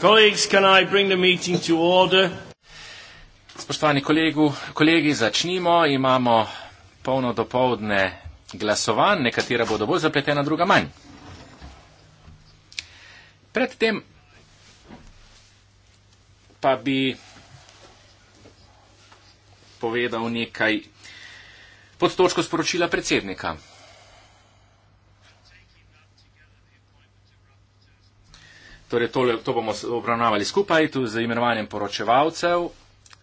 Colleagues, can I bring the meeting to order? Spoštovani kolegu, kolegi, začnimo. Imamo polno dopoledne glasovanj, nekatera bodo bolj zapletena, druga manj. Predtem pa bi povedal nekaj pod točko sporočila predsednika. torej tole, to bomo obravnavali skupaj, tu z imenovanjem poročevalcev.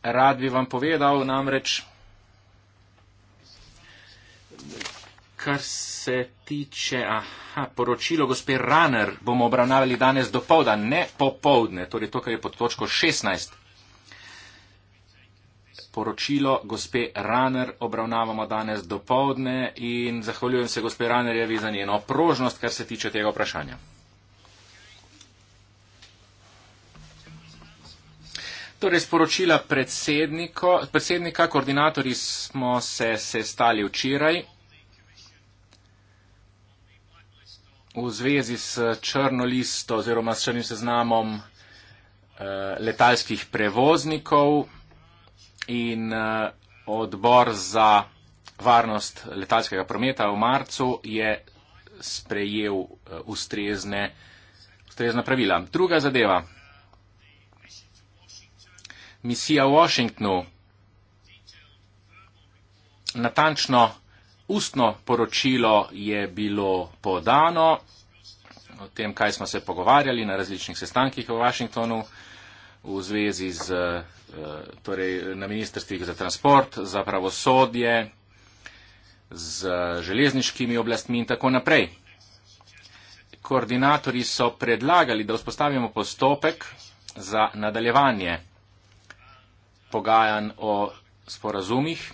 Rad bi vam povedal namreč, kar se tiče, aha, poročilo gospe Runner bomo obravnavali danes do povda, ne popovdne, torej to, kar je pod točko 16. Poročilo gospe Runner obravnavamo danes do povdne in zahvaljujem se gospe Runnerjevi za njeno prožnost, kar se tiče tega vprašanja. Torej, sporočila predsednika, koordinatorji smo se sestali včeraj v zvezi s črno listo oziroma s črnim seznamom eh, letalskih prevoznikov in eh, odbor za varnost letalskega prometa v marcu je sprejel eh, ustrezne, ustrezna pravila. Druga zadeva misija v Washingtonu. Natančno ustno poročilo je bilo podano o tem, kaj smo se pogovarjali na različnih sestankih v Washingtonu v zvezi z, eh, torej, na ministrstvih za transport, za pravosodje, z železniškimi oblastmi in tako naprej. Koordinatorji so predlagali, da vzpostavimo postopek za nadaljevanje pogajanj o sporazumih,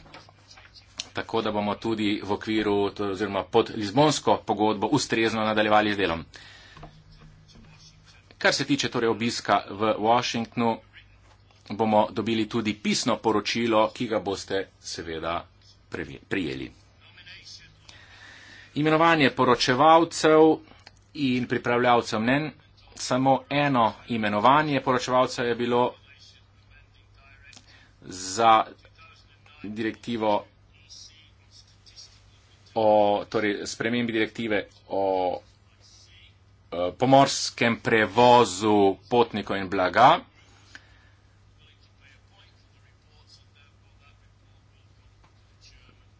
tako da bomo tudi v okviru oziroma pod Lizbonsko pogodbo ustrezno nadaljevali z delom. Kar se tiče torej obiska v Washingtonu, bomo dobili tudi pisno poročilo, ki ga boste seveda prijeli. Imenovanje poročevalcev in pripravljavcev mnen, samo eno imenovanje poročevalcev je bilo za direktivo o torej, spremembi direktive o eh, pomorskem prevozu potnikov in blaga.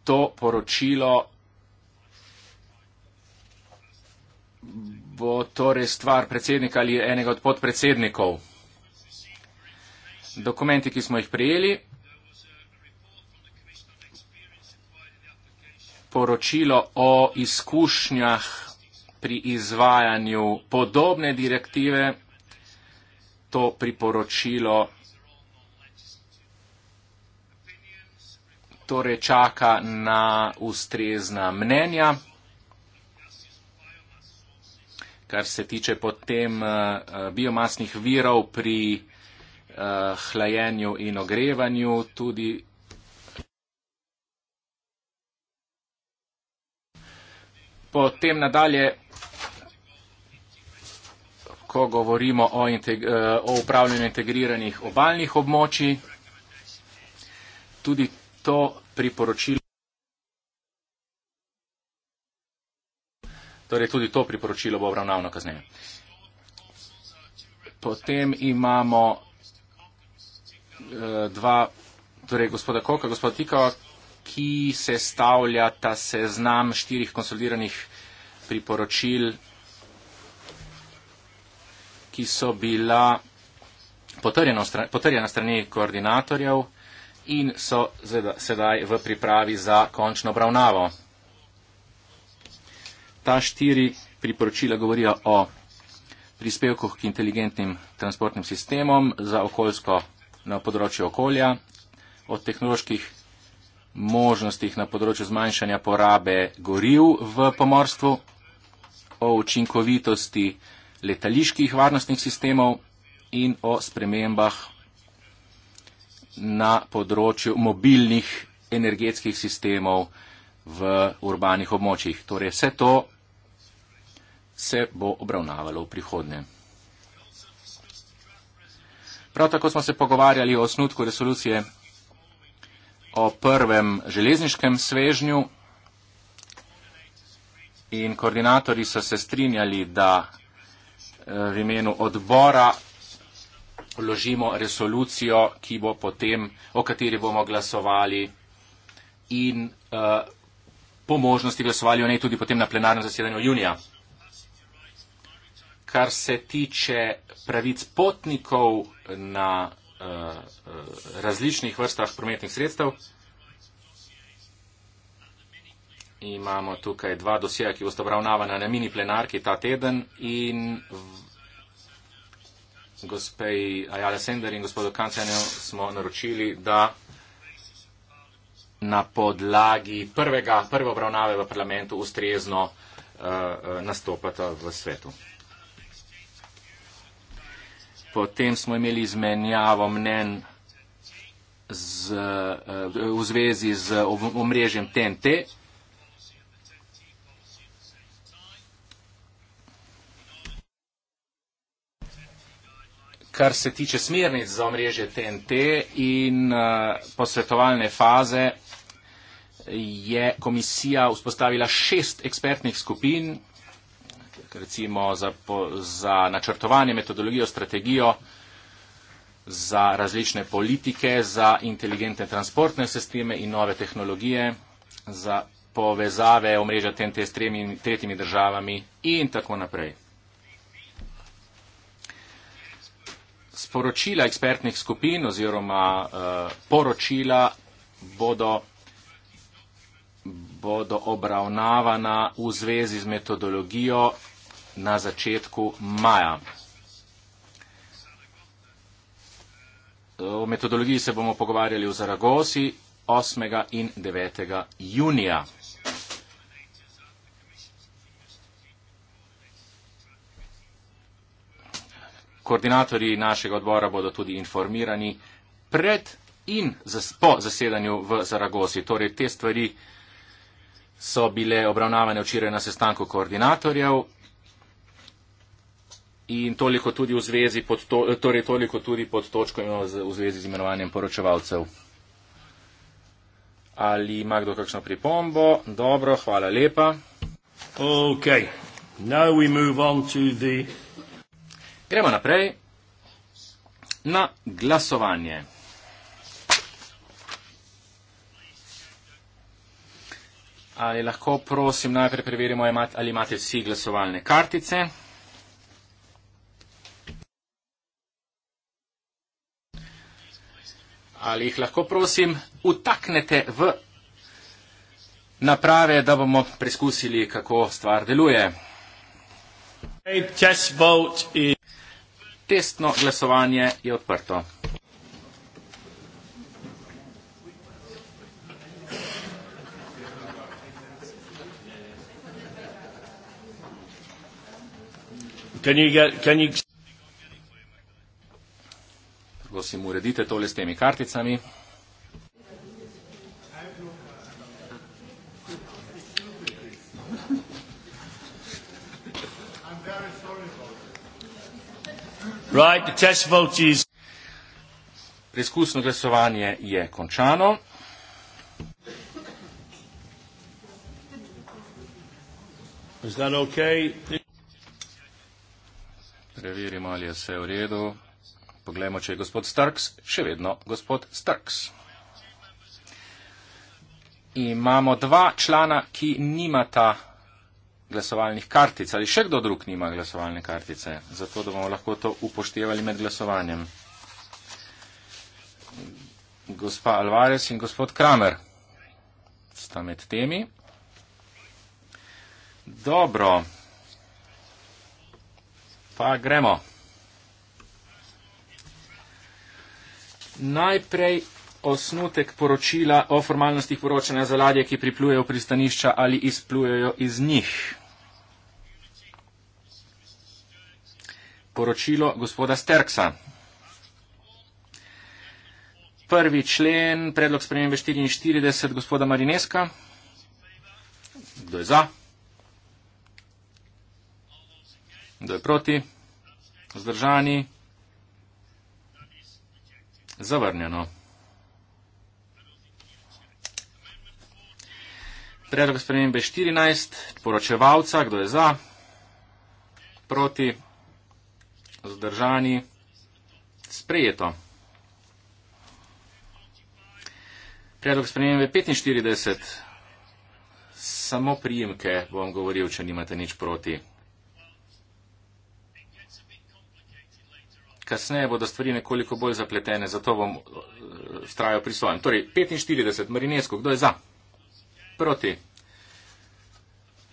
To poročilo bo torej stvar predsednika ali enega od podpredsednikov dokumenti, ki smo jih prijeli, poročilo o izkušnjah pri izvajanju podobne direktive, to priporočilo torej čaka na ustrezna mnenja, kar se tiče potem eh, biomasnih virov pri izvajanju uh, hlajenju in ogrevanju, tudi potem nadalje, ko govorimo o, integ eh, o upravljanju integriranih obaljnih območij, tudi to priporočilo. Torej tudi to priporočilo bo obravnavno kasneje. Potem imamo Eh, dva, torej gospoda Koka, gospoda Tikova, ki se stavlja ta seznam štirih konsolidiranih priporočil, ki so bila potrjena strani koordinatorjev in so sedaj v pripravi za končno obravnavo. Ta štiri priporočila govorijo o prispevkoh k inteligentnim transportnim sistemom za okoljsko na področju okolja, o tehnoloških možnostih na področju zmanjšanja porabe goriv v pomorstvu, o učinkovitosti letaliških varnostnih sistemov in o spremembah na področju mobilnih energetskih sistemov v urbanih območjih. Torej vse to se bo obravnavalo v prihodnje. Prav tako smo se pogovarjali o osnutku resolucije o prvem železniškem svežnju in koordinatori so se strinjali, da eh, v imenu odbora vložimo resolucijo, bo potem, o kateri bomo glasovali in uh, po možnosti glasovali o njej tudi potem na plenarnem zasedanju junija kar se tiče pravic potnikov na eh, eh, različnih vrstah prometnih sredstev. Imamo tukaj dva dosjeja, ki boste obravnavana na mini plenarki ta teden in gospej Ajale Sender in gospodu Kancenju smo naročili, da na podlagi prvega, prve obravnave v parlamentu ustrezno uh, nastopata v svetu. Potem smo imeli izmenjavo mnen z, eh, v zvezi z omrežjem TNT. Kar se tiče smernic za omrežje TNT in eh, posvetovalne faze, je komisija vzpostavila šest ekspertnih skupin recimo za, po, za načrtovanje, metodologijo, strategijo, za različne politike, za inteligentne transportne sisteme in nove tehnologije, za povezave omrežja TNT s tremi, tretjimi državami in tako naprej. Sporočila ekspertnih skupin oziroma eh, poročila bodo, bodo obravnavana v zvezi z metodologijo na začetku maja. O metodologiji se bomo pogovarjali v Zaragozi 8. in 9. junija. Koordinatorji našega odbora bodo tudi informirani pred in po zasedanju v Zaragozi. Torej, te stvari so bile obravnavane včeraj na sestanku koordinatorjev in toliko tudi v zvezi pod, to, torej toliko tudi pod točko z, v zvezi z imenovanjem poročevalcev. Ali ima kdo kakšno pripombo? Dobro, hvala lepa. Okay. The... Gremo naprej na glasovanje. Ali lahko prosim najprej preverimo, ali imate vsi glasovalne kartice? ali jih lahko prosim, utaknete v naprave, da bomo preizkusili, kako stvar deluje. Testno glasovanje je odprto. Can you get, can you prosim, uredite tole s temi karticami. Right, the test vote is... Preizkusno glasovanje je končano. Is that okay? Preverimo, ali je vse v redu. Poglejmo, če je gospod Starks še vedno gospod Starks. Imamo dva člana, ki nimata glasovalnih kartic ali še kdo drug nima glasovalne kartice, zato da bomo lahko to upoštevali med glasovanjem. Gospa Alvarez in gospod Kramer sta med temi. Dobro. Pa gremo. najprej osnutek poročila o formalnostih poročanja za ladje, ki priplujejo v pristanišča ali izplujejo iz njih. Poročilo gospoda Sterksa. Prvi člen, predlog spremembe 44 gospoda Marineska. Kdo je za? Kdo je proti? Zdržani? Zavrnjeno. Predlog spremembe 14, poročevalca, kdo je za, proti, zdržani, sprejeto. Predlog spremembe 45, samo prijemke bom govoril, če nimate nič proti. kasneje bodo stvari nekoliko bolj zapletene, zato bom eh, vztrajal pri svojem. Torej, 45, Marinesko, kdo je za? Proti.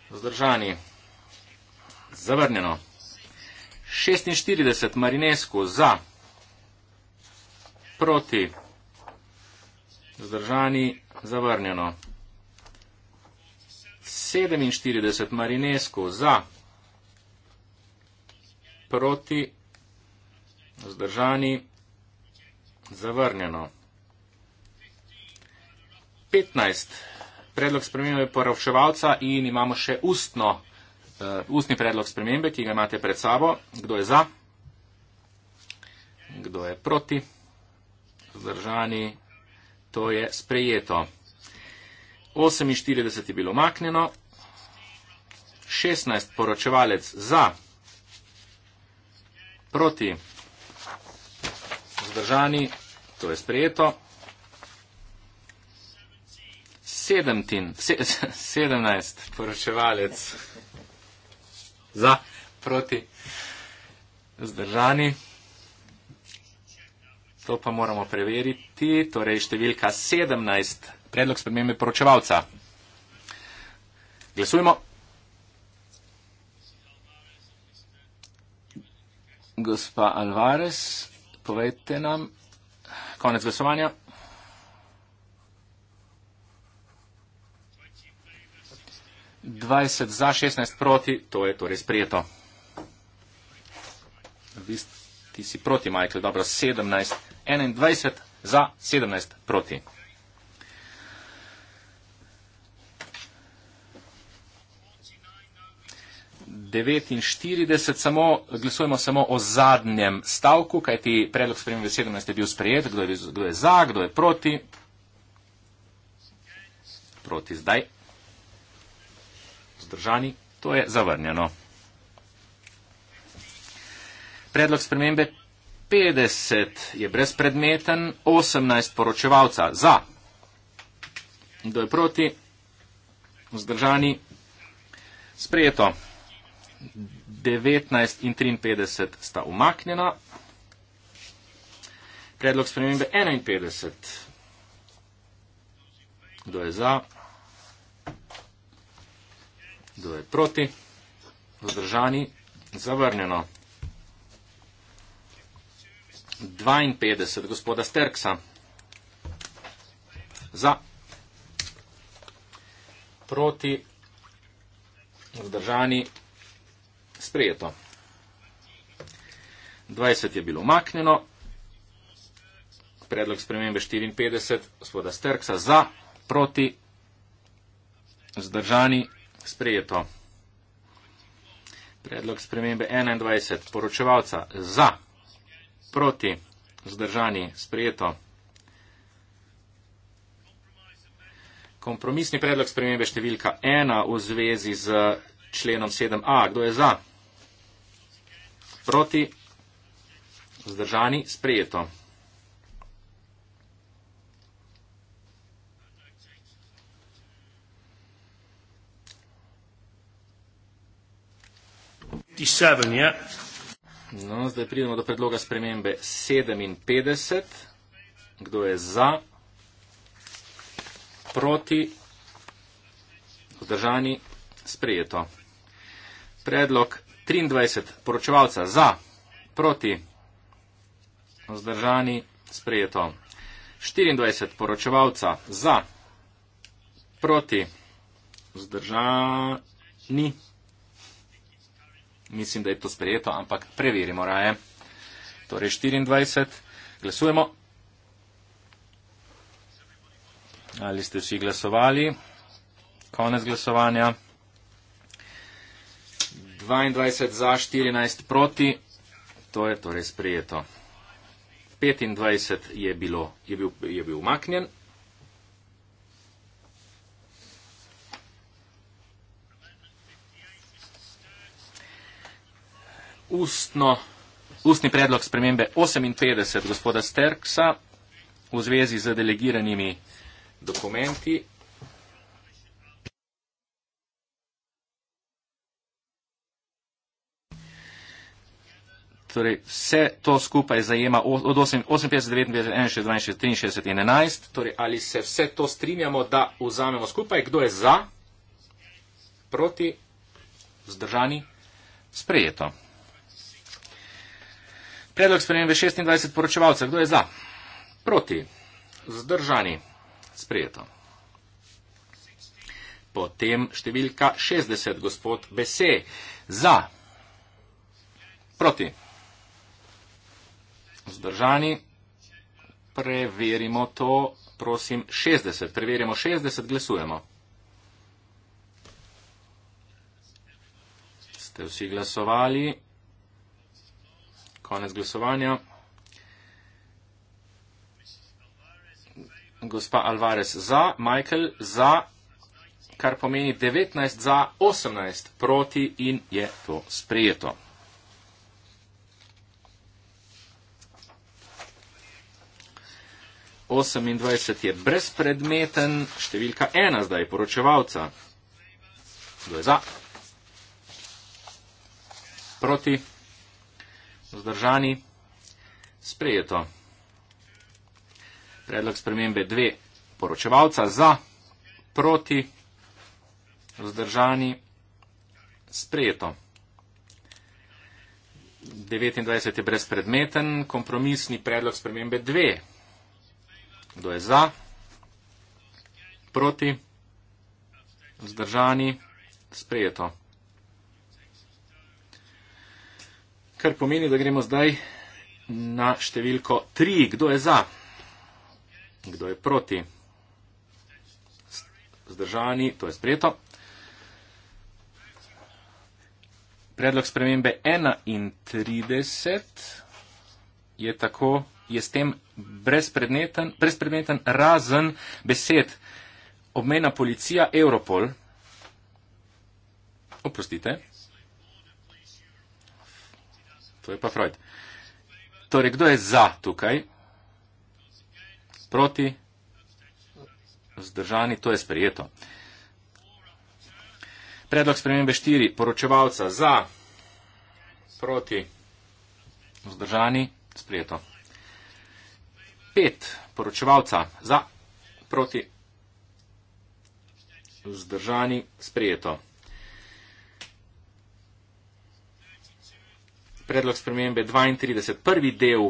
Zdržani. Zavrnjeno. 46, Marinesko, za. Proti. Zdržani. Zavrnjeno. 47, Marinesko, za. Proti. Zdržani, zavrnjeno. 15. Predlog spremembe poravševalca in imamo še ustno, uh, ustni predlog spremembe, ki ga imate pred sabo. Kdo je za? Kdo je proti? Zdržani, to je sprejeto. 48 je bilo omaknjeno. 16. Poročevalec za. Proti vzdržani, to je sprejeto. 17 poročevalec za, proti, vzdržani. To pa moramo preveriti, torej številka 17, predlog spremembe poročevalca. Glasujmo. Gospa Alvarez, povejte nam. Konec glasovanja. Dvajset za, šestnajst proti, to je torej sprijeto. Vi ti si proti, Michael, dobro, sedemnajst, enaindvajset za, sedemnajst proti. 49, samo, glasujemo samo o zadnjem stavku, kajti predlog spremembe 17 je bil sprejet, kdo je, kdo je za, kdo je proti. Proti zdaj. Zdržani, to je zavrnjeno. Predlog spremembe 50 je brezpredmeten, 18 poročevalca za. Kdo je proti? Zdržani. Sprejeto. 19 in 53 sta umaknjena. Predlog spremembe 51. Kdo je za? Kdo je proti? Zdržani? Zavrnjeno. 52. Gospoda Sterksa. Za. Proti. Zdržani? sprejeto. 20 je bilo maknjeno, predlog spremembe 54, gospoda Sterksa za, proti, zdržani, sprejeto. Predlog spremembe 21, poročevalca za, proti, zdržani, sprejeto. Kompromisni predlog spremembe številka 1 v zvezi z členom 7a. Kdo je za? proti, vzdržani, sprejeto. No, zdaj pridemo do predloga spremembe 57. Kdo je za, proti, vzdržani, sprejeto. Predlog 23 poročevalca za, proti, vzdržani, sprejeto. 24 poročevalca za, proti, vzdržani. Mislim, da je to sprejeto, ampak preverimo raje. Torej 24, glasujemo. Ali ste vsi glasovali? Konec glasovanja. 22 za, 14 proti. To je torej sprejeto. 25 je, bilo, je, bil, je bil umaknjen. Ustno, ustni predlog spremembe 58 gospoda Sterksa v zvezi z delegiranimi dokumenti. torej vse to skupaj zajema od 58, 59, 61, 62, 63 in 11. Torej, ali se vse to strinjamo, da vzamemo skupaj, kdo je za, proti, zdržani, sprejeto. Predlog spremembe 26 poročevalcev. Kdo je za? Proti. Zdržani. Sprejeto. Potem številka 60. Gospod Bese. Za. Proti vzdržani. Preverimo to, prosim, 60. Preverimo 60, glasujemo. Ste vsi glasovali? Konec glasovanja. Gospa Alvarez za, Michael za, kar pomeni 19 za, 18 proti in je to sprejeto. 28 je brezpredmeten, številka 1 zdaj poročevalca. Kdo je za? Proti? Vzdržani? Sprejeto. Predlog spremembe 2 poročevalca za, proti, vzdržani, sprejeto. 29 je brezpredmeten, kompromisni predlog spremembe 2 Kdo je za? Proti? Zdržani? Sprejeto. Kar pomeni, da gremo zdaj na številko 3. Kdo je za? Kdo je proti? Zdržani? To je sprejeto. Predlog spremembe 31 je tako je s tem brezpredmeten, brezpredmeten razen besed. Obmena policija, Europol. Oprostite. To je pa Freud. Torej, kdo je za tukaj? Proti? Zdržani, to je sprejeto. Predlog spremembe 4. Poročevalca za, proti, vzdržani, sprijeto pet poročevalca za, proti, vzdržani, sprejeto. Predlog spremembe 32. Prvi del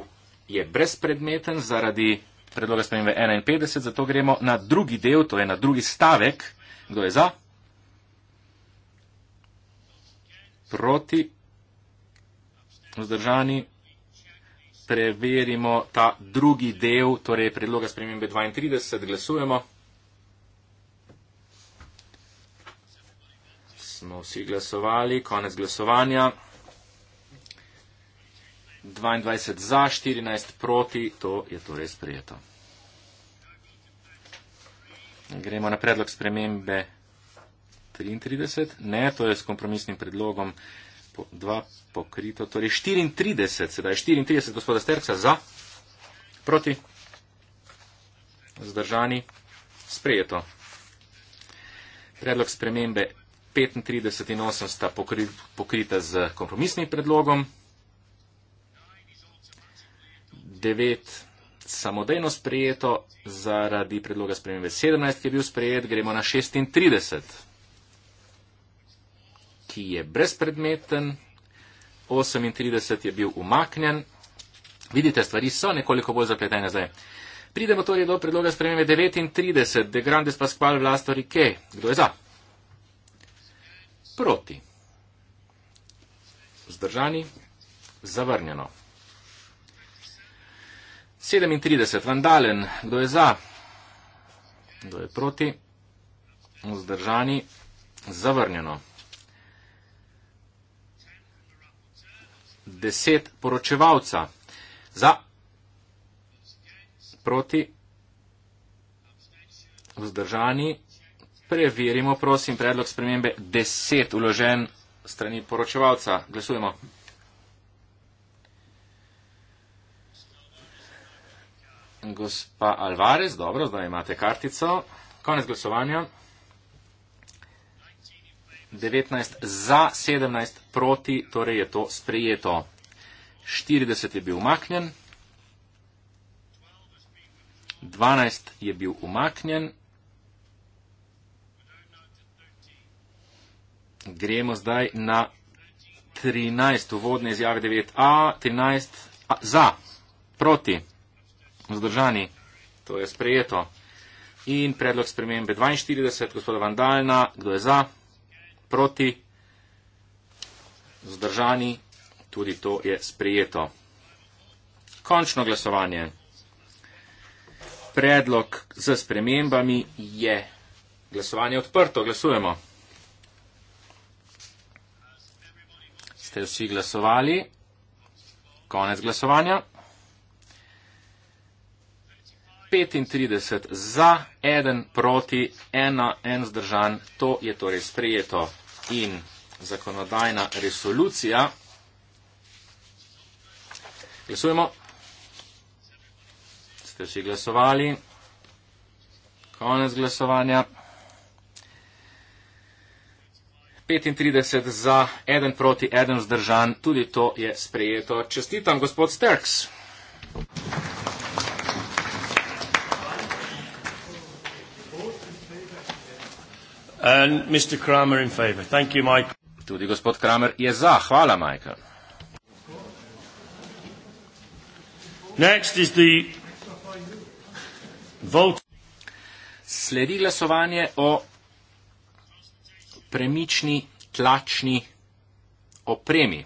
je brezpredmeten zaradi predloga spremembe 51, zato gremo na drugi del, to je na drugi stavek. Kdo je za? Proti, vzdržani, sprejeto preverimo ta drugi del, torej predloga spremembe 32. Glasujemo. Smo vsi glasovali, konec glasovanja. 22 za, 14 proti, to je torej sprejeto. Gremo na predlog spremembe 33. Ne, to je s kompromisnim predlogom 2 pokrito, torej 34, sedaj 34 gospoda Sterca za, proti, zdržani, sprejeto. Predlog spremembe 35 in 8 sta pokri, pokrita z kompromisnim predlogom. 9 samodejno sprejeto zaradi predloga spremembe 17, ki je bil sprejet, gremo na 36 ki je brezpredmeten, 38 je bil umaknjen. Vidite, stvari so nekoliko bolj zapletene zdaj. Pridemo torej do predloga spremembe 39, de grandes pasqual vlastori ke. Kdo je za? Proti. Zdržani. Zavrnjeno. 37, vandalen. Kdo je za? Kdo je proti? Zdržani. Zavrnjeno. deset poročevalca za proti vzdržani. Preverimo, prosim, predlog spremembe deset uložen strani poročevalca. Glasujemo. Gospa Alvarez, dobro, zdaj imate kartico. Konec glasovanja. 19 za 17 proti, torej je to sprejeto. 40 je bil umaknjen, 12 je bil umaknjen. Gremo zdaj na 13 uvodne izjave 9a, 13 a, za, proti, vzdržani, to je sprejeto. In predlog spremembe 42, gospoda Vandalna, kdo je za? proti, zdržani, tudi to je sprijeto. Končno glasovanje. Predlog z spremembami je glasovanje odprto. Glasujemo. Ste vsi glasovali? Konec glasovanja. 35 za, 1 proti, 1 en zdržan, to je torej sprejeto in zakonodajna resolucija. Glasujemo. Ste vsi glasovali? Konec glasovanja. 35 za, 1 proti, 1 zdržan, tudi to je sprejeto. Čestitam, gospod Sterks. Thank you. And Mr. Kramer in favor. Thank you, Michael. Tudi gospod Kramer je za. Hvala, Michael. Next is the vote. Sledi glasovanje o premični tlačni opremi.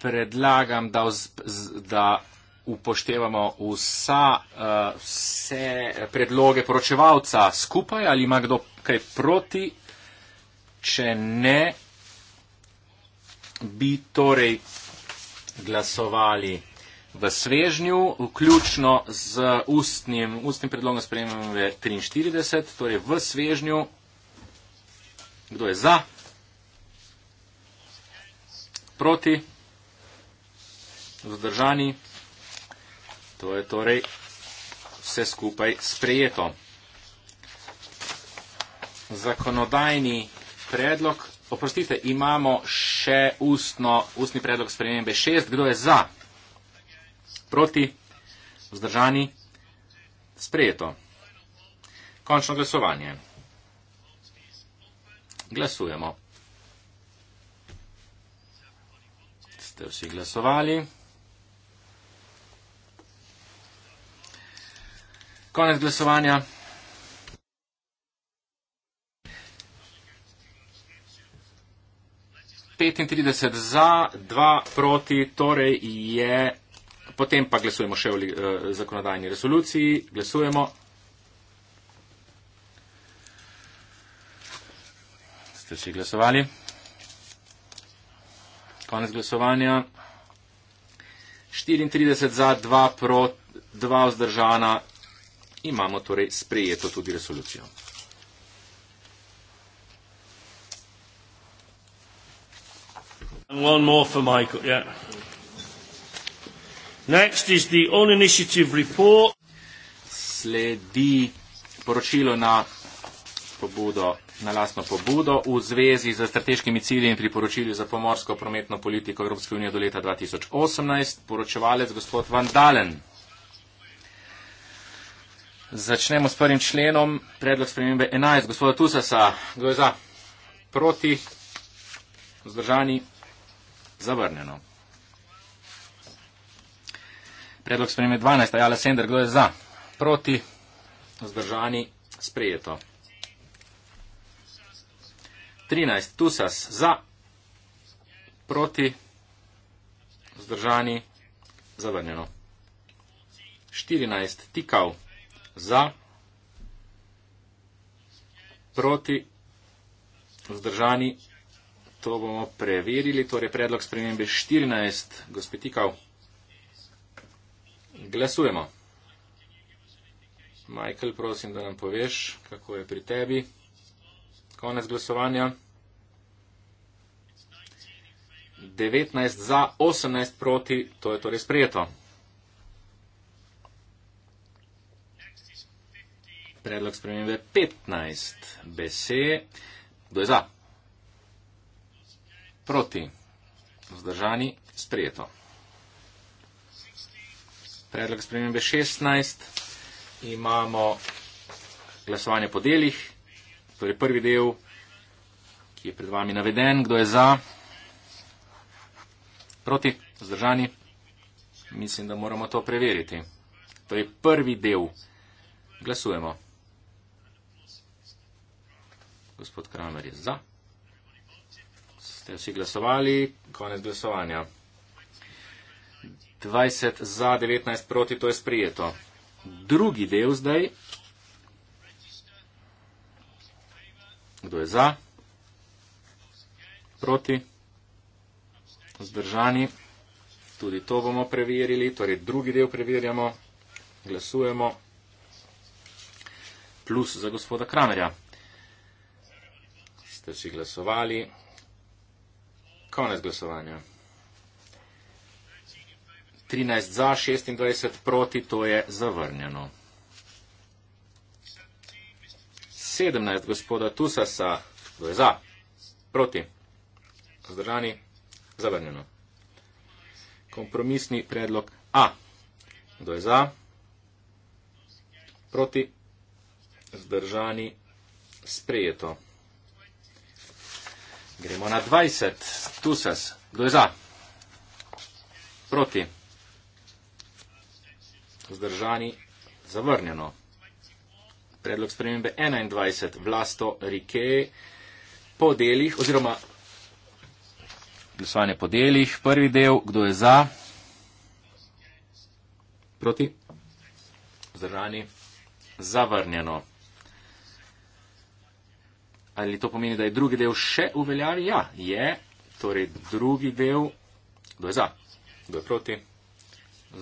Predlagam, da, z, z, da upoštevamo vsa, uh, vse predloge poročevalca skupaj ali ima kdo kaj proti. Če ne, bi torej glasovali v svežnju, vključno z ustnim, ustnim predlogom sprejemljenve 43, torej v svežnju. Kdo je za? Proti? Zdržani? To je torej vse skupaj sprejeto. Zakonodajni predlog, oprostite, imamo še ustno, ustni predlog spremembe 6. Kdo je za? Proti? Vzdržani? Sprejeto. Končno glasovanje. Glasujemo. Ste vsi glasovali? Konec glasovanja. petintrideset za, dva proti, torej je, potem pa glasujemo še o li, eh, zakonodajni resoluciji, glasujemo. Ste si glasovali? Konec glasovanja. štiriintrideset za, dva proti, dva vzdržana, imamo torej sprejeto tudi resolucijo. Sledi poročilo na, pobudo, na lastno pobudo v zvezi z strateškimi cilji in priporočili za pomorsko prometno politiko Evropske unije do leta 2018. Poročevalec gospod Van Dalen. Začnemo s prvim členom predlog spremembe 11. Gospoda Tusasa, kdo je za? Proti? Zdržani? Zavrnjeno. Predlog spremembe 12. Jala Sender, kdo je za? Proti? Zdržani? Sprejeto. 13. Tusas za, proti, zdržani, zavrnjeno. 14. Tikav za, proti, vzdržani, to bomo preverili, torej predlog spremembe 14, gospod Tikal, glasujemo. Michael, prosim, da nam poveš, kako je pri tebi. Konec glasovanja. 19 za, 18 proti, to je torej sprejeto. predlog spremembe 15 besed. Kdo je za? Proti. Vzdržani. Sprijeto. Predlog spremembe 16. Imamo glasovanje po delih. Torej prvi del, ki je pred vami naveden. Kdo je za? Proti. Vzdržani. Mislim, da moramo to preveriti. To torej je prvi del. Glasujemo. Gospod Kramer je za. Ste vsi glasovali? Konec glasovanja. 20 za, 19 proti, to je sprijeto. Drugi del zdaj. Kdo je za? Proti? Zdržani? Tudi to bomo preverili. Torej, drugi del preverjamo. Glasujemo. Plus za gospoda Kramerja ste si glasovali. Konec glasovanja. 13 za, 26 proti, to je zavrnjeno. 17 gospoda Tusasa, to je za, proti, zdržani, zavrnjeno. Kompromisni predlog A, to je za, proti, zdržani, sprejeto. Gremo na 20, tu se, kdo je za? Proti. Zdržani, zavrnjeno. Predlog spremembe 21, vlasto Rike, po delih, oziroma glasovanje po delih, prvi del, kdo je za? Proti. Zdržani, zavrnjeno. Ali to pomeni, da je drugi del še v veljavi? Ja, je. Torej, drugi del, kdo je za, kdo je proti,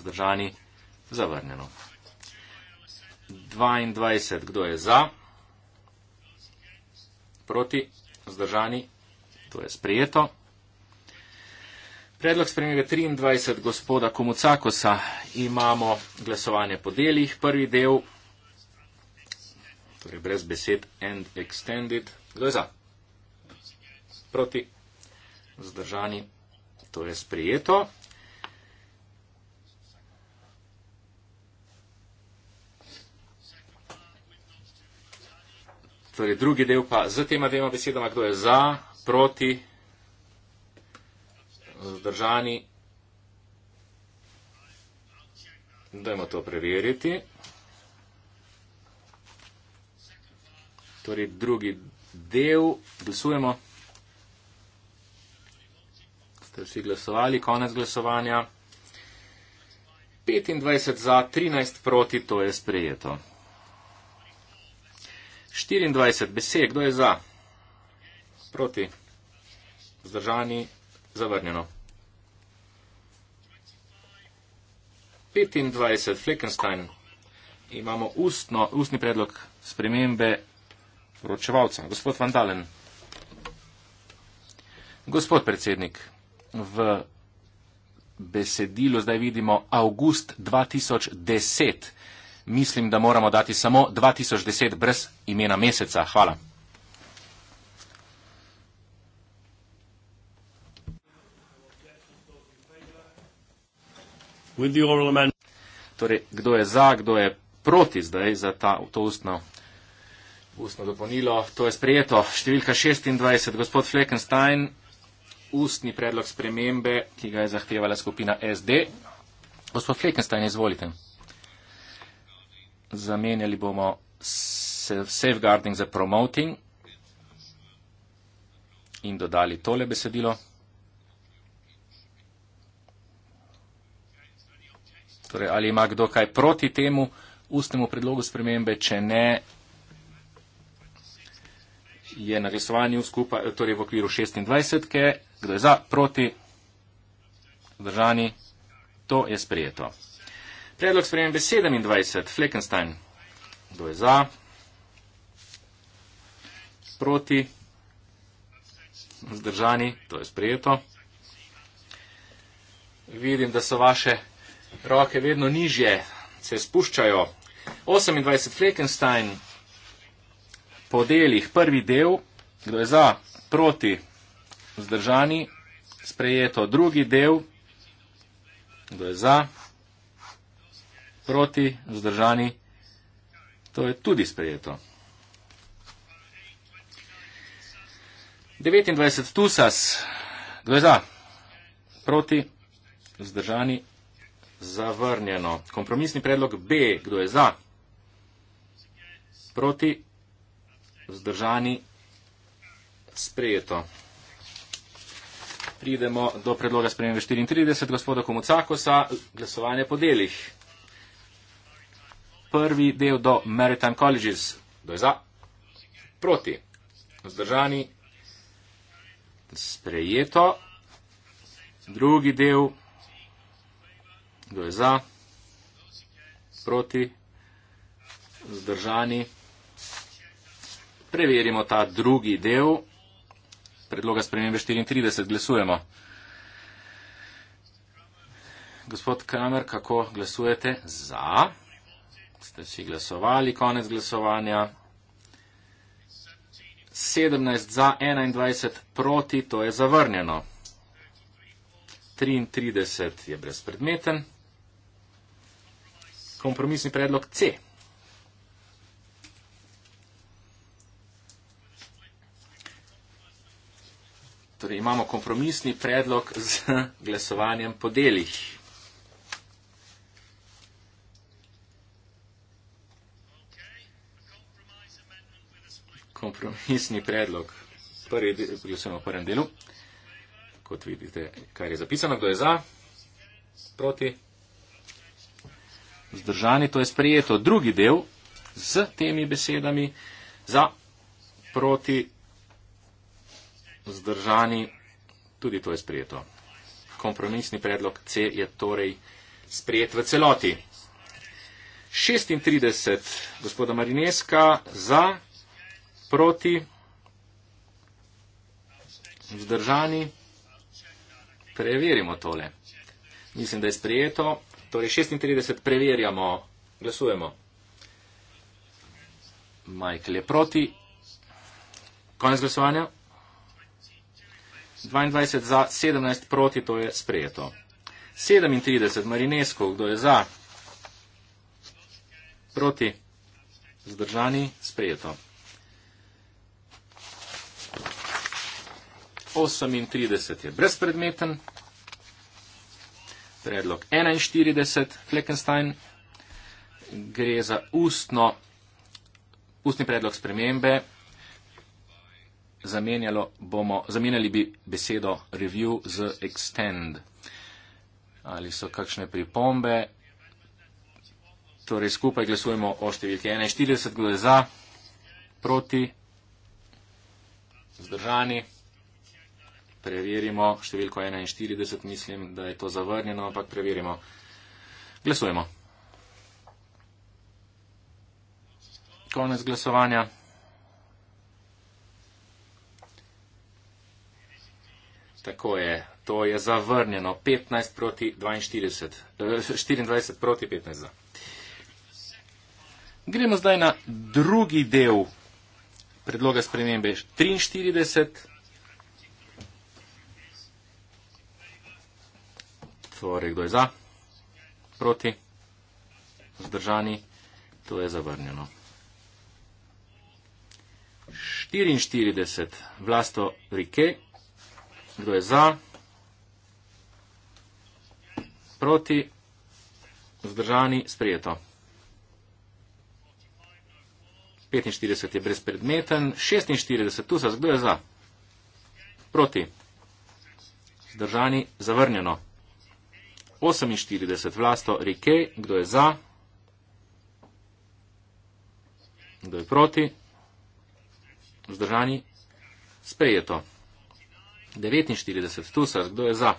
zdržani, zavrnjeno. 22, kdo je za, proti, zdržani, to je sprijeto. Predlog spremembe 23 gospoda Komucakosa imamo glasovanje po delih. Prvi del, torej brez besed, end extended, Kdo je za? Proti? Zdržani? To je sprijeto. Torej, drugi del pa z tema dvema besedama, kdo je za, proti, zdržani. Dajmo to preveriti. Torej, drugi del, glasujemo. Ste vsi glasovali, konec glasovanja. 25 za, 13 proti, to je sprejeto. 24 besed, kdo je za? Proti. Zdržani, zavrnjeno. 25 Fleckenstein. Imamo ustno, ustni predlog spremembe sporočevalca. Gospod Vandalen. Gospod predsednik, v besedilu zdaj vidimo avgust 2010. Mislim, da moramo dati samo 2010 brez imena meseca. Hvala. Torej, kdo je za, kdo je proti zdaj za ta, to ustno Ustno dopolnilo, to je sprejeto. Številka 26, gospod Fleckenstein, ustni predlog spremembe, ki ga je zahtevala skupina SD. Gospod Fleckenstein, izvolite. Zamenjali bomo safeguarding za promoting in dodali tole besedilo. Torej, ali ima kdo kaj proti temu ustnemu predlogu spremembe, če ne, je na glasovanju skupaj, torej v okviru 26, ki je kdo je za, proti, držani, to je sprejeto. Predlog sprejem v 27, Fleckenstein, kdo je za, proti, zdržani, to je sprejeto. Vidim, da so vaše roke vedno nižje, se spuščajo. 28, Fleckenstein, po delih prvi del, kdo je za, proti, vzdržani, sprejeto drugi del, kdo je za, proti, vzdržani, to je tudi sprejeto. 29 tusas, kdo je za, proti, vzdržani, zavrnjeno. Kompromisni predlog B, kdo je za, proti, vzdržani zdržani, sprejeto. Pridemo do predloga spremembe 34 gospoda Komucakosa, glasovanje po delih. Prvi del do Maritime Colleges, do je za, proti, zdržani, sprejeto. Drugi del, kdo je za, proti, zdržani preverimo ta drugi del predloga spremembe 34. Glasujemo. Gospod Kramer, kako glasujete? Za. Ste si glasovali, konec glasovanja. 17 za, 21 proti, to je zavrnjeno. 33 je brezpredmeten. Kompromisni predlog C. Torej imamo kompromisni predlog z glasovanjem po delih. Kompromisni predlog. Prvi del, glasujemo v prvem delu. Kot vidite, kar je zapisano, kdo je za, proti, zdržani, to je sprejeto. Drugi del z temi besedami za, proti, vzdržani, tudi to je sprejeto. Kompromisni predlog C je torej sprejet v celoti. 36 gospoda Marineska za, proti, vzdržani. Preverimo tole. Mislim, da je sprejeto. Torej 36 preverjamo, glasujemo. Michael je proti. Konec glasovanja. 22 za, 17 proti, to je sprejeto. 37, Marinesko, kdo je za? Proti, zdržani, sprejeto. 38 je brezpredmeten. Predlog 41, Fleckenstein, gre za ustno, ustni predlog spremembe, bomo, zamenjali bi besedo review z extend. Ali so kakšne pripombe? Torej skupaj glasujemo o številki 41, kdo je za, proti, zdržani. Preverimo številko 41, mislim, da je to zavrnjeno, ampak preverimo. Glasujemo. Konec glasovanja. Tako je, to je zavrnjeno 15 proti 42, 24 eh, proti 15. Gremo zdaj na drugi del predloga spremembe 43. Torej, kdo je za, proti, vzdržani, to je zavrnjeno. 44. Vlasto Rike Kdo je za? Proti? Zdržani? Sprijeto. 45 je brezpredmeten. 46, tu se zgdo je za? Proti? Zdržani? Zavrnjeno. 48, vlasto Rike, kdo je za? Kdo je proti? Zdržani? Sprejeto. 49. Tusar, kdo je za?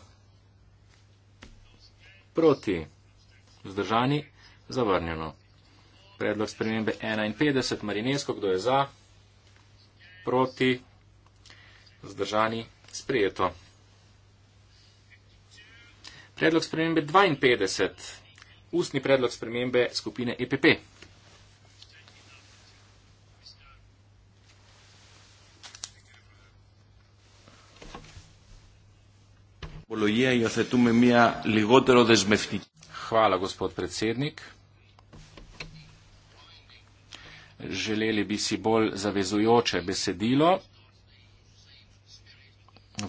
Proti. Zdržani. Zavrnjeno. Predlog spremembe 51. Marinesko, kdo je za? Proti. Zdržani. Sprijeto. Predlog spremembe 52. Ustni predlog spremembe skupine EPP. tipologija in se tu me mija ligotero dezmefti. Hvala, gospod predsednik. Želeli bi si bolj zavezujoče besedilo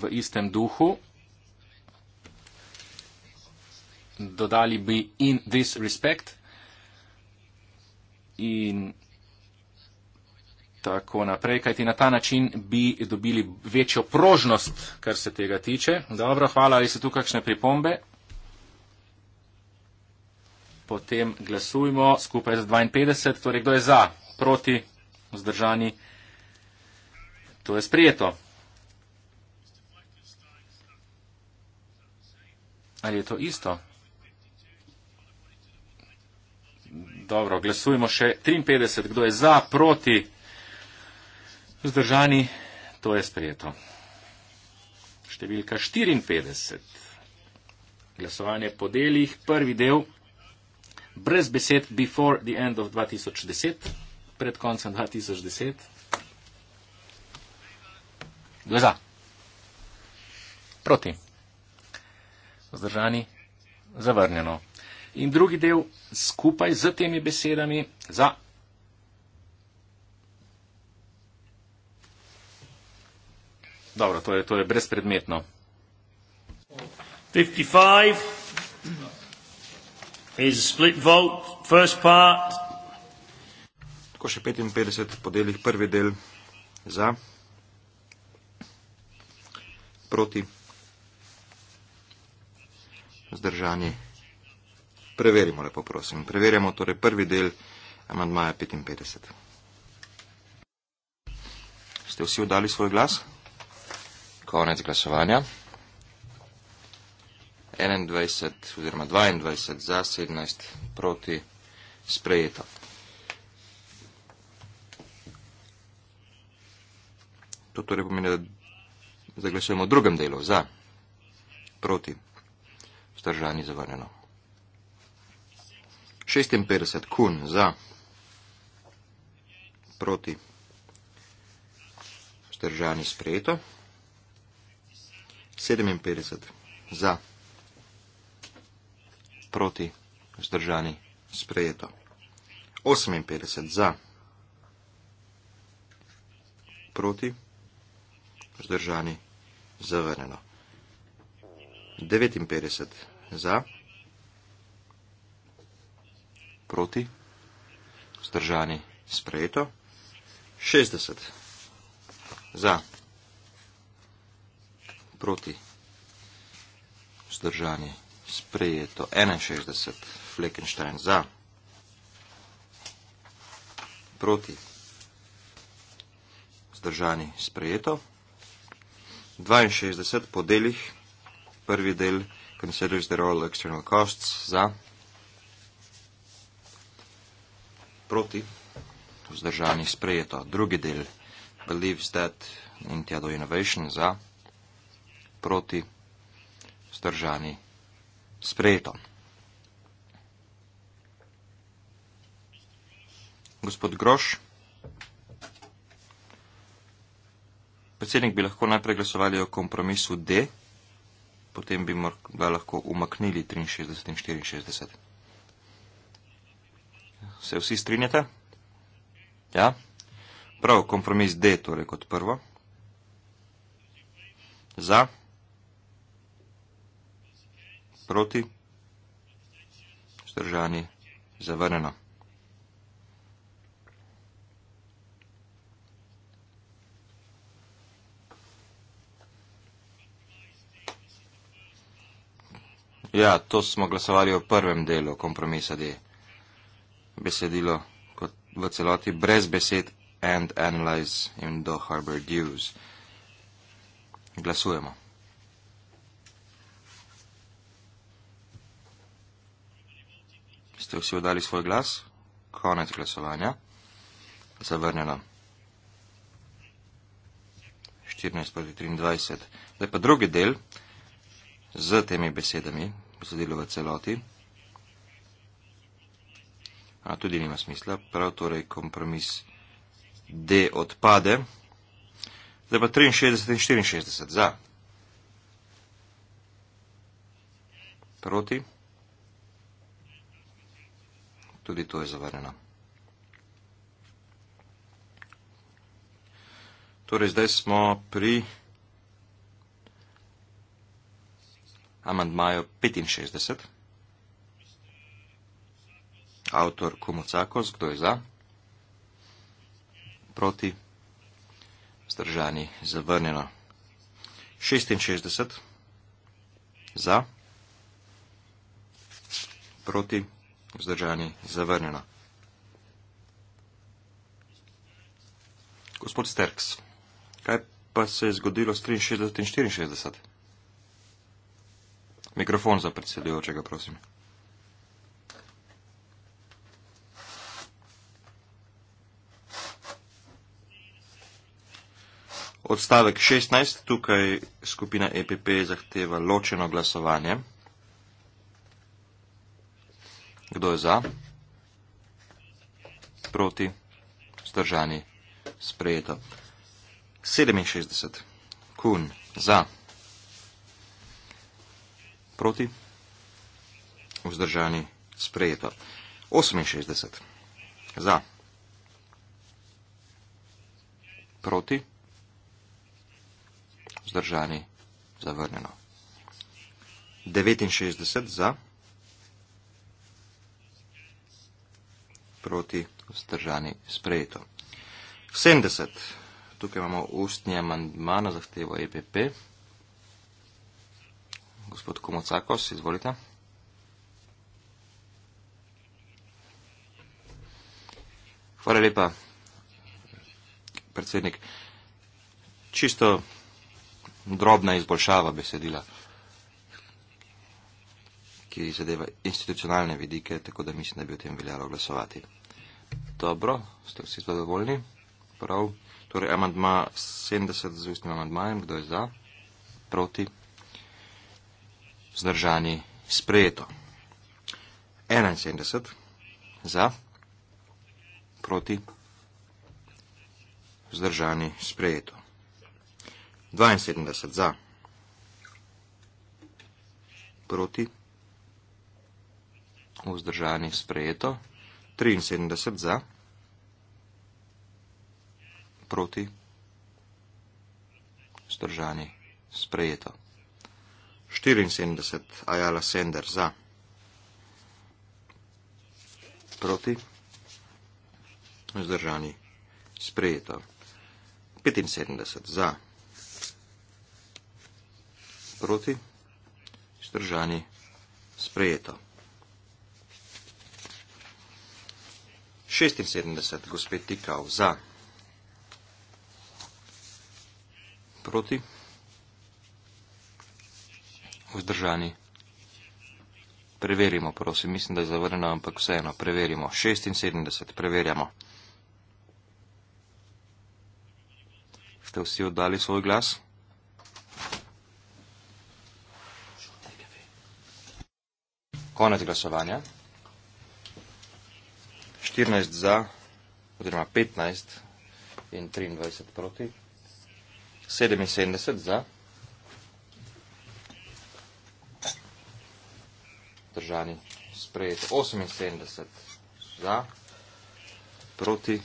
v istem duhu. Dodali bi in this respect in tako naprej, kajti na ta način bi dobili večjo prožnost, kar se tega tiče. Dobro, hvala, ali so tu kakšne pripombe? Potem glasujmo skupaj z 52, torej kdo je za, proti, vzdržani. To je sprijeto. Ali je to isto? Dobro, glasujmo še 53, kdo je za, proti. Vzdržani, to je sprejeto. Številka 54. Glasovanje po delih, prvi del, brez besed, before the end of 2010, pred koncem 2010. Kdo je za? Proti. Vzdržani, zavrnjeno. In drugi del, skupaj z temi besedami, za Dobro, to je, to je brezpredmetno. 55 Tako še 55 podelih, prvi del za, proti, zdržani. Preverimo lepo, prosim. Preverjamo torej prvi del amandmaja 55. Ste vsi oddali svoj glas? konec glasovanja. 21 oziroma 22 za, 17 proti sprejeto. To torej pomeni, da zaglasujemo v drugem delu za, proti, vzdržani zavrnjeno. 56 kun za, proti, vzdržani sprejeto. 57 za, proti, vzdržani, sprejeto. 58 za, proti, vzdržani, zavrnjeno. 59 za, proti, vzdržani, sprejeto. 60 za, proti, vzdržani, sprejeto proti vzdržanje sprejeto 61, Fleckenstein za, proti vzdržanje sprejeto 62 po delih, prvi del considers the role external costs za, proti vzdržanje sprejeto drugi del believes that Nintendo innovation za, proti proti zdržani sprejeto. Gospod Groš, predsednik bi lahko najprej glasovali o kompromisu D, potem bi ga lahko umaknili 63 in 64. Se vsi strinjate? Ja? Prav, kompromis D torej kot prvo. Za? proti, vzdržani zavrnjeno. Ja, to smo glasovali v prvem delu kompromisa D. Besedilo kot v celoti brez besed and analyze in do harbor dues. Glasujemo. ste vsi odali svoj glas? Konec glasovanja. Zavrnjeno. 14 proti 23. Zdaj pa drugi del z temi besedami, besedilo v celoti. A tudi nima smisla, prav torej kompromis D odpade. Zdaj pa 63 in 64 za. Proti. Tudi to je zavarjeno. Torej, zdaj smo pri amandmaju 65. Avtor Kumucakos, kdo je za? Proti? Zdržani, zavrnjeno. 66. Za? Proti? vzdržani zavrnjeno. Gospod Sterks, kaj pa se je zgodilo s 63 in 64? Mikrofon za predsedujočega, prosim. Odstavek 16. Tukaj skupina EPP zahteva ločeno glasovanje. Kdo je za? Proti? Zdržani? Sprejeto. 67. Kun. Za. Proti? Vzdržani? Sprejeto. 68. Za. Proti? Vzdržani? Zavrnjeno. 69 za, proti vzdržani sprejeto. 70. Tukaj imamo ustni amandma na zahtevo EPP. Gospod Komocakos, izvolite. Hvala lepa, predsednik. Čisto drobna izboljšava besedila ki zadeva institucionalne vidike, tako da mislim, da bi o tem veljalo glasovati. Dobro, ste vsi zadovoljni? Prav. Torej, amandma 70 z ustnim amandmajem, kdo je za? Proti? Zdržani? Sprejeto. 71 za? Proti? Zdržani? Sprejeto. 72 za? Proti? vzdržanih sprejeto, 73 za, proti, vzdržani sprejeto, 74 Ajala Sender za, proti, vzdržani sprejeto, 75 za, proti, vzdržani sprejeto. 76, gospod Tikal, za. Proti. Vzdržani. Preverimo, prosim, mislim, da je zavrnjeno, ampak vseeno, preverimo. 76, preverjamo. Ste vsi oddali svoj glas? Konec glasovanja. 14 za, oziroma 15 in 23 proti, 77 za, držani sprejet, 78 za, proti,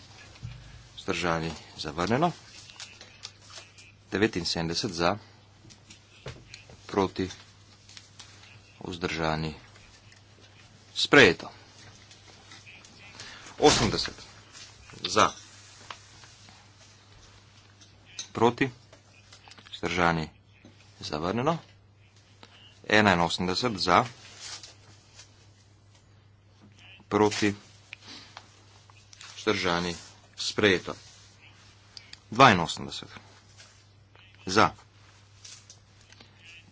držani zavrneno, 79 za, proti, vzdržani sprejeto. 80. Za. Proti. Zdržani. Zavrnjeno. 81. Za. Proti. Zdržani. Sprejeto. 82. Za.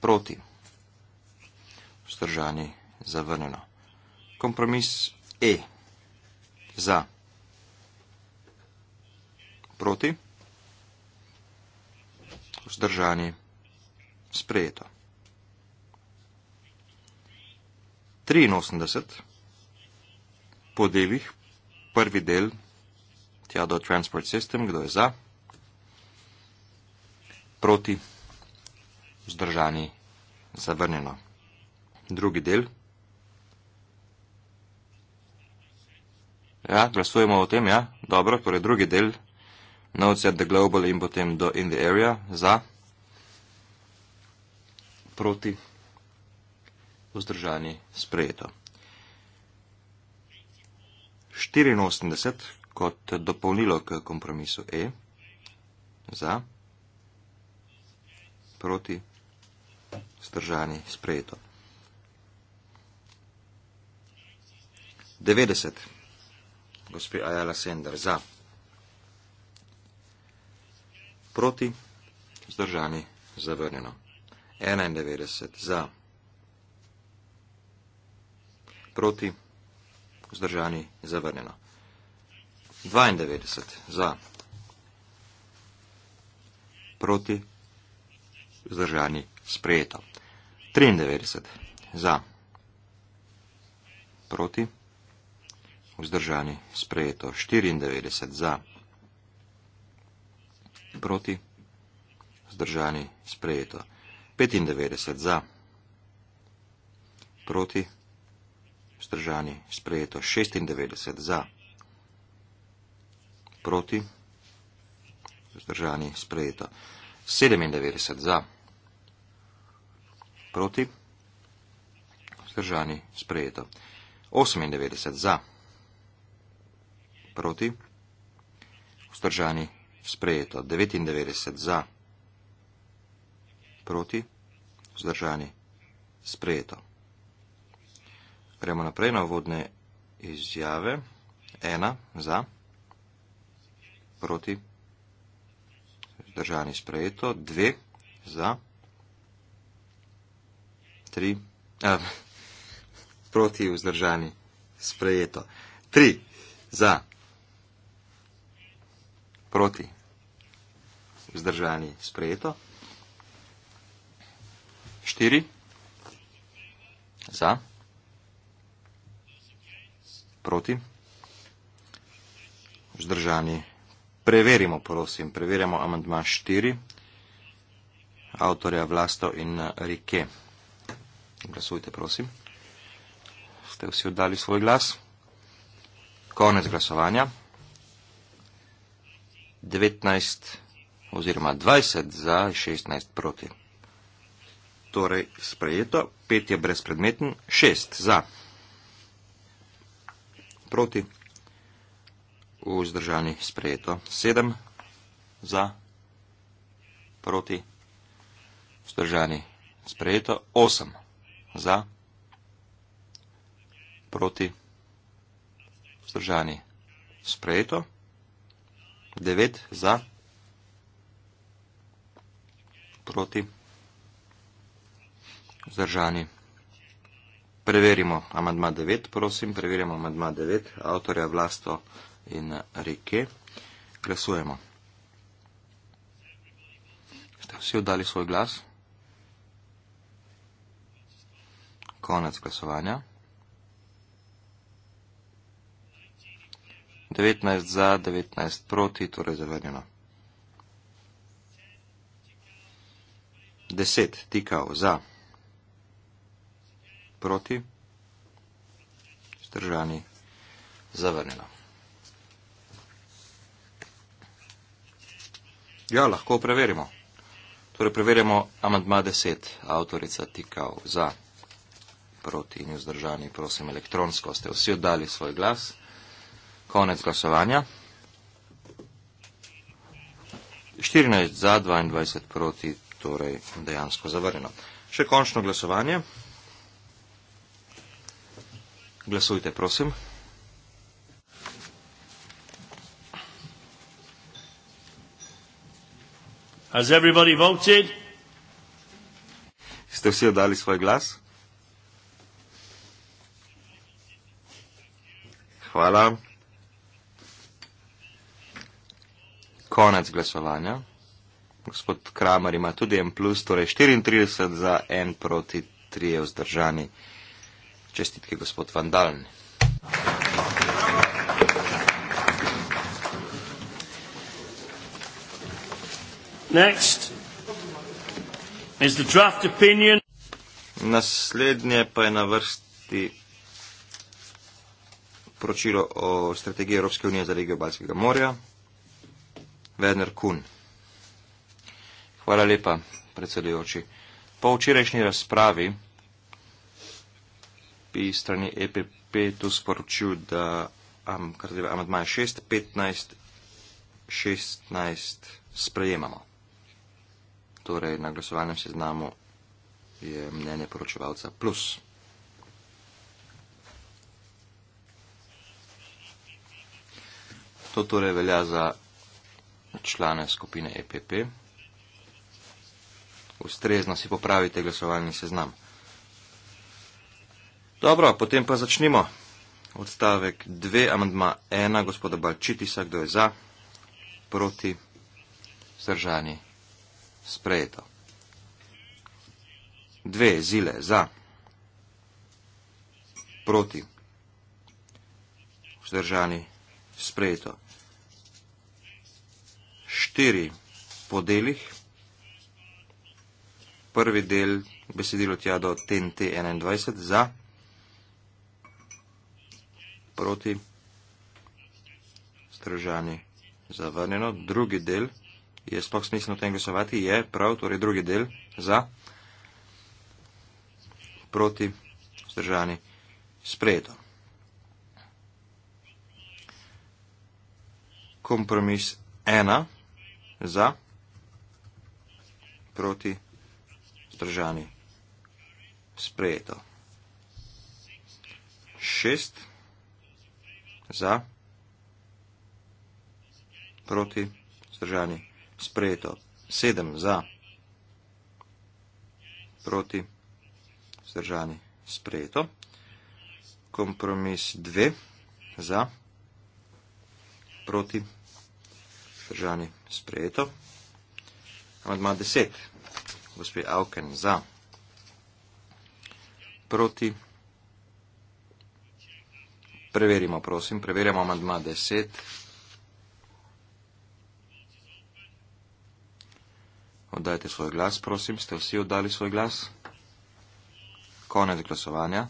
Proti. Zdržani. Zavrnjeno. Kompromis E. Za. Proti. Vzdržani. Sprejeto. 83. Po delih. Prvi del. Tja do transport system. Kdo je za? Proti. Vzdržani. Zavrnjeno. Drugi del. Ja, glasujemo o tem, ja. Dobro, torej drugi del. Notes at the global in potem do in the area. Za. Proti. Vzdržani. Sprejeto. 84 kot dopolnilo k kompromisu E. Za. Proti. Vzdržani. Sprejeto. 90 gospe Ajala Sender za. Proti, zdržani, zavrnjeno. 91 za. Proti, zdržani, zavrnjeno. 92 za. Proti, zdržani, sprejeto. 93 za. Proti vzdržani, sprejeto 94 za, proti, vzdržani, sprejeto 95 za, proti, vzdržani, sprejeto 96 za, proti, vzdržani, sprejeto 97 za, proti, vzdržani, sprejeto 98 za proti, vzdržani sprejeto 99 za, proti, vzdržani sprejeto. Gremo naprej na uvodne izjave. Ena za, proti, vzdržani sprejeto, dve za, tri, a, proti, vzdržani sprejeto, tri za, proti, Proti. Vzdržani sprejeto. Štiri. Za. Proti. Vzdržani. Preverimo, prosim. Preverimo amandma štiri. Avtorja Vlasto in Rike. Glasujte, prosim. Ste vsi oddali svoj glas? Konec glasovanja. 19 oziroma 20 za 16 proti. Torej, sprejeto, 5 je brezpredmeten, 6 za. Proti, vzdržani, sprejeto, 7 za, proti, vzdržani, sprejeto, 8 za, proti, vzdržani, sprejeto devet za, proti, zdržani. Preverimo amadma 9, prosim, preverimo amadma 9, avtorja Vlasto in Rike. Glasujemo. Ste vsi oddali svoj glas? Konec glasovanja. 19 za, 19 proti, torej zavrnjeno. 10 tikal za, proti, stržani, zavrnjeno. Ja, lahko preverimo. Torej preverimo amandma 10, avtorica tikal za, proti in vzdržani, prosim elektronsko, ste vsi oddali svoj glas. Konec glasovanja. 14 za, 22 proti, torej dejansko zavrjeno. Še končno glasovanje. Glasujte, prosim. Has everybody voted? Ste vsi oddali svoj glas? Hvala. konec glasovanja. Gospod Kramer ima tudi en plus, torej 34 za en proti trije vzdržani. Čestitke, gospod Vandalni. Next is the draft opinion. Naslednje pa je na vrsti poročilo o strategiji Evropske unije za regijo Balskega morja. Werner Kuhn. Hvala lepa, predsedujoči. Po včerajšnji razpravi bi strani EPP tu sporočil, da am, kar zadeva amadmaja 6, 15, 16 sprejemamo. Torej, na glasovalnem seznamu je mnenje poročevalca plus. To torej velja za člane skupine EPP. Ustrezno si popravite glasovalni seznam. Dobro, potem pa začnimo. Odstavek 2, amandma 1, gospoda Balčitisa, kdo je za, proti, zdržani, sprejeto. 2, zile, za, proti, zdržani, sprejeto štiri po delih. Prvi del besedilo tja do TNT 21 za, proti, stržani, zavrnjeno. Drugi del je sploh smiselno tem glasovati, je prav, torej drugi del za, proti, stržani, sprejeto. Kompromis 1 za, proti, zdržani, sprejeto. Šest za, proti, zdržani, sprejeto. Sedem za, proti, zdržani, sprejeto. Kompromis dve za, proti, zdržani, sprejeto vzdržani sprejeto. Amadma deset, gospod Auken za, proti, preverimo prosim, preverimo amadma deset, oddajte svoj glas, prosim, ste vsi oddali svoj glas, konec glasovanja.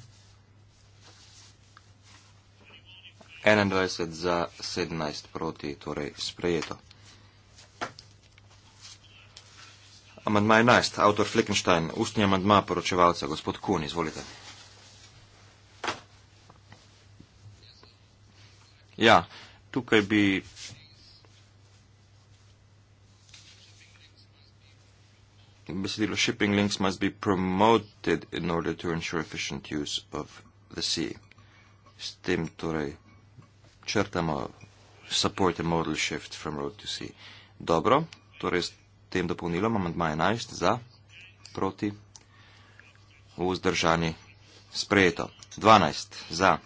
21 za 17 proti, torej sprejeto. Amandma 11, avtor Fleckenstein, ustni amandma poročevalca, gospod Kun, izvolite. Ja, tukaj bi... Besedilo shipping links must be promoted in order to ensure efficient use of the sea. S tem torej črtamo support a modal shift from road to sea. Dobro, torej tem dopolnilom, amantma 11, za, proti, vzdržani, sprejeto. 12, za,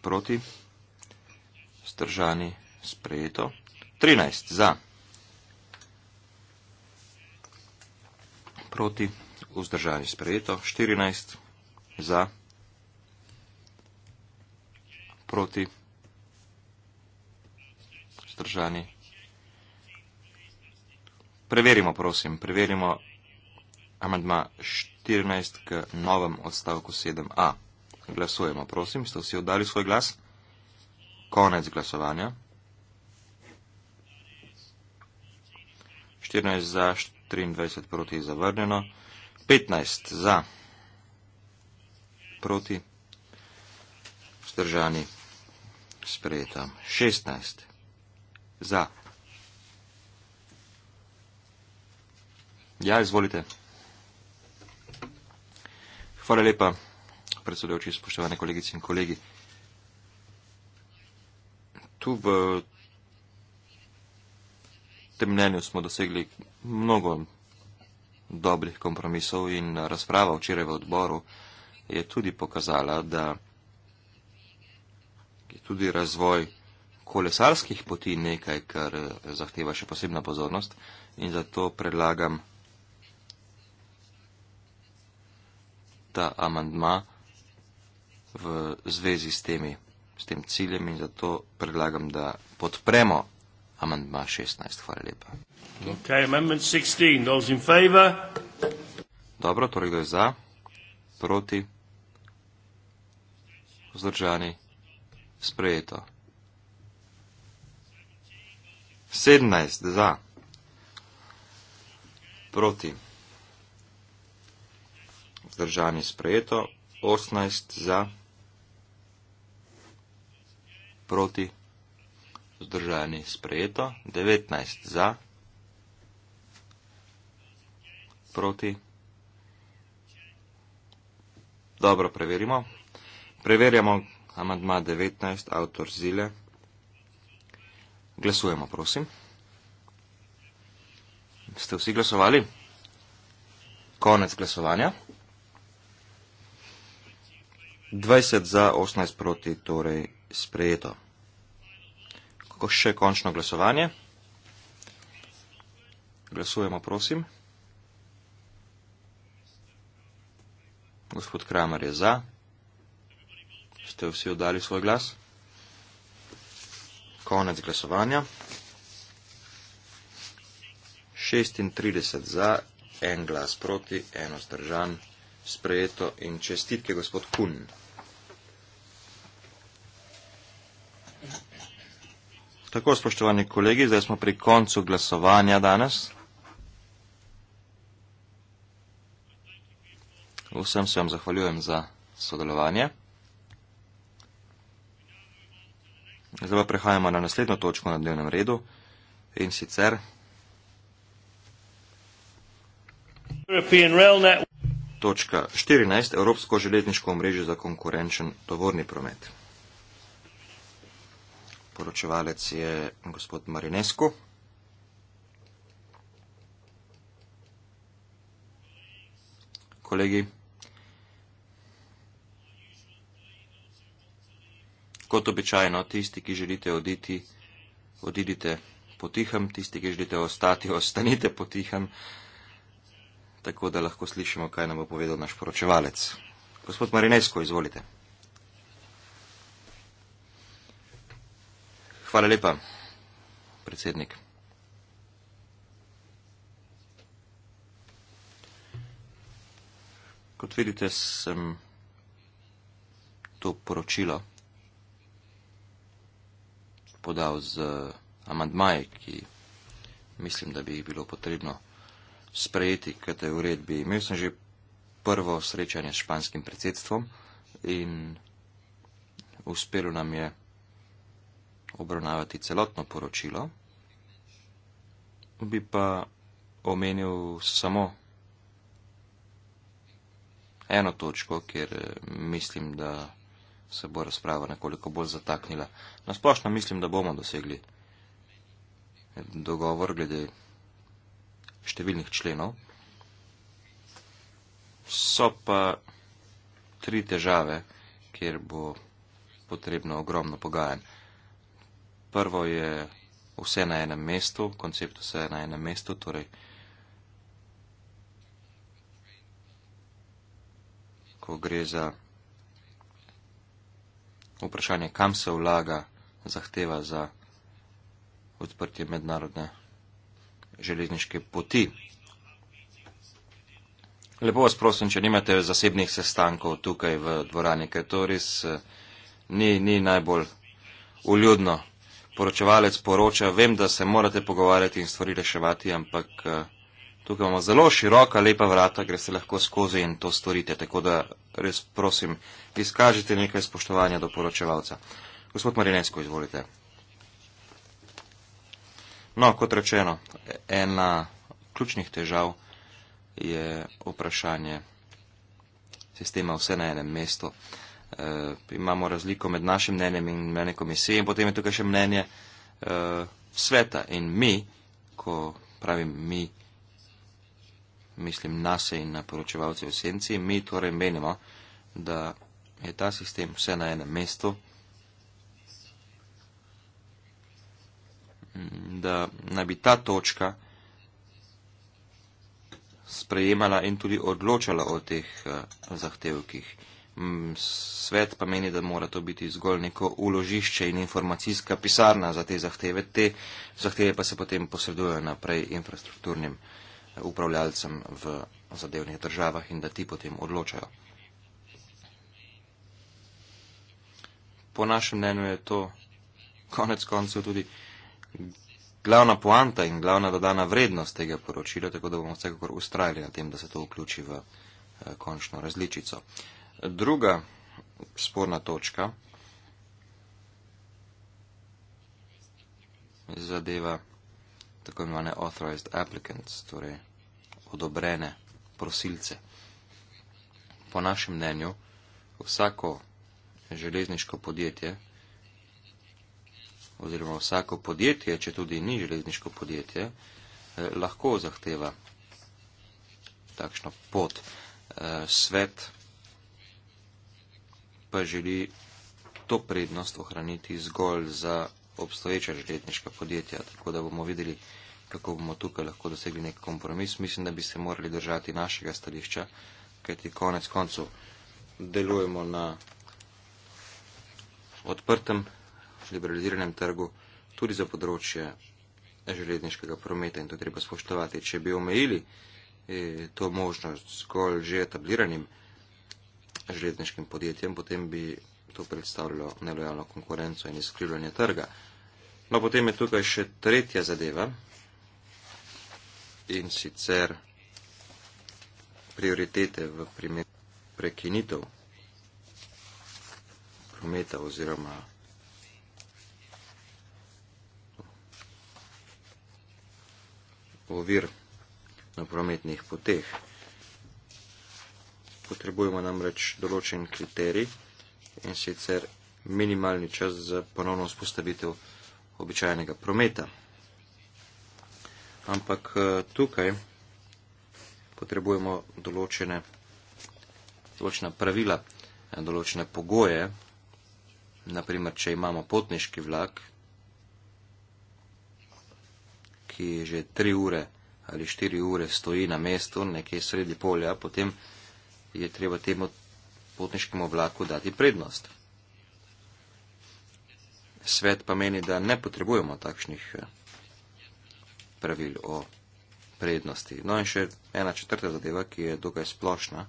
proti, vzdržani, sprejeto. 13, za, proti, vzdržani, sprejeto. 14, za, proti, vzdržani, sprejeto. Preverimo, prosim, preverimo amandma 14 k novem odstavku 7a. Glasujemo, prosim, ste vsi oddali svoj glas? Konec glasovanja. 14 za, 23 proti zavrnjeno. 15 za, proti, vzdržani, sprejeta. 16 za, Ja, izvolite. Hvala lepa, predsedujoči, spoštovane kolegice in kolegi. Tu v tem mnenju smo dosegli mnogo dobrih kompromisov in razprava včeraj v odboru je tudi pokazala, da je tudi razvoj kolesarskih poti nekaj, kar zahteva še posebna pozornost in zato predlagam ta amandma v zvezi s, temi, s tem ciljem in zato predlagam, da podpremo amandma 16. Hvala lepa. Okay, 16, Dobro, torej kdo je za, proti, vzdržani, sprejeto. 17 za, proti vzdržanje sprejeto, 18 za, proti, vzdržanje sprejeto, 19 za, proti. Dobro, preverimo. Preverjamo amadma 19, avtor Zile. Glasujemo, prosim. Ste vsi glasovali? Konec glasovanja. 20 za, 18 proti, torej sprejeto. Kako še končno glasovanje? Glasujemo, prosim. Gospod Kramer je za. Ste vsi oddali svoj glas? Konec glasovanja. 36 za, en glas proti, eno zdržan, sprejeto in čestitke, gospod Kunn. Tako, spoštovani kolegi, zdaj smo pri koncu glasovanja danes. Vsem se vam zahvaljujem za sodelovanje. Zdaj pa prehajamo na naslednjo točko na dnevnem redu in sicer. Točka 14. Evropsko železniško omrežje za konkurenčen tovorni promet poročevalec je gospod Marinesko. Kolegi, kot običajno, tisti, ki želite oditi, odidite potihem, tisti, ki želite ostati, ostanite potihem, tako da lahko slišimo, kaj nam bo povedal naš poročevalec. Gospod Marinesko, izvolite. Hvala lepa, predsednik. Kot vidite, sem to poročilo podal z amadmaji, ki mislim, da bi jih bilo potrebno sprejeti k tej uredbi. Imel sem že prvo srečanje s španskim predsedstvom in uspelo nam je obravnavati celotno poročilo, bi pa omenil samo eno točko, kjer eh, mislim, da se bo razprava nekoliko bolj zataknila. Nasplošno mislim, da bomo dosegli dogovor glede številnih členov. So pa tri težave, kjer bo potrebno ogromno pogajanj. Prvo je vse na enem mestu, koncept vse na enem mestu, torej ko gre za vprašanje, kam se vlaga zahteva za odprtje mednarodne železniške poti. Lepo vas prosim, če nimate zasebnih sestankov tukaj v dvorani, ker to res eh, ni, ni najbolj uljudno poročevalec poroča, vem, da se morate pogovarjati in stvari reševati, ampak eh, tukaj imamo zelo široka, lepa vrata, gre se lahko skozi in to storite. Tako da res prosim, izkažite nekaj spoštovanja do poročevalca. Gospod Marinesko, izvolite. No, kot rečeno, ena ključnih težav je vprašanje sistema vse na enem mestu uh, imamo razliko med našim mnenjem in mnenjem komisije in potem je tukaj še mnenje uh, sveta in mi, ko pravim mi, mislim nase in na poročevalce v senci, mi torej menimo, da je ta sistem vse na enem mestu, mm, da naj bi ta točka sprejemala in tudi odločala o teh uh, zahtevkih. Mm, svet pa meni, da mora to biti zgolj neko uložišče in informacijska pisarna za te zahteve. Te zahteve pa se potem posredujejo naprej infrastrukturnim eh, upravljalcem v zadevnih državah in da ti potem odločajo. Po našem mnenju je to konec koncev tudi glavna poanta in glavna dodana vrednost tega poročila, tako da bomo vsekakor ustrajali na tem, da se to vključi v eh, končno različico. Druga sporna točka zadeva tako imenovane authorized applicants, torej odobrene prosilce. Po našem mnenju vsako železniško podjetje oziroma vsako podjetje, če tudi ni železniško podjetje, eh, lahko zahteva takšno pot. Eh, svet pa želi to prednost ohraniti zgolj za obstoječa železniška podjetja, tako da bomo videli, kako bomo tukaj lahko dosegli nek kompromis. Mislim, da bi se morali držati našega stališča, kajti konec koncev delujemo na odprtem liberaliziranem trgu tudi za področje železniškega prometa in to treba spoštovati. Če bi omejili eh, to možnost zgolj že etabliranim, železniškim podjetjem, potem bi to predstavljalo nelojalno konkurenco in izkrivljanje trga. No, potem je tukaj še tretja zadeva in sicer prioritete v primeru prekinitev prometa oziroma ovir na prometnih poteh potrebujemo namreč določen kriterij in sicer minimalni čas za ponovno vzpostavitev običajnega prometa. Ampak eh, tukaj potrebujemo določene, določena pravila, eh, določene pogoje, naprimer, če imamo potniški vlak, ki že tri ure ali štiri ure stoji na mestu, nekje sredi polja, potem je treba temu potniškemu vlaku dati prednost. Svet pa meni, da ne potrebujemo takšnih eh, pravil o prednosti. No in še ena četrta zadeva, ki je dokaj splošna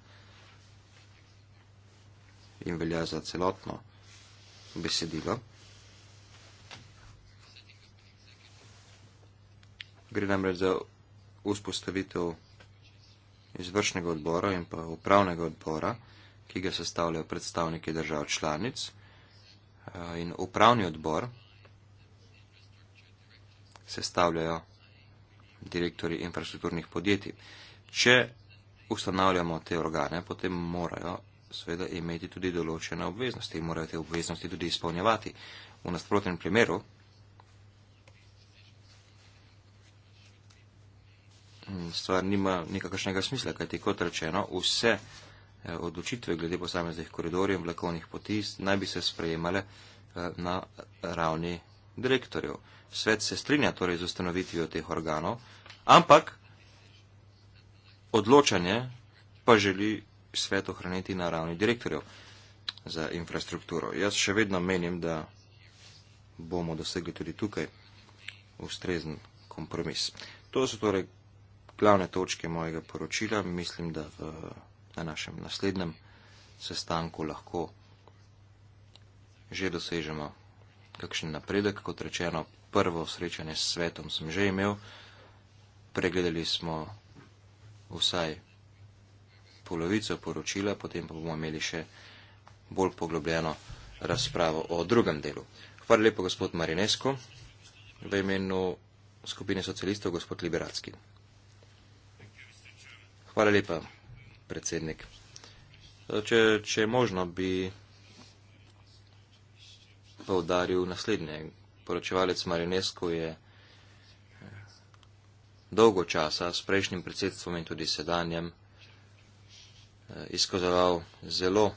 in velja za celotno besedilo. Gre namreč za vzpostavitev izvršnega odbora in pa upravnega odbora, ki ga sestavljajo predstavniki držav članic eh, in upravni odbor sestavljajo direktori infrastrukturnih podjetij. Če ustanavljamo te organe, potem morajo seveda imeti tudi določene obveznosti in morajo te obveznosti tudi izpolnjevati. V nasprotnem primeru stvar nima nekakšnega smisla, kajti kot rečeno, vse eh, odločitve glede posameznih koridorjev in vlakovnih poti naj bi se sprejemale eh, na ravni direktorjev. Svet se strinja torej z ustanovitvijo teh organov, ampak odločanje pa želi svet ohraniti na ravni direktorjev za infrastrukturo. Jaz še vedno menim, da bomo dosegli tudi tukaj ustrezen kompromis. To so torej glavne točke mojega poročila. Mislim, da v, na našem naslednjem sestanku lahko že dosežemo kakšen napredek. Kot rečeno, prvo srečanje s svetom sem že imel. Pregledali smo vsaj polovico poročila, potem pa bomo imeli še bolj poglobljeno razpravo o drugem delu. Hvala lepo, gospod Marinesko, v imenu skupine socialistov, gospod Liberacki. Hvala lepa, predsednik. Eh, če, če je možno, bi povdaril naslednje. Poročevalec Marinesko je eh, dolgo časa s prejšnjim predsedstvom in tudi sedanjem eh, izkazoval zelo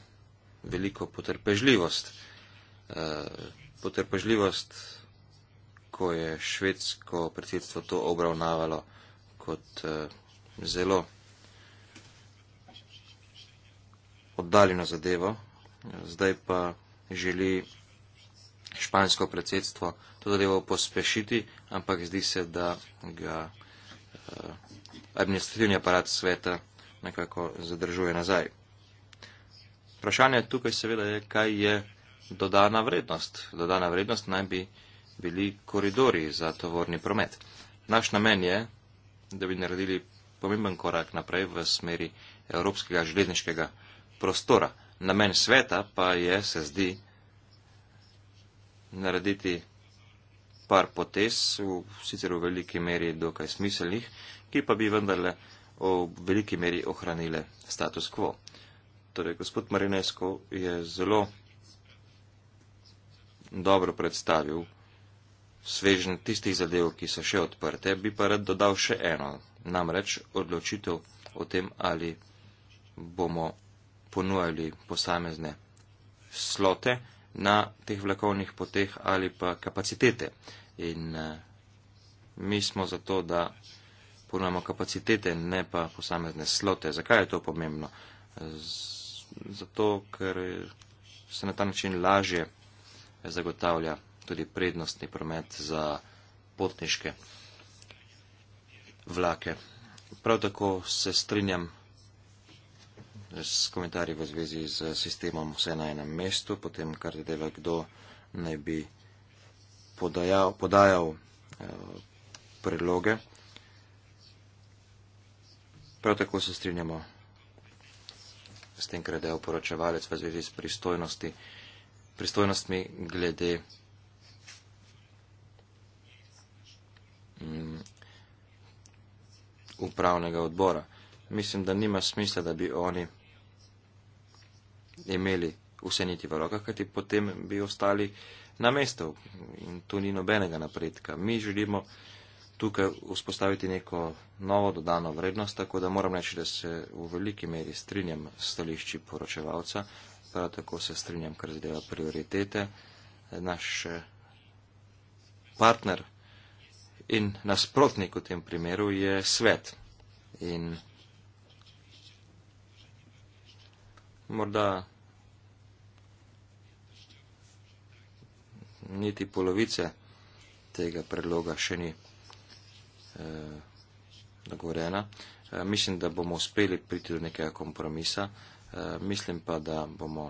veliko potrpežljivost. Potrpežljivost, ko je švedsko predsedstvo to obravnavalo kot zelo oddaljena zadeva, zdaj pa želi špansko predsedstvo to zadevo pospešiti, ampak zdi se, da ga eh, administrativni aparat sveta nekako zadržuje nazaj. Vprašanje tukaj seveda je, kaj je dodana vrednost. Dodana vrednost naj bi bili koridori za tovorni promet. Naš namen je, da bi naredili pomemben korak naprej v smeri evropskega železniškega prostora. Namen sveta pa je, se zdi, narediti par potez, v, sicer v veliki meri dokaj smiselnih, ki pa bi vendarle v veliki meri ohranile status quo. Torej, gospod Marinesko je zelo dobro predstavil svežen tistih zadev, ki so še odprte, bi pa rad dodal še eno, namreč odločitev o tem, ali bomo ponujali posamezne slote na teh vlakovnih poteh ali pa kapacitete. In eh, mi smo zato, da ponujemo kapacitete, ne pa posamezne slote. Zakaj je to pomembno? Zato, ker se na ta način lažje zagotavlja tudi prednostni promet za potniške vlake. Prav tako se strinjam s komentarji v zvezi z sistemom vse na enem mestu, potem kar zadeva, kdo naj bi podajal, podajal eh, predloge. Prav tako se strinjamo s tem, kar je dejal poročevalec v zvezi s pristojnostmi glede mm, upravnega odbora. Mislim, da nima smisla, da bi oni imeli vse niti v rokah, kajti potem bi ostali na mestu in tu ni nobenega napredka. Mi želimo tukaj vzpostaviti neko novo dodano vrednost, tako da moram reči, da se v veliki meri strinjam s stališči poročevalca, prav tako se strinjam, kar zadeva prioritete. Naš eh, partner in nasprotnik v tem primeru je svet. In morda niti polovice tega predloga še ni eh, dogovorjena. E, e, mislim, da bomo uspeli priti do nekega kompromisa. E, mislim pa, da bomo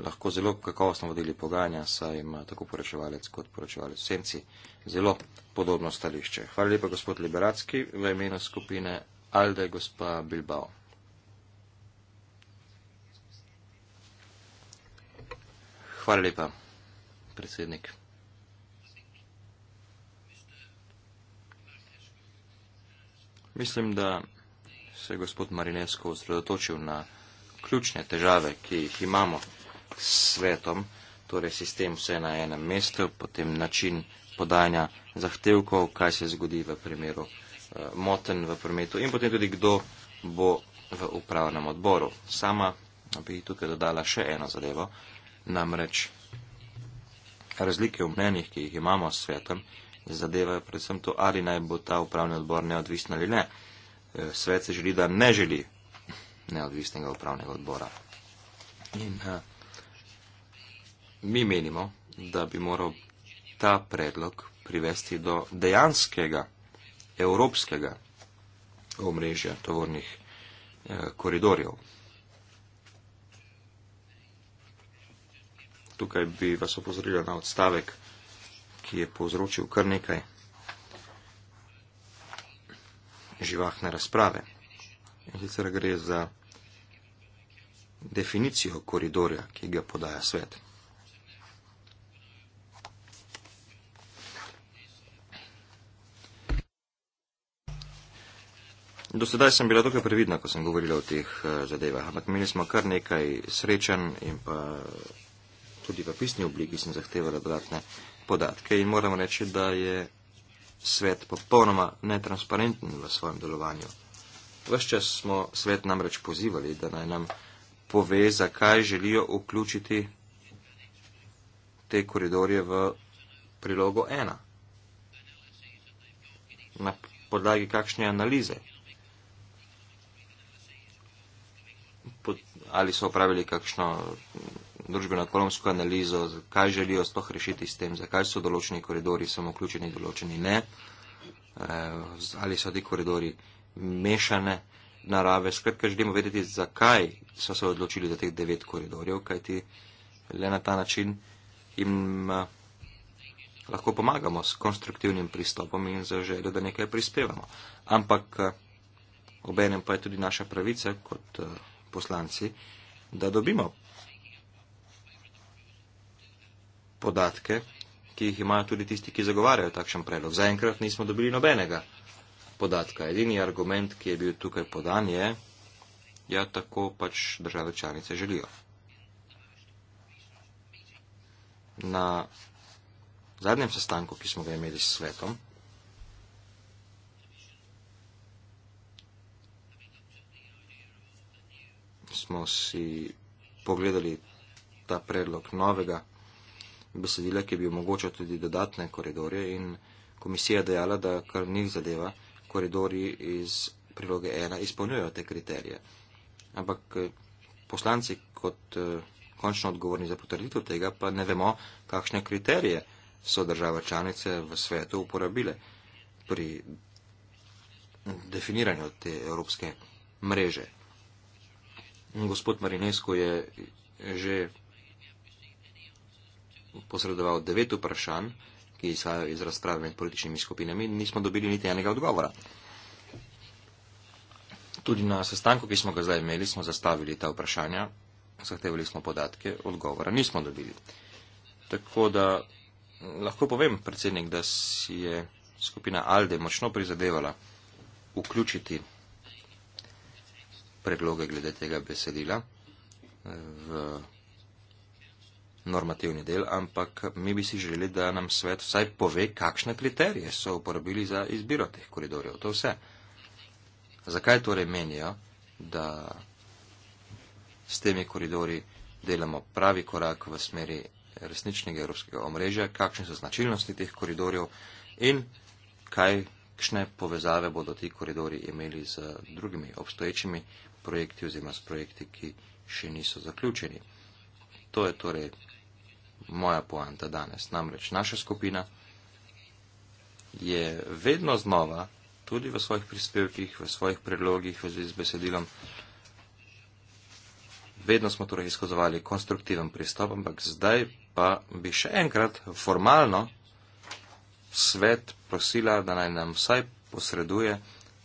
lahko zelo kakovostno vodili pogajanja, saj ima tako poročevalec kot poročevalec v senci zelo podobno stališče. Hvala lepa, gospod Liberacki, v imenu skupine Alde, gospa Bilbao. Hvala lepa, predsednik. Mislim, da se je gospod Marinesko osredotočil na ključne težave, ki jih imamo s svetom, torej sistem vse na enem mestu, potem način podajanja zahtevkov, kaj se zgodi v primeru uh, eh, moten v prometu in potem tudi kdo bo v upravnem odboru. Sama bi tukaj dodala še eno zadevo, uh, Namreč razlike v mnenjih, ki jih imamo s svetom, zadevajo predvsem to, ali naj bo ta upravni odbor neodvisen ali ne. Eh, svet se želi, da ne želi neodvisnega upravnega odbora. In a, eh, mi menimo, da bi moral ta predlog privesti do dejanskega evropskega omrežja tovornih eh, koridorjev. tukaj bi vas opozorila na odstavek, ki je povzročil kar nekaj živahne razprave. In sicer gre za definicijo koridorja, ki ga podaja svet. Do sedaj sem bila dokaj previdna, ko sem govorila o teh eh, zadevah, ampak imeli smo kar nekaj srečen in pa tudi v pisni obliki sem zahtevala dodatne podatke in moram reči, da je svet popolnoma netransparenten v svojem delovanju. Ves čas smo svet namreč pozivali, da naj nam pove, zakaj želijo vključiti te koridorje v prilogo 1. Na podlagi kakšne analize? Pod, ali so opravili kakšno družbeno-ekonomsko analizo, kaj želijo sploh rešiti s tem, zakaj so določeni koridori samo vključeni, določeni ne, eh, ali so ti koridori mešane narave. Skratka, želimo vedeti, zakaj so se odločili za teh devet koridorjev, kajti le na ta način jim eh, lahko pomagamo s konstruktivnim pristopom in za željo, da nekaj prispevamo. Ampak eh, obenem pa je tudi naša pravica kot poslanci, da dobimo podatke, ki jih imajo tudi tisti, ki zagovarjajo takšen predlog. Zaenkrat nismo dobili nobenega podatka. Edini argument, ki je bil tukaj podan, je, ja, tako pač države članice želijo. Na zadnjem sestanku, ki smo ga imeli s svetom, smo si pogledali ta predlog novega besedila, ki bi omogočal tudi dodatne koridorje in komisija dejala, da kar njih zadeva, koridori iz priloge 1 izpolnjujejo te kriterije. Ampak eh, poslanci kot eh, končno odgovorni za potrditev tega pa ne vemo, kakšne kriterije so države članice v svetu uporabile pri definiranju te evropske mreže. Gospod Marinesko je že posredoval devet vprašanj, ki izhajajo iz razprave med političnimi skupinami, nismo dobili niti enega odgovora. Tudi na sestanku, ki smo ga zdaj imeli, smo zastavili ta vprašanja, zahtevali smo podatke, odgovora nismo dobili. Tako da lahko povem, predsednik, da si je skupina Alde močno prizadevala vključiti predloge glede tega besedila eh, v normativni del, ampak mi bi si želeli, da nam svet vsaj pove, kakšne kriterije so uporabili za izbiro teh koridorjev. To vse. Zakaj torej menijo, da s temi koridori delamo pravi korak v smeri resničnega evropskega omrežja, kakšne so značilnosti teh koridorjev in kaj, kakšne povezave bodo ti koridori imeli z drugimi obstoječimi projekti oziroma s projekti, ki še niso zaključeni. To je torej moja poanta danes. Namreč naša skupina je vedno znova, tudi v svojih prispevkih, v svojih predlogih, v zvezi z besedilom, vedno smo torej izkazovali konstruktiven pristop, ampak zdaj pa bi še enkrat formalno svet prosila, da naj nam vsaj posreduje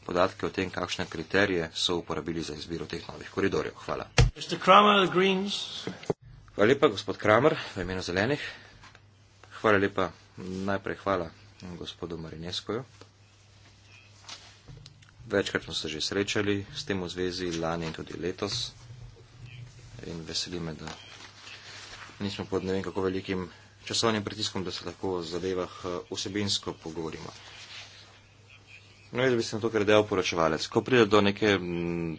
podatke o tem, kakšne kriterije so uporabili za izbiro teh novih koridorjev. Hvala. Hvala lepa, gospod Kramer, v imenu zelenih. Hvala lepa, najprej hvala gospodu Marineskoju. Večkrat smo se že srečali s tem v zvezi, lani in tudi letos. In veseli me, da nismo pod ne vem kako velikim časovnim pritiskom, da se lahko o zadevah eh, vsebinsko pogovorimo. No, jaz bi se na to kar dejal poročevalec. Ko pride do neke m, mm,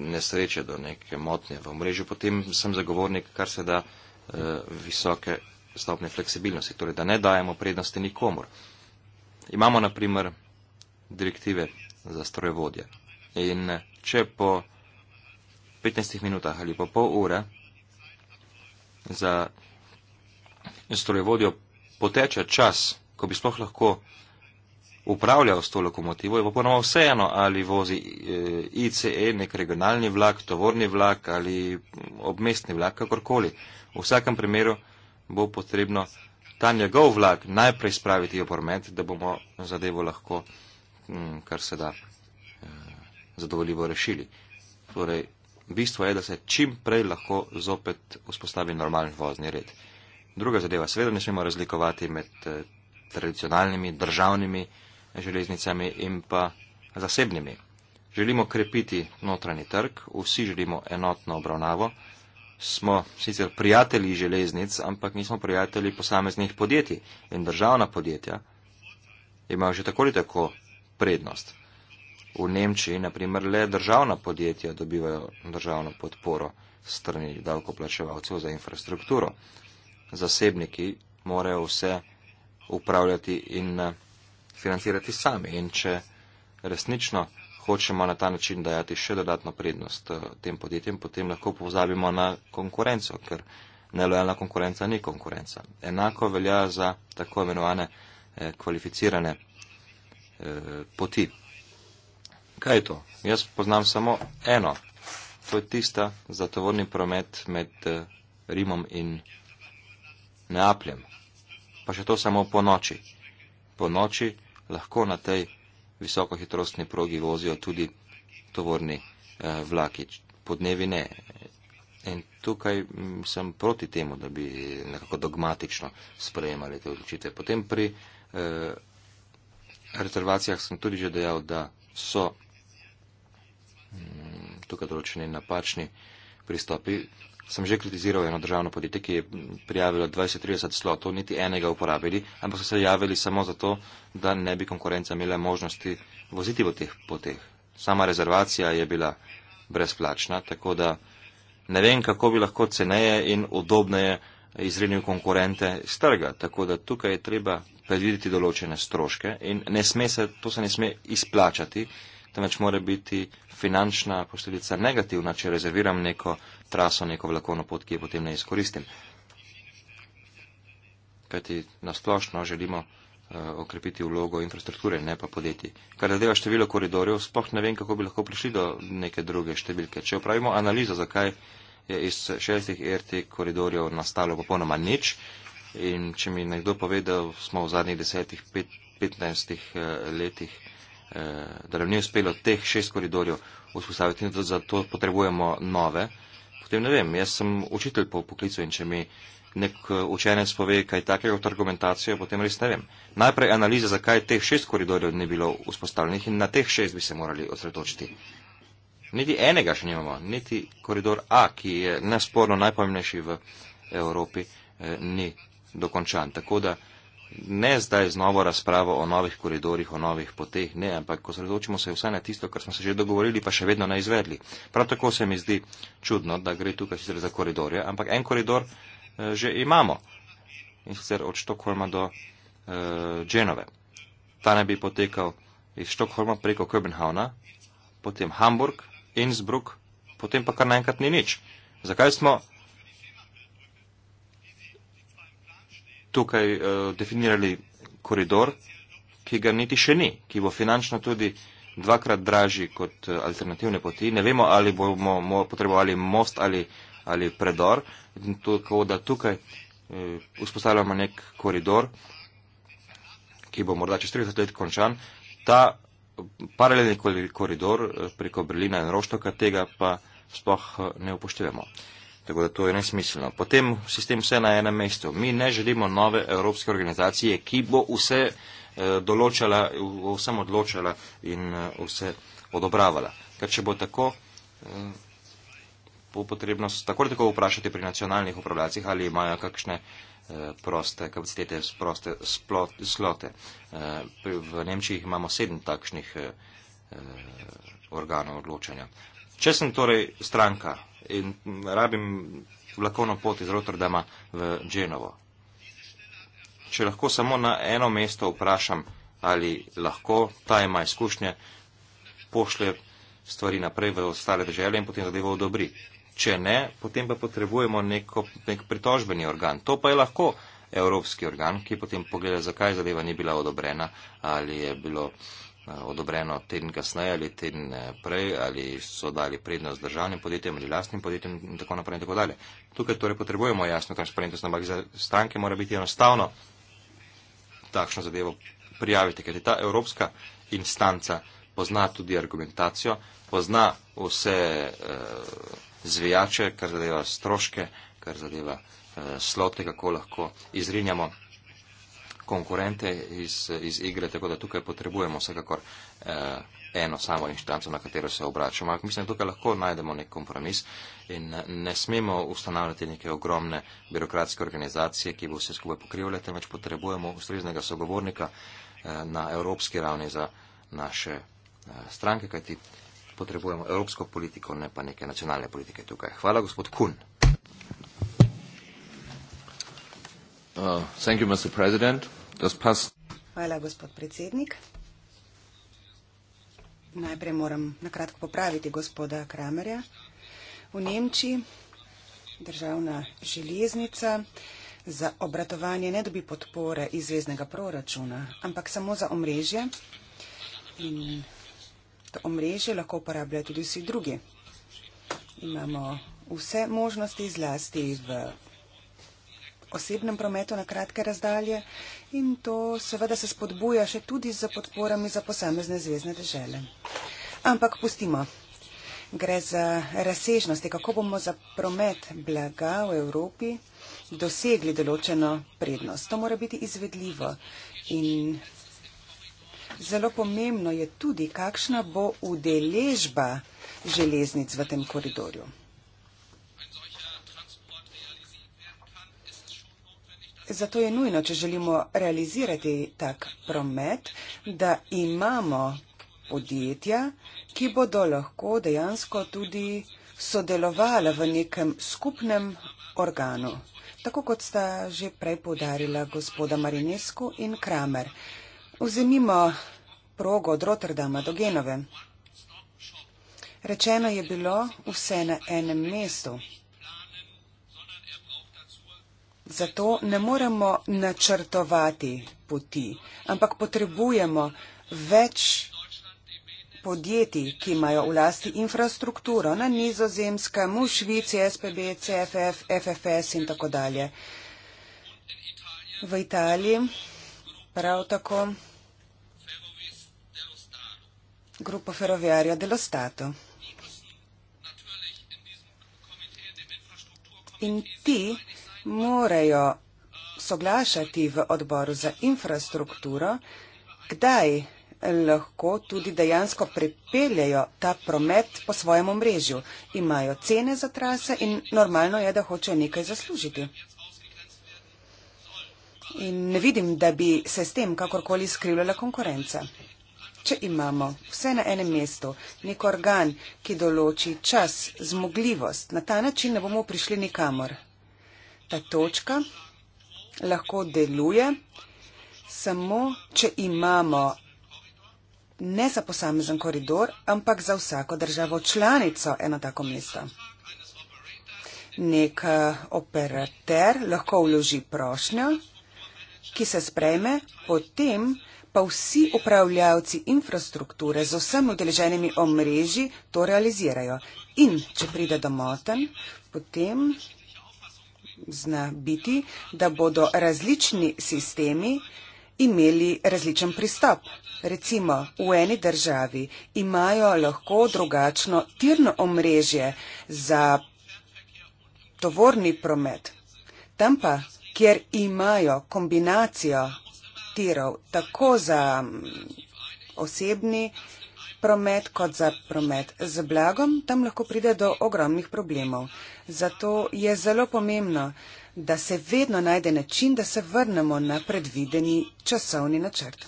nesreče, do neke motnje v mrežu, potem sem zagovornik kar se da eh, visoke stopne fleksibilnosti, torej da ne dajemo prednosti nikomor. Imamo na primer direktive za strojevodje in eh, če po 15 minutah ali po pol ure za strojevodjo poteče čas, ko bi sploh lahko upravljal s to lokomotivo, je pa ponoma vseeno, ali vozi eh, ICE, nek regionalni vlak, tovorni vlak ali mm, obmestni vlak, kakorkoli. V vsakem primeru bo potrebno ta njegov vlak najprej spraviti v promet, da bomo zadevo lahko mm, kar se da eh, zadovoljivo rešili. Torej, bistvo je, da se čim prej lahko zopet vzpostavi normalen vozni red. Druga zadeva, seveda ne smemo razlikovati med eh, tradicionalnimi državnimi železnicami in pa zasebnimi. Želimo krepiti notranji trg, vsi želimo enotno obravnavo. Smo sicer prijatelji železnic, ampak nismo prijatelji posameznih podjetij in državna podjetja imajo že tako ali tako prednost. V Nemčiji, naprimer, le državna podjetja dobivajo državno podporo strani davkoplačevalcev za infrastrukturo. Zasebniki morajo vse upravljati in financirati sami. In če resnično hočemo na ta način dajati še dodatno prednost eh, tem podjetjem, potem lahko pozabimo na konkurenco, ker nelojalna konkurenca ni konkurenca. Enako velja za tako imenovane eh, kvalificirane eh, poti. Kaj je to? Jaz poznam samo eno. To je tista za tovorni promet med Rimom in Neapljem. Pa še to samo po noči. Po noči lahko na tej visokohitrostni progi vozijo tudi tovorni eh, vlaki, podnevi ne. In tukaj mm, sem proti temu, da bi nekako dogmatično sprejemali te odločitve. Potem pri eh, rezervacijah sem tudi že dejal, da so hm, tukaj določeni napačni pristopi sem že kritiziral eno državno podjetje, ki je prijavilo 20-30 slotov, niti enega uporabili, ampak so se javili samo zato, da ne bi konkurenca imela možnosti voziti v teh poteh. Sama rezervacija je bila brezplačna, tako da ne vem, kako bi lahko ceneje in udobneje izrednil konkurente iz trga. Tako da tukaj je treba predvideti določene stroške in ne sme se, to se ne sme izplačati temveč mora biti finančna posledica negativna, če rezerviram neko traso, neko vlakovno pot, ki jo potem ne izkoristim. Kajti nasplošno želimo uh, okrepiti vlogo infrastrukture, ne pa podjetij. Kar zadeva število koridorjev, sploh ne vem, kako bi lahko prišli do neke druge številke. Če upravimo analizo, zakaj je iz šestih e RT koridorjev nastalo popolnoma nič in če mi nekdo pove, da smo v zadnjih desetih, pet, petnajstih uh, letih uh, da nam ni uspelo teh šest koridorjev vzpostaviti in zato potrebujemo nove, potem ne vem, jaz sem učitelj po poklicu in če mi nek eh, učenec pove kaj takega kot argumentacijo, potem res ne vem. Najprej analiza, zakaj teh šest koridorjev ni bilo vzpostavljenih in na teh šest bi se morali osredotočiti. Niti enega še nimamo, niti koridor A, ki je nesporno najpomembnejši v Evropi, eh, ni dokončan. Tako da ne zdaj z novo razpravo o novih koridorjih, o novih poteh, ne, ampak osredotočimo se vsaj na tisto, kar smo se že dogovorili, pa še vedno ne izvedli. Prav tako se mi zdi čudno, da gre tukaj sicer za koridorje, ampak en koridor eh, že imamo in sicer od Štokholma do uh, Dženove. Ta naj bi potekal iz Štokholma preko Kopenhavna, potem Hamburg, Innsbruck, potem pa kar naenkrat ni nič. Zakaj smo tukaj uh, definirali koridor, ki ga niti še ni, ki bo finančno tudi dvakrat dražji kot eh, alternativne poti. Ne vemo, ali bomo mo potrebovali most ali, ali predor. Tako da tukaj uh, vzpostavljamo nek koridor, ki bo morda čez 30 let končan. Ta paralelni koridor preko Berlina in Roštoka tega pa sploh ne upoštevamo. Tako da to je nesmiselno. Potem sistem vse na enem mestu. Mi ne želimo nove evropske organizacije, ki bo vse eh, določala, vsem odločala in eh, vse odobravala. Ker če bo tako, eh, bo potrebno tako tako vprašati pri nacionalnih upravljacih, ali imajo kakšne eh, proste kapacitete, proste splot, slote. Eh, v Nemčiji imamo sedem takšnih eh, eh, organov odločanja. Če sem torej stranka in rabim vlakovno pot iz Rotterdama v Dženovo. Če lahko samo na eno mesto vprašam, ali lahko ta ima izkušnje, pošlje stvari naprej v ostale države in potem zadevo odobri. Če ne, potem pa potrebujemo neko, nek pritožbeni organ. To pa je lahko evropski organ, ki potem pogleda, zakaj zadeva ni bila odobrena ali je bilo Eh, odobreno teden kasneje ali teden eh, prej, ali so dali prednost državnim podjetjem ali lastnim podjetjem in tako naprej in tako dalje. Tukaj torej potrebujemo jasno transparentnost, ampak za stranke mora biti enostavno takšno zadevo prijaviti, ker je ta evropska instanca pozna tudi argumentacijo, pozna vse eh, zvijače, kar zadeva stroške, kar zadeva eh, slote, kako lahko izrinjamo konkurente iz, iz igre, tako da tukaj potrebujemo vsekakor eh, eno samo inštanco, na katero se obračamo. Mislim, tukaj lahko najdemo nek kompromis in eh, ne smemo ustanavljati neke ogromne birokratske organizacije, ki bo vse skupaj pokrivale, temveč potrebujemo ustreznega sogovornika eh, na evropski ravni za naše eh, stranke, kajti potrebujemo evropsko politiko, ne pa neke nacionalne politike tukaj. Hvala, gospod Kun. Uh, thank you, Mr. President das passt. Hvala, gospod predsednik. Najprej moram nakratko popraviti gospoda Kramerja. V Nemčiji državna železnica za obratovanje ne dobi podpore iz zvezdnega proračuna, ampak samo za omrežje. In to omrežje lahko uporabljajo tudi vsi drugi. Imamo vse možnosti, zlasti v osebnem prometu na kratke razdalje in to seveda se spodbuja še tudi z podporami za posamezne zvezdne dežele. Ampak pustimo. Gre za razsežnosti, kako bomo za promet blaga v Evropi dosegli določeno prednost. To mora biti izvedljivo in zelo pomembno je tudi, kakšna bo udeležba železnic v tem koridorju. zato je nujno, če želimo realizirati tak promet, da imamo podjetja, ki bodo lahko dejansko tudi sodelovala v nekem skupnem organu, tako kot sta že prej podarila gospoda Marinesku in Kramer. Vzemimo progo od Rotterdama do Genove. Rečeno je bilo vse na enem mestu. Zato ne moremo načrtovati poti, ampak potrebujemo več podjetij, ki imajo v lasti infrastrukturo na nizozemskem, v Švici, SPB, CFF, FFS in tako dalje. V Italiji prav tako grupo Ferroviario dello Stato. In ti morajo soglašati v odboru za infrastrukturo, kdaj lahko tudi dejansko pripeljajo ta promet po svojem omrežju. Imajo cene za trase in normalno je, da hočejo nekaj zaslužiti. In ne vidim, da bi se s tem kakorkoli skrivljala konkurenca. Če imamo vse na enem mestu, nek organ, ki določi čas, zmogljivost, na ta način ne bomo prišli nikamor točka lahko deluje samo, če imamo ne za posamezen koridor, ampak za vsako državo članico eno tako mesto. Nek eh, operater lahko vloži prošnjo, ki se sprejme, potem pa vsi upravljavci infrastrukture z vsem udeleženimi omrežji to realizirajo. In če pride do moten, potem zna biti, da bodo različni sistemi imeli različen pristop. Recimo, v eni državi imajo lahko drugačno tirno omrežje za tovorni promet. Tam pa, kjer imajo kombinacijo tirov tako za mm, osebni, promet kot za promet. Z blagom tam lahko pride do ogromnih problemov. Zato je zelo pomembno, da se vedno najde način, da se vrnemo na predvideni časovni načrt.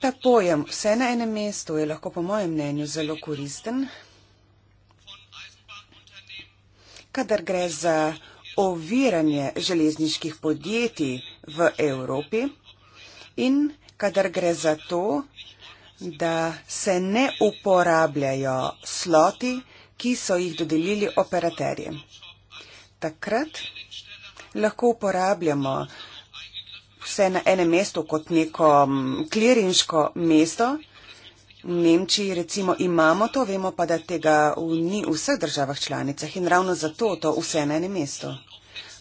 Ta pojem vse na enem mestu je lahko po mojem mnenju zelo koristen, kadar gre za oviranje železniških podjetij v Evropi in kadar gre za to, da se ne uporabljajo sloti, ki so jih dodelili operaterjem. Takrat lahko uporabljamo vse na enem mestu kot neko klirinško mesto. V Nemčiji recimo imamo to, vemo pa, da tega ni v vseh državah članicah in ravno zato to vse na enem mestu.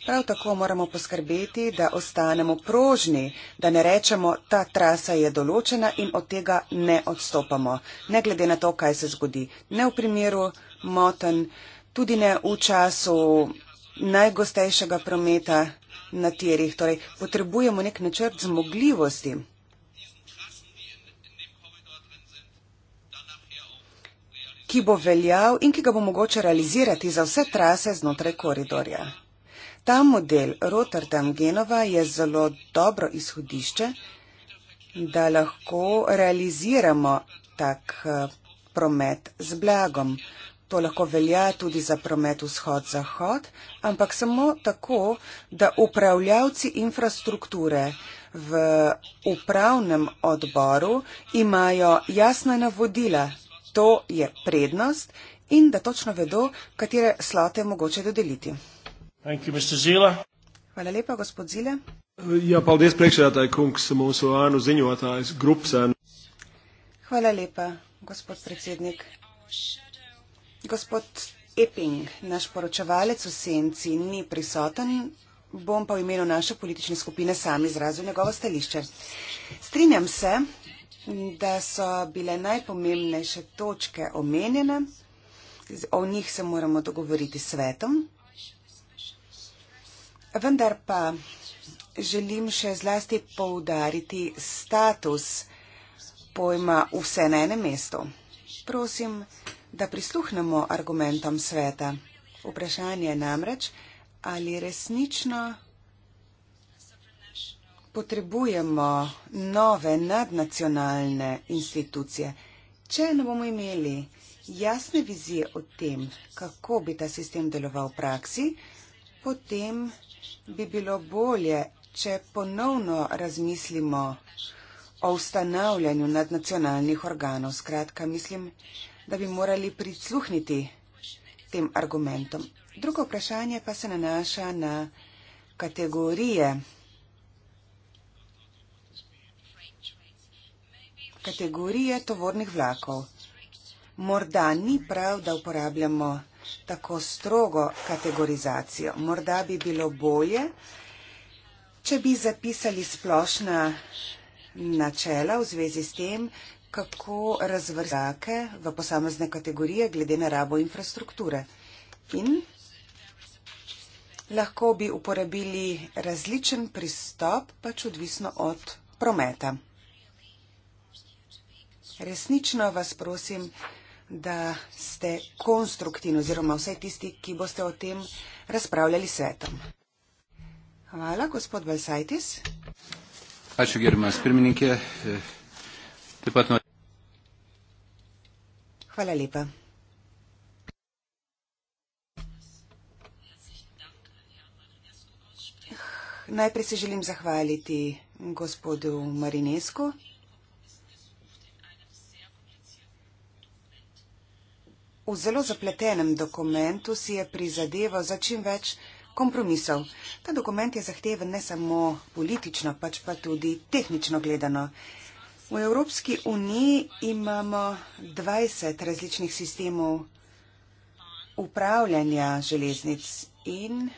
Prav tako moramo poskrbeti, da ostanemo prožni, da ne rečemo, ta trasa je določena in od tega ne odstopamo, ne glede na to, kaj se zgodi. Ne v primeru moten, tudi ne v času najgostejšega prometa na tirih. Torej, potrebujemo nek načrt zmogljivosti. ki bo veljal in ki ga bo mogoče realizirati za vse trase znotraj koridorja. Ta model Rotterdam Genova je zelo dobro izhodišče, da lahko realiziramo tak eh, promet z blagom. To lahko velja tudi za promet vzhod-zahod, ampak samo tako, da upravljavci infrastrukture v upravnem odboru imajo jasna navodila. To je prednost in da točno vedo, katere slote mogoče dodeliti. Thank you, Mr. Zila. Hvala lepa, gospod Zile. Ja, paldies priekšsēdētāji, kungs, mūsu ānu ziņotājs, grupsēn. Hvala lepa, gospod predsednik. Gospod Eping, naš poročevalec v senci, ni prisoten, bom pa v imenu naše politične skupine sam izrazil njegovo stališče. Strinjam se, da so bile najpomembnejše točke omenjene, o njih se moramo dogovoriti s svetom. Vendar pa želim še zlasti poudariti status pojma vse na enem mestu. Prosim, da prisluhnemo argumentom sveta. Vprašanje je namreč, ali resnično potrebujemo nove nadnacionalne institucije. Če ne bomo imeli jasne vizije o tem, kako bi ta sistem deloval v praksi, potem bi bilo bolje, če ponovno razmislimo o ustanavljanju nadnacionalnih organov. Skratka, mislim, da bi morali prisluhniti tem argumentom. Drugo vprašanje pa se nanaša na kategorije. kategorije tovornih vlakov. Morda ni prav, da uporabljamo tako strogo kategorizacijo. Morda bi bilo bolje, če bi zapisali splošna načela v zvezi s tem, kako razvrzake v posamezne kategorije glede na rabo infrastrukture. In lahko bi uporabili različen pristop, pač odvisno od prometa. Resnično vas prosim, da ste konstruktivni oziroma vsaj tisti, ki boste o tem razpravljali svetom. Hvala, gospod Balsajtis. Hvala lepa. Najprej se želim zahvaliti gospodu Marinesku. V zelo zapletenem dokumentu si je prizadeval za čim več kompromisov. Ta dokument je zahteven ne samo politično, pač pa tudi tehnično gledano. V Evropski uniji imamo 20 različnih sistemov upravljanja železnic in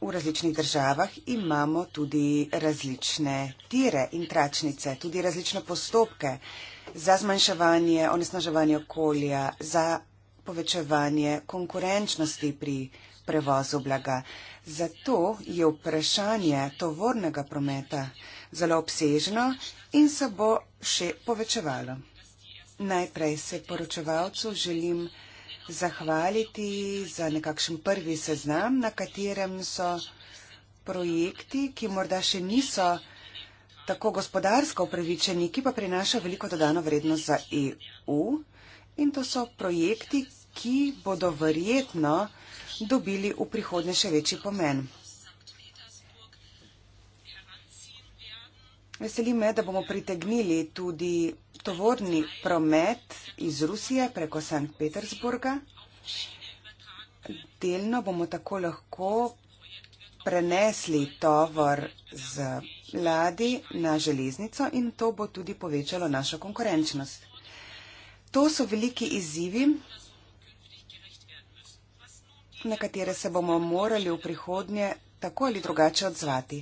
v različnih državah imamo tudi različne tire in tračnice, tudi različne postopke za zmanjševanje, onesnaževanje okolja, za povečevanje konkurenčnosti pri prevozu blaga. Zato je vprašanje tovornega prometa zelo obsežno in se bo še povečevalo. Najprej se poročevalcu želim zahvaliti za nekakšen prvi seznam, na katerem so projekti, ki morda še niso tako gospodarsko upravičeni, ki pa prinaša veliko dodano vrednost za EU in to so projekti, ki bodo verjetno dobili v prihodnje še večji pomen. Veseli me, da bomo pritegnili tudi tovorni promet iz Rusije preko Sankt Petersburga. Delno bomo tako lahko prenesli tovor z ladi na železnico in to bo tudi povečalo našo konkurenčnost. To so veliki izzivi, na katere se bomo morali v prihodnje tako ali drugače odzvati.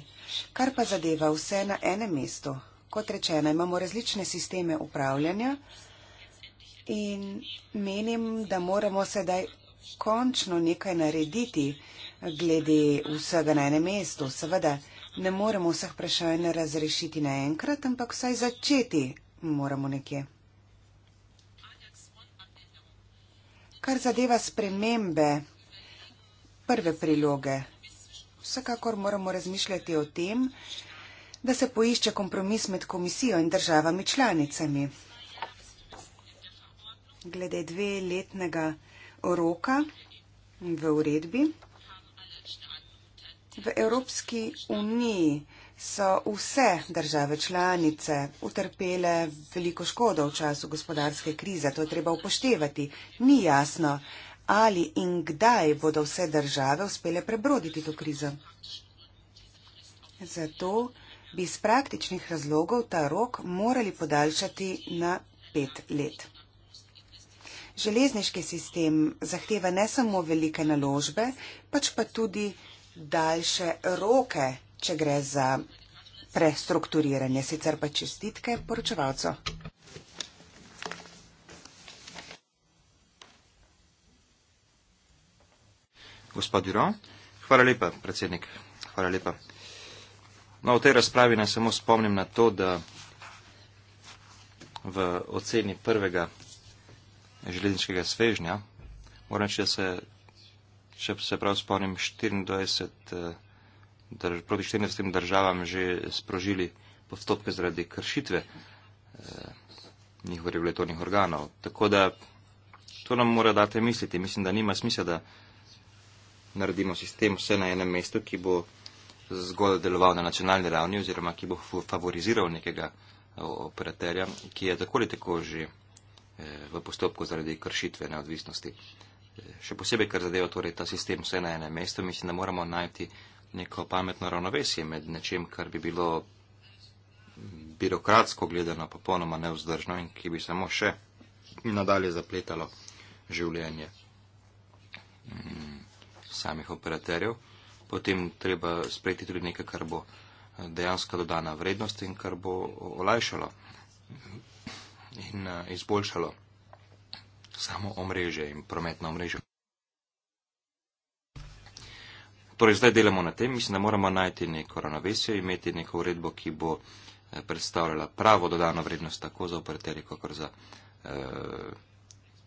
Kar pa zadeva vse na enem mestu. Kot rečeno, imamo različne sisteme upravljanja in menim, da moramo sedaj končno nekaj narediti glede vsega na enem mestu. Seveda ne moremo vseh vprašanj razrešiti naenkrat, ampak vsaj začeti moramo nekje. kar zadeva spremembe prve priloge. Vsekakor moramo razmišljati o tem, da se poišče kompromis med komisijo in državami članicami. Glede dve letnega roka v uredbi. V Evropski uniji so vse države članice utrpele veliko škodo v času gospodarske krize. To je treba upoštevati. Ni jasno, ali in kdaj bodo vse države uspele prebroditi to krizo. Zato bi iz praktičnih razlogov ta rok morali podaljšati na pet let. Železniški sistem zahteva ne samo velike naložbe, pač pa tudi daljše roke če gre za prestrukturiranje. Sicer pa čestitke poročevalcu. Gospod Juro, hvala lepa, predsednik. Hvala lepa. No, v tej razpravi naj samo spomnim na to, da v oceni prvega železniškega svežnja, moram reči, da se, če se prav spomnim, 24. Uh, eh, drž, proti 14 državam že sprožili postopke zaradi kršitve eh, njihovih regulatornih organov. Tako da to nam mora dati misliti. Mislim, da nima smisla, da naredimo sistem vse na enem mestu, ki bo zgolj deloval na nacionalni ravni oziroma ki bo favoriziral nekega eh, operaterja, ki je tako ali tako že eh, v postopku zaradi kršitve neodvisnosti. Eh, še posebej, ker zadeva torej ta sistem vse na enem mestu, mislim, da moramo najti neko pametno ravnovesje med nečem, kar bi bilo birokratsko gledano popolnoma neuzdržno in ki bi samo še nadalje zapletalo življenje mm, samih operaterjev. Potem treba sprejeti tudi nekaj, kar bo eh, dejansko dodana vrednost in kar bo olajšalo in eh, izboljšalo samo omrežje in prometno omrežje. Torej, zdaj delamo na tem, mislim, da moramo najti neko ravnovesje, imeti neko uredbo, ki bo eh, predstavljala pravo dodano vrednost tako za operaterje, kako za eh,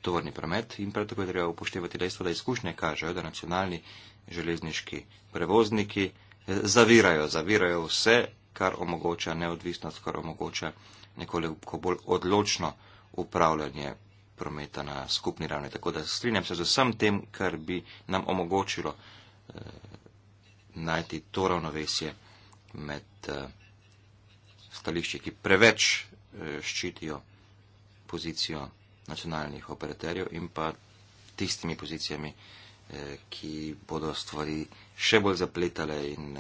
tovorni promet. In prav tako je treba upoštevati dejstvo, da izkušnje kažejo, da nacionalni železniški prevozniki eh, zavirajo, zavirajo vse, kar omogoča neodvisnost, kar omogoča nekoliko bolj odločno upravljanje prometa na skupni ravni. Tako da strinjam se z vsem tem, kar bi nam omogočilo eh, najti to ravnovesje med eh, stališči, ki preveč eh, ščitijo pozicijo nacionalnih operaterjev in pa tistimi pozicijami, eh, ki bodo stvari še bolj zapletale in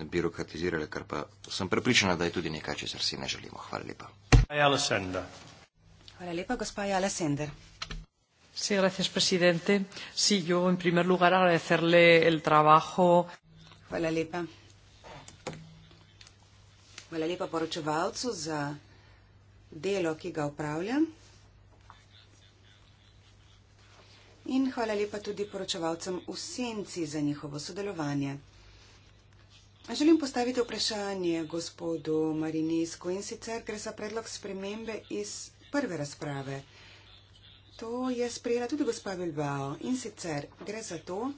birokratizirale, kar pa sem prepričana, da je tudi nekaj, česar si ne želimo. Hvala lepa. Hvala lepa, gospa Jala Sender. Sí, gracias, presidente. Sí, yo en primer lugar agradecerle el trabajo. Hvala lepa. Hvala lepa poročevalcu za delo, ki ga upravlja. In hvala lepa tudi poročevalcem v senci za njihovo sodelovanje. Želim postaviti vprašanje gospodu Marinisku in sicer gre za predlog spremembe iz prve razprave. To je sprejela tudi gospa Bilbao in sicer gre za to,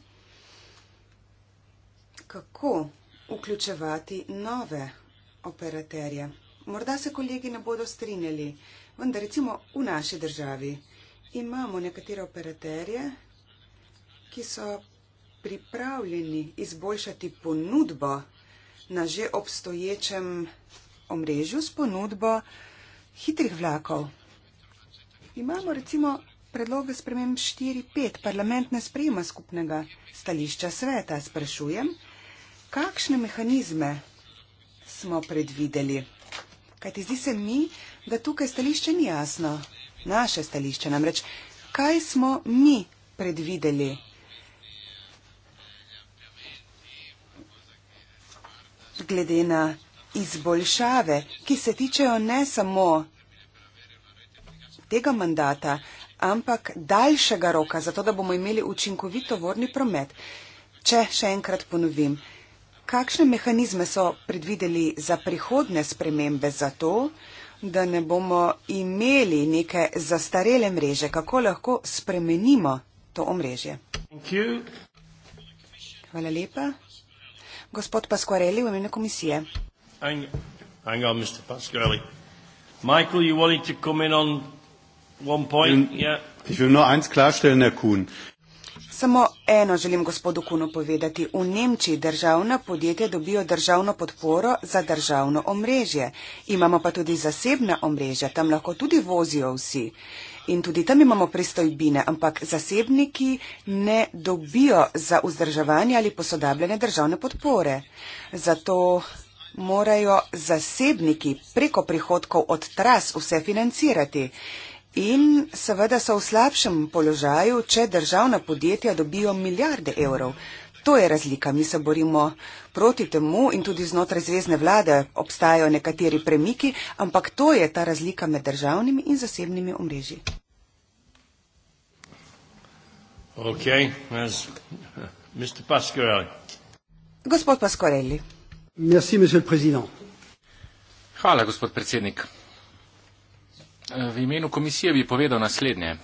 kako vključevati nove operaterje. Morda se kolegi ne bodo strinjali, vendar recimo v naši državi imamo nekatere operaterje, ki so pripravljeni izboljšati ponudbo na že obstoječem omrežju s ponudbo hitrih vlakov. Imamo recimo predloge sprememb 4-5 parlament ne sprejema skupnega stališča sveta. Sprašujem, kakšne mehanizme smo predvideli? Kajti zdi se mi, da tukaj stališče ni jasno. Naše stališče namreč. Kaj smo mi predvideli? Glede na izboljšave, ki se tičejo ne samo tega mandata, ampak daljšega roka, zato da bomo imeli učinkovit tovorni promet. Če še enkrat ponovim, kakšne mehanizme so predvideli za prihodne spremembe za to, da ne bomo imeli neke zastarele mreže, kako lahko spremenimo to omrežje? Hvala lepa. Gospod Pasquarelli v imenu komisije. Hang on, hang on, Michael, One point, yeah. Ich will nur eins klarstellen, Herr Kuhn. Samo eno želim gospodu Kuno povedati. V Nemčiji državna podjetja dobijo državno podporo za državno omrežje. Imamo pa tudi zasebna omrežja, tam lahko tudi vozijo vsi. In tudi tam imamo pristojbine, ampak zasebniki ne dobijo za vzdrževanje ali posodabljene državne podpore. Zato morajo zasebniki preko prihodkov od tras vse financirati. In seveda so v slabšem položaju, če državna podjetja dobijo milijarde evrov. To je razlika. Mi se borimo proti temu in tudi znotraj zvezdne vlade obstajajo nekateri premiki, ampak to je ta razlika med državnimi in zasebnimi omrežji. Okay, as Mr. Pasquarelli. Gospod Pasquarelli. Merci, Hvala, gospod predsednik. V imenu komisije bi povedal naslednje.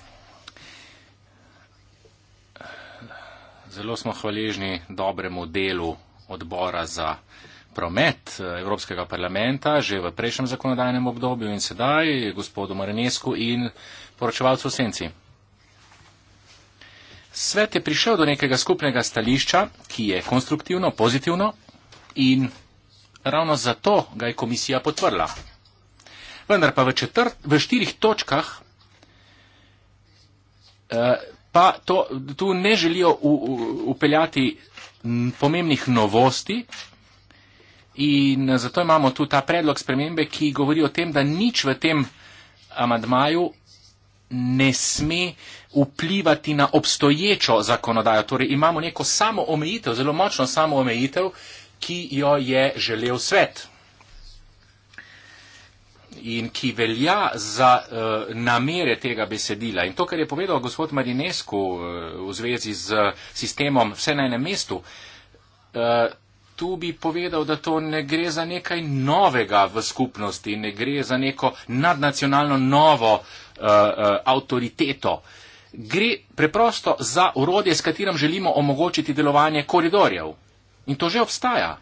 Zelo smo hvaležni dobremu delu odbora za promet eh, Evropskega parlamenta že v prejšnjem zakonodajnem obdobju in sedaj gospodu Marinesku in poročevalcu Senci. Svet je prišel do nekega skupnega stališča, ki je konstruktivno, pozitivno in ravno zato ga je komisija podprla vendar pa v, četrt, v štirih točkah eh, pa to, tu ne želijo u, u, upeljati pomembnih novosti in zato imamo tu ta predlog spremembe, ki govori o tem, da nič v tem amadmaju ne sme vplivati na obstoječo zakonodajo. Torej imamo neko samo omejitev, zelo močno samo omejitev, ki jo je želel svet in ki velja za uh, namere tega besedila. In to, kar je povedal gospod Marinesku uh, eh, v zvezi z sistemom vse na enem mestu, uh, tu bi povedal, da to ne gre za nekaj novega v skupnosti, ne gre za neko nadnacionalno novo uh, uh, avtoriteto. Gre preprosto za urodje, s katerim želimo omogočiti delovanje koridorjev. In to že obstaja.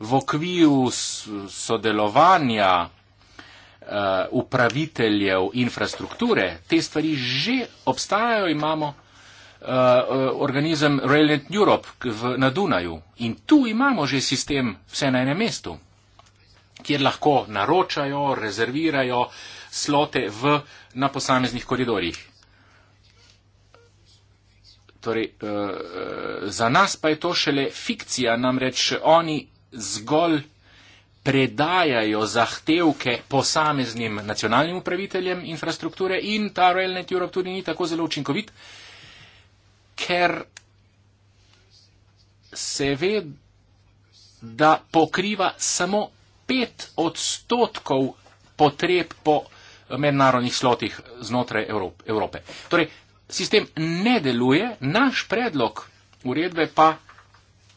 V okviru sodelovanja uh, upraviteljev infrastrukture, te stvari že obstajajo, imamo uh, uh organizem Railnet Europe v, na Dunaju in tu imamo že sistem vse na enem mestu, kjer lahko naročajo, rezervirajo slote v, na posameznih koridorjih. Torej, uh, uh za nas pa je to šele fikcija, namreč oni zgolj predajajo zahtevke posameznim nacionalnim upraviteljem infrastrukture in ta RailNet Europe tudi ni tako zelo učinkovit, ker se ve, da pokriva samo pet odstotkov potreb po mednarodnih slotih znotraj Evrope. Torej, sistem ne deluje, naš predlog uredbe pa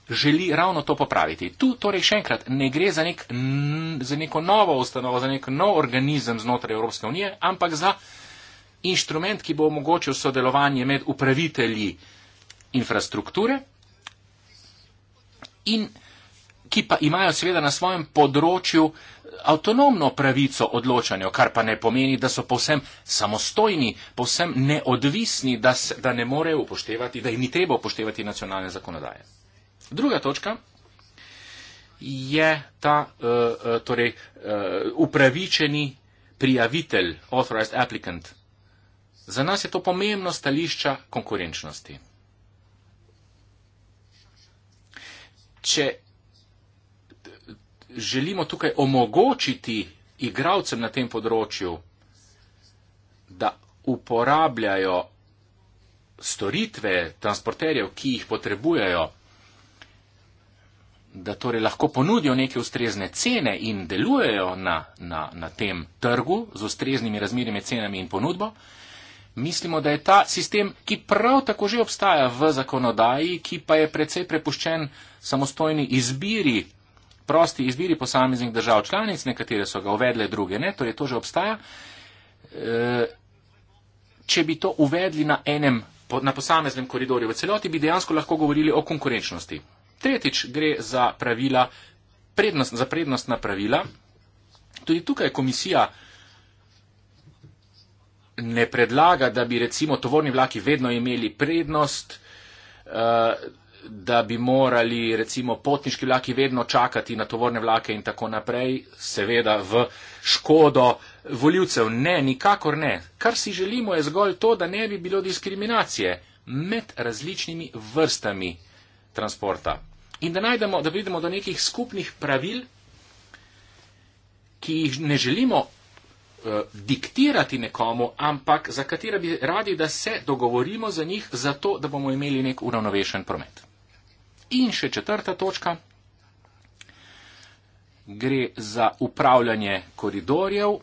želi ravno to popraviti. Tu torej še enkrat ne gre za, nek, za neko novo ustanovo, za nek nov organizem znotraj Evropske unije, ampak za inštrument, ki bo omogočil sodelovanje med upravitelji infrastrukture in ki pa imajo seveda na svojem področju avtonomno pravico odločanja, kar pa ne pomeni, da so povsem samostojni, povsem neodvisni, da, se, da ne morejo upoštevati, da jim ni treba upoštevati nacionalne zakonodaje. Druga točka je ta eh, eh, torej, eh, upravičeni prijavitelj, authorized applicant. Za nas je to pomembno stališča konkurenčnosti. Če želimo tukaj omogočiti igravcem na tem področju, da uporabljajo storitve transporterjev, ki jih potrebujejo, da torej lahko ponudijo neke ustrezne cene in delujejo na, na, na tem trgu z ustreznimi razmerji med cenami in ponudbo, mislimo, da je ta sistem, ki prav tako že obstaja v zakonodaji, ki pa je predvsej prepuščen samostojni izbiri, prosti izbiri posameznih držav članic, nekatere so ga uvedle, druge ne, torej to že obstaja. Eh, če bi to uvedli na enem, na posameznem koridorju v celoti, bi dejansko lahko govorili o konkurenčnosti. Tretjič gre za pravila, prednost, za prednostna pravila. Tudi tukaj komisija ne predlaga, da bi recimo tovorni vlaki vedno imeli prednost, eh, da bi morali recimo potniški vlaki vedno čakati na tovorne vlake in tako naprej, seveda v škodo voljivcev. Ne, nikakor ne. Kar si želimo je zgolj to, da ne bi bilo diskriminacije med različnimi vrstami transporta. In da najdemo, da pridemo do nekih skupnih pravil, ki jih ne želimo eh, diktirati nekomu, ampak za katera bi radi, da se dogovorimo za njih, zato da bomo imeli nek uravnovešen promet. In še četrta točka. Gre za upravljanje koridorjev.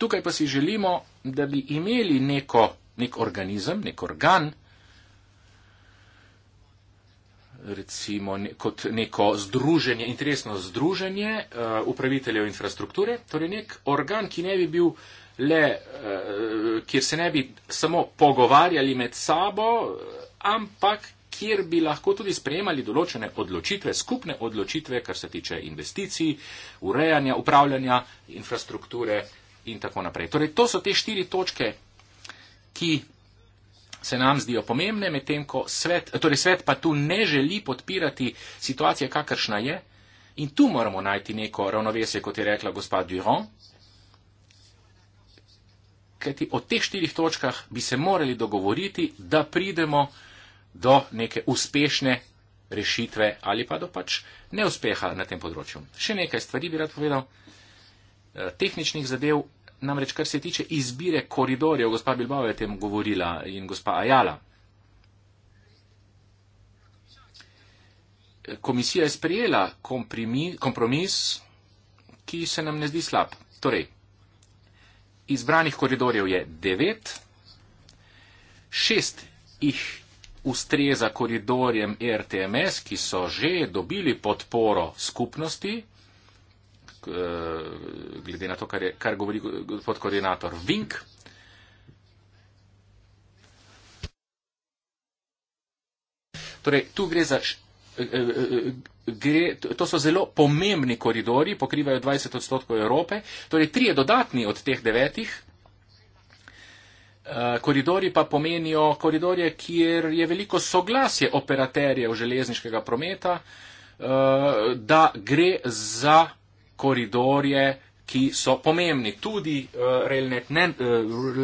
Tukaj pa si želimo, da bi imeli neko, nek organizem, nek organ, recimo ne, kot neko združenje, interesno združenje uh, upraviteljev infrastrukture, torej nek organ, ki ne bi bil le, uh, kjer se ne bi samo pogovarjali med sabo, eh, ampak kjer bi lahko tudi sprejemali določene odločitve, skupne odločitve, kar se tiče investicij, urejanja, upravljanja infrastrukture in tako naprej. Torej, to so te štiri točke, ki se nam zdijo pomembne, medtem ko svet, torej svet pa tu ne želi podpirati situacije, kakršna je. In tu moramo najti neko ravnovesje, kot je rekla gospa Durand. Kajti o teh štirih točkah bi se morali dogovoriti, da pridemo do neke uspešne rešitve ali pa do pač neuspeha na tem področju. Še nekaj stvari bi rad povedal. Eh, tehničnih zadev Namreč, kar se tiče izbire koridorjev, gospa Bilbao je tem govorila in gospa Ajala. Komisija je sprejela kompromis, ki se nam ne zdi slab. Torej, izbranih koridorjev je devet, šest jih ustreza koridorjem RTMS, ki so že dobili podporo skupnosti. Eh, glede na to, kar, je, kar govori gospod koordinator Vink. Torej, tu gre za. Eh, eh, gre, to so zelo pomembni koridori, pokrivajo 20 odstotkov Evrope, torej tri je dodatni od teh devetih. Koridori pa pomenijo koridorje, kjer je veliko soglasje operaterjev železniškega prometa, da gre za koridorje, ki so pomembni. Tudi uh, RailNet, ne, uh,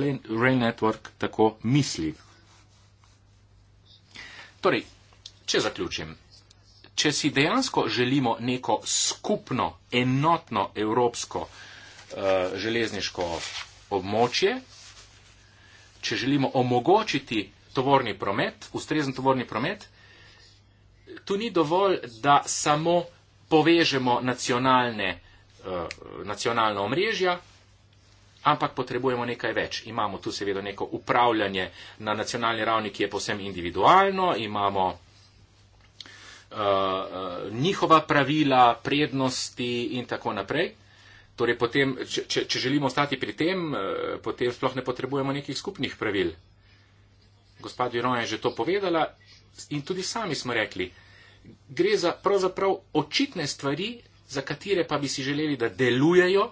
Rail Network tako misli. Torej, če zaključim. Če si dejansko želimo neko skupno, enotno evropsko uh, železniško območje, če želimo omogočiti tovorni promet, ustrezen tovorni promet, tu ni dovolj, da samo povežemo nacionalne Eh, nacionalna omrežja, ampak potrebujemo nekaj več. Imamo tu seveda neko upravljanje na nacionalni ravni, ki je posebno individualno, imamo uh, njihova pravila, prednosti in tako naprej. Torej, potem, če, če želimo ostati pri tem, potem sploh ne potrebujemo nekih skupnih pravil. Gospa Diron je že to povedala in tudi sami smo rekli, gre za pravzaprav očitne stvari, za katere pa bi si želeli, da delujejo.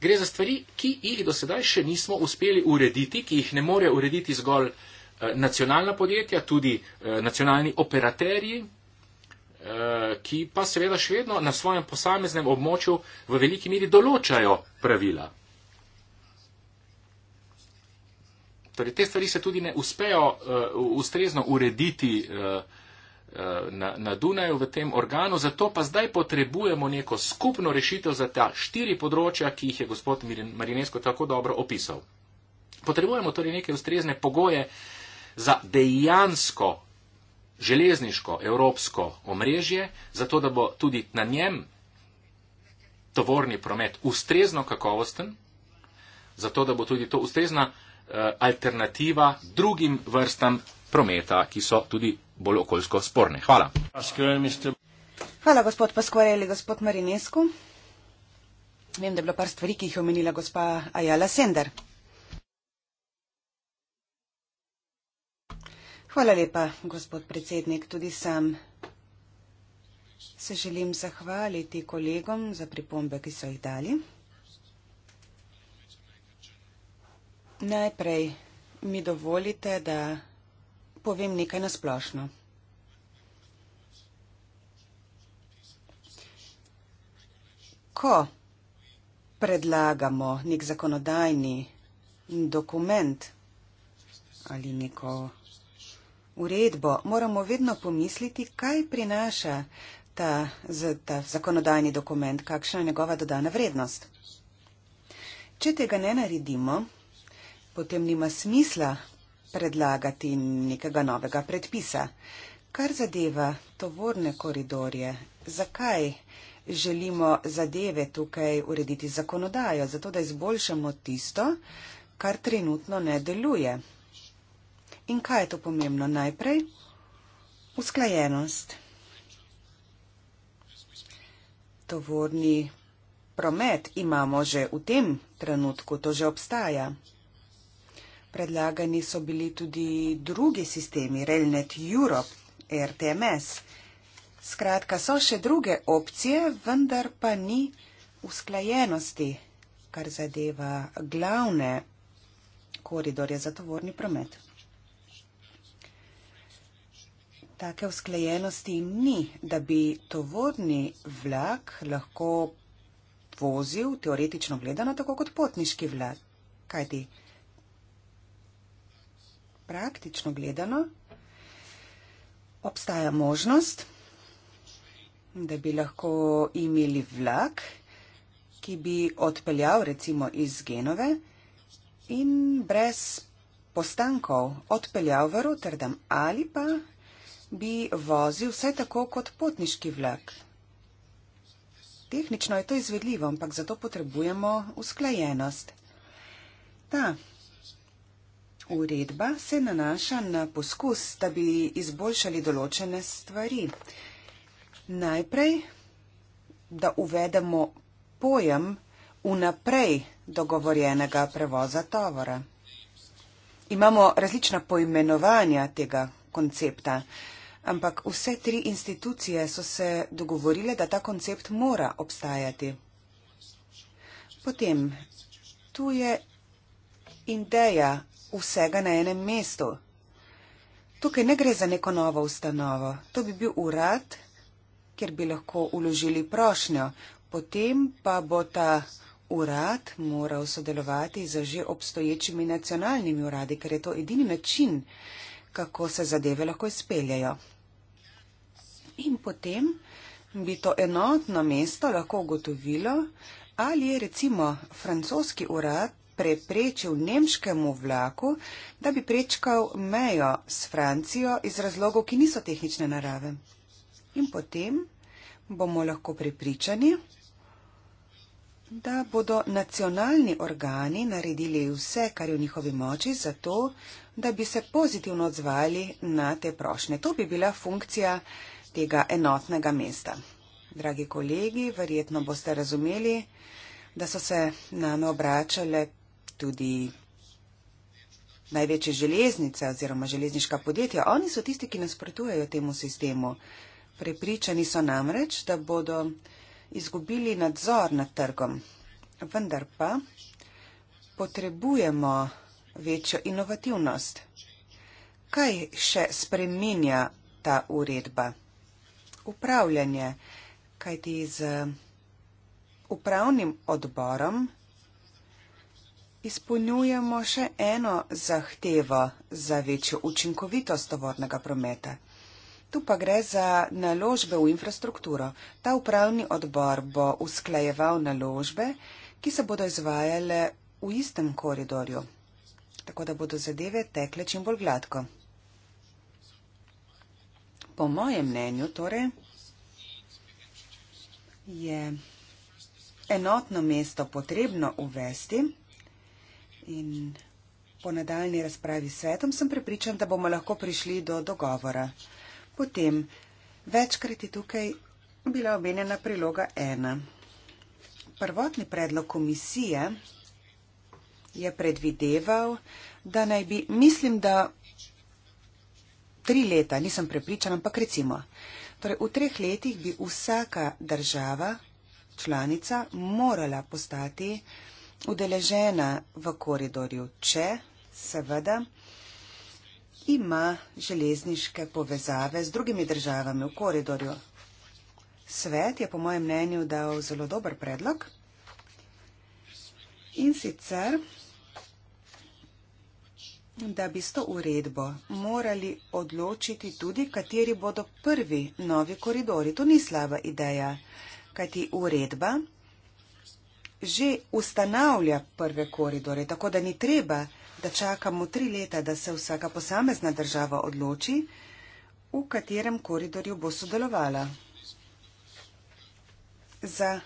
Gre za stvari, ki jih do sedaj še nismo uspeli urediti, ki jih ne more urediti zgolj eh, nacionalna podjetja, tudi eh, nacionalni operaterji, eh, ki pa seveda še vedno na svojem posameznem območju v veliki meri določajo pravila. Torej, te stvari se tudi ne uspejo uh, ustrezno urediti uh, Eh, na, na Dunaju, v tem organu, zato pa zdaj potrebujemo neko skupno rešitev za ta štiri področja, ki jih je gospod Marinesko tako dobro opisal. Potrebujemo torej neke ustrezne pogoje za dejansko železniško evropsko omrežje, zato da bo tudi na njem tovorni promet ustrezno kakovosten, zato da bo tudi to ustrezna eh, alternativa drugim vrstam prometa, ki so tudi bolj okoljsko sporne. Hvala. Hvala, gospod Paskorelli, gospod Marinescu. Vem, da je bilo par stvari, ki jih je omenila gospa Ajala Sender. Hvala lepa, gospod predsednik. Tudi sam se želim zahvaliti kolegom za pripombe, ki so jih dali. Najprej mi dovolite, da povem nekaj nasplošno. Ko predlagamo nek zakonodajni dokument ali neko uredbo, moramo vedno pomisliti, kaj prinaša ta, ta zakonodajni dokument, kakšna je njegova dodana vrednost. Če tega ne naredimo, potem nima smisla predlagati nekega novega predpisa. Kar zadeva tovorne koridorje, zakaj želimo zadeve tukaj urediti zakonodajo, zato da izboljšamo tisto, kar trenutno ne deluje. In kaj je to pomembno najprej? Usklajenost. Tovorni promet imamo že v tem trenutku, to že obstaja. Predlagani so bili tudi drugi sistemi, RELNET Europe, RTMS. Skratka, so še druge opcije, vendar pa ni usklajenosti, kar zadeva glavne koridorje za tovorni promet. Take usklajenosti ni, da bi tovorni vlak lahko vozil, teoretično gledano, tako kot potniški vlak. Kaj ti? praktično gledano, obstaja možnost, da bi lahko imeli vlak, ki bi odpeljal recimo iz Genove in brez postankov odpeljal v Rotterdam ali pa bi vozil vse tako kot potniški vlak. Tehnično je to izvedljivo, ampak zato potrebujemo usklajenost. Ta Uredba se nanaša na poskus, da bi izboljšali določene stvari. Najprej, da uvedemo pojem vnaprej dogovorjenega prevoza tovora. Imamo različna poimenovanja tega koncepta, ampak vse tri institucije so se dogovorile, da ta koncept mora obstajati. Potem, tu je ideja vsega na enem mestu. Tukaj ne gre za neko novo ustanovo, to bi bil urad, kjer bi lahko uložili prošnjo, potem pa bo ta urad moral sodelovati z že obstoječimi nacionalnimi uradi, ker je to edini način, kako se zadeve lahko izpeljajo. In potem bi to enotno mesto lahko ugotovilo, ali je recimo francoski urad preprečil nemškemu vlaku, da bi prečkal mejo s Francijo iz razlogov, ki niso tehnične narave. In potem bomo lahko prepričani, da bodo nacionalni organi naredili vse, kar je v njihovi moči, zato, da bi se pozitivno odzvali na te prošnje. To bi bila funkcija tega enotnega mesta. Dragi kolegi, verjetno boste razumeli, da so se name obračale tudi največje železnice oziroma železniška podjetja. Oni so tisti, ki nasprotujejo temu sistemu. Prepričani so namreč, da bodo izgubili nadzor nad trgom. Vendar pa potrebujemo večjo inovativnost. Kaj še spreminja ta uredba? Upravljanje. Kajti z upravnim odborom izpolnjujemo še eno zahtevo za večjo učinkovitost tovornega prometa. Tu pa gre za naložbe v infrastrukturo. Ta upravni odbor bo usklajeval naložbe, ki se bodo izvajale v istem koridorju, tako da bodo zadeve tekle čim bolj gladko. Po mojem mnenju torej je enotno mesto potrebno uvesti, In po nadaljni razpravi s svetom sem prepričan, da bomo lahko prišli do dogovora. Potem, večkrat je tukaj bila omenjena priloga ena. Prvotni predlog komisije je predvideval, da naj bi, mislim, da tri leta, nisem prepričan, ampak recimo, torej v treh letih bi vsaka država članica morala postati udeležena v koridorju, če seveda ima železniške povezave z drugimi državami v koridorju. Svet je po mojem mnenju dal zelo dober predlog in sicer da bi s to uredbo morali odločiti tudi, kateri bodo prvi novi koridori. To ni slaba ideja, kajti uredba že ustanavlja prve koridore, tako da ni treba, da čakamo tri leta, da se vsaka posamezna država odloči, v katerem koridorju bo sodelovala. Za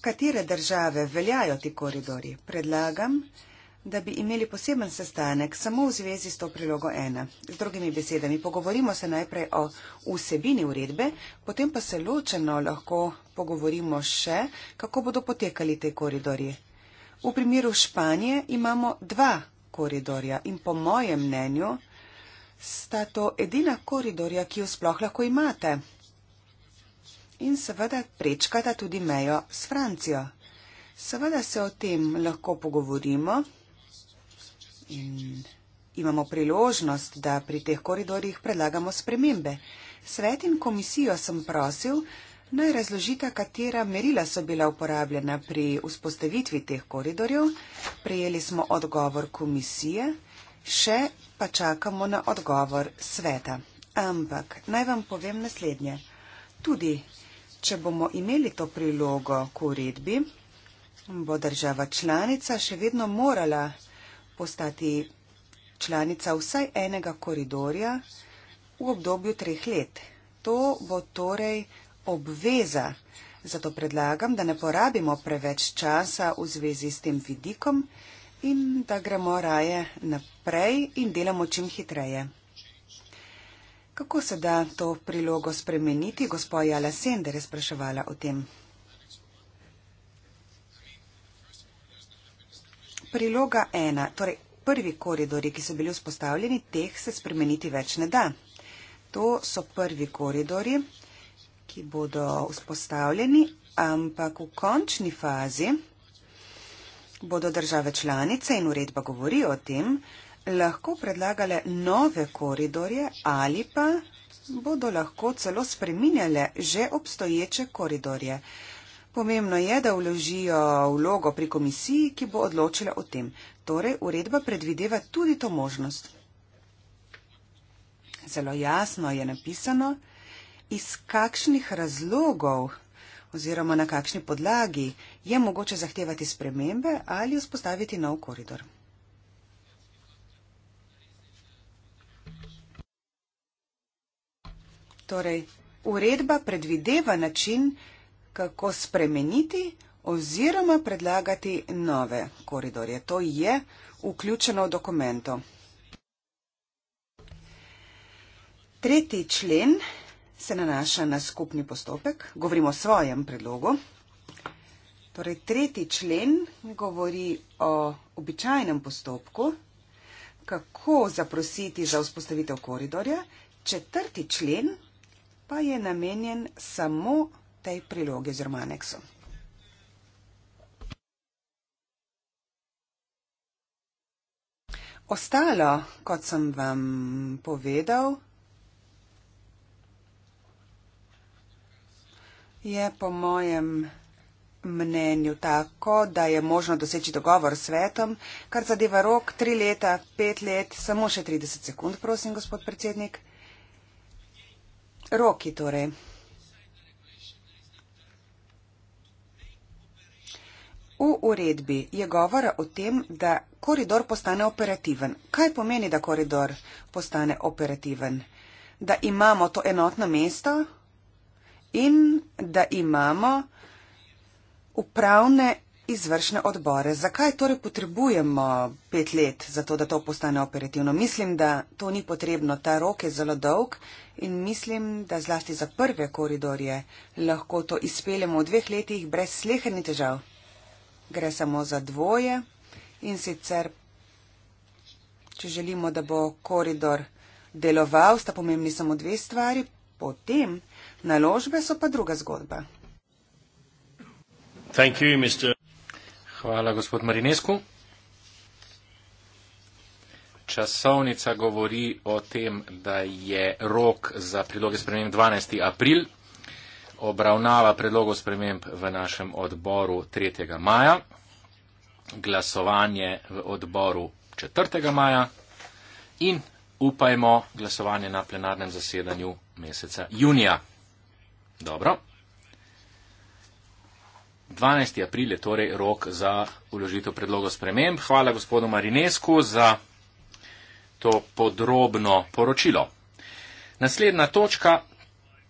katere države veljajo ti koridori? Predlagam, da da bi imeli poseben sestanek samo v zvezi s to prilogo ena. Z drugimi besedami, pogovorimo se najprej o vsebini uredbe, potem pa se ločeno lahko pogovorimo še, kako bodo potekali te koridorje. V primeru Španije imamo dva koridorja in po mojem mnenju sta to edina koridorja, ki jo sploh lahko imate. In seveda prečkata tudi mejo s Francijo. Seveda se o tem lahko pogovorimo, in imamo priložnost, da pri teh koridorjih predlagamo spremembe. Svet in komisijo sem prosil, naj razložita, katera merila so bila uporabljena pri vzpostavitvi teh koridorjev. Prejeli smo odgovor komisije, še pa čakamo na odgovor sveta. Ampak naj vam povem naslednje. Tudi, če bomo imeli to prilogo k uredbi, bo država članica še vedno morala postati članica vsaj enega koridorja v obdobju treh let. To bo torej obveza. Zato predlagam, da ne porabimo preveč časa v zvezi s tem vidikom in da gremo raje naprej in delamo čim hitreje. Kako se da to prilogo spremeniti, gospod Jala Sender je spraševala o tem. Priloga ena, torej prvi koridori, ki so bili vzpostavljeni, teh se spremeniti več ne da. To so prvi koridori, ki bodo vzpostavljeni, ampak v končni fazi bodo države članice in uredba govori o tem, lahko predlagale nove koridorje ali pa bodo lahko celo spreminjale že obstoječe koridorje. Uh, Pomembno je, da vložijo vlogo pri komisiji, ki bo odločila o tem. Torej, uredba predvideva tudi to možnost. Zelo jasno je napisano, iz kakšnih razlogov oziroma na kakšni podlagi je mogoče zahtevati spremembe ali vzpostaviti nov koridor. Torej, uredba predvideva način, kako spremeniti oziroma predlagati nove koridorje. To je vključeno v dokumento. Tretji člen se nanaša na skupni postopek, govorimo o svojem predlogu. Torej, tretji člen govori o običajnem postopku, kako zaprositi za vzpostavitev koridorja, četrti člen pa je namenjen samo tej prilogi oziroma aneksu. Ostalo, kot sem vam povedal, je po mojem mnenju tako, da je možno doseči dogovor s svetom, kar zadeva rok tri leta, pet let, samo še 30 sekund, prosim, gospod predsednik. Roki torej. V uredbi je govora o tem, da koridor postane operativen. Kaj pomeni, da koridor postane operativen? Da imamo to enotno mesto in da imamo upravne izvršne odbore. Zakaj torej potrebujemo pet let za to, da to postane operativno? Mislim, da to ni potrebno. Ta rok je zelo dolg in mislim, da zlasti za prve koridorje lahko to izpeljemo v dveh letih brez slehenih težav gre samo za dvoje in sicer, če želimo, da bo koridor deloval, sta pomembni samo dve stvari, potem naložbe so pa druga zgodba. You, Mr. Hvala, gospod Marinesku. Časovnica govori o tem, da je rok za priloge spremenjen 12. april obravnava predlogov sprememb v našem odboru 3. maja, glasovanje v odboru 4. maja in upajmo glasovanje na plenarnem zasedanju meseca junija. Dobro. 12. april je torej rok za uložitev predlogov sprememb. Hvala gospodu Marinesku za to podrobno poročilo. Naslednja točka,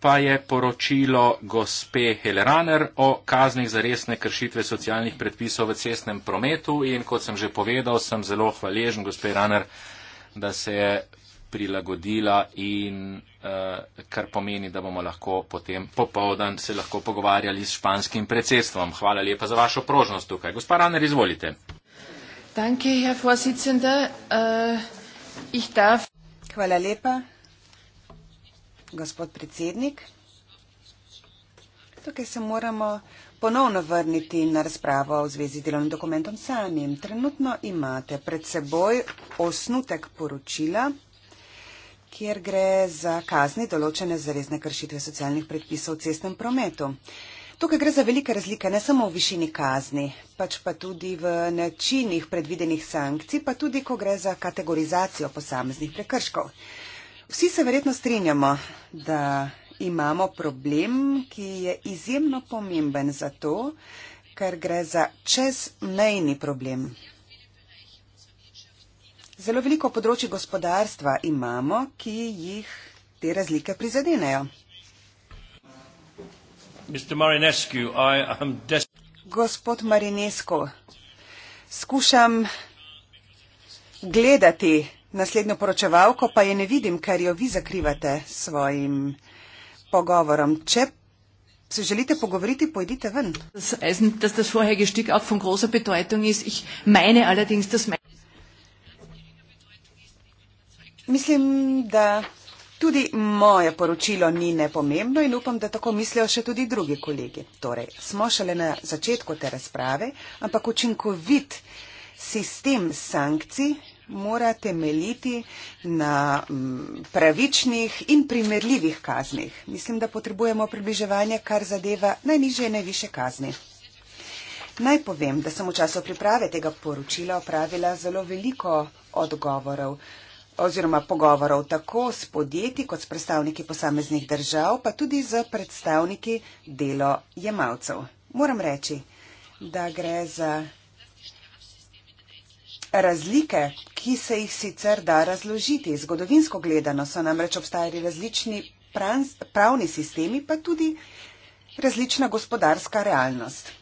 pa je poročilo gospe Heleraner o kaznih za resne kršitve socialnih predpisov v cestnem prometu in kot sem že povedal, sem zelo hvaležen gospe Raner, da se je prilagodila in uh, kar pomeni, da bomo lahko potem popovdan se lahko pogovarjali s španskim predsedstvom. Hvala lepa za vašo prožnost tukaj. Gospa Raner, izvolite. Danke, äh, Hvala lepa, gospod predsednik. Tukaj se moramo ponovno vrniti na razpravo v zvezi z delovnim dokumentom samim. Trenutno imate pred seboj osnutek poročila, kjer gre za kazni določene za resne kršitve socialnih predpisov v cestnem prometu. Tukaj gre za velike razlike ne samo v višini kazni, pač pa tudi v načinih predvidenih sankcij, pa tudi, ko gre za kategorizacijo posameznih prekrškov. Vsi se verjetno strinjamo, da imamo problem, ki je izjemno pomemben zato, ker gre za čezmejni problem. Zelo veliko področji gospodarstva imamo, ki jih te razlike prizadenejo. Marinescu, Gospod Marinescu, skušam gledati Naslednjo poročevalko pa je ne vidim, ker jo vi zakrivate svojim pogovorom. Če se želite pogovoriti, pojdite ven. Mislim, da tudi moje poročilo ni nepomembno in upam, da tako mislijo še tudi drugi kolegi. Torej, smo šele na začetku te razprave, ampak učinkovit sistem sankcij mora temeljiti na mm, pravičnih in primerljivih kaznih. Mislim, da potrebujemo približevanje, kar zadeva najnižje in najviše kazni. Naj povem, da sem v času priprave tega poročila opravila zelo veliko odgovorov oziroma pogovorov tako s podjetji kot s predstavniki posameznih držav, pa tudi z predstavniki delo jemalcev. Moram reči, da gre za razlike, ki se jih sicer da razložiti. Zgodovinsko gledano so namreč obstajali različni pravni sistemi, pa tudi različna gospodarska realnost.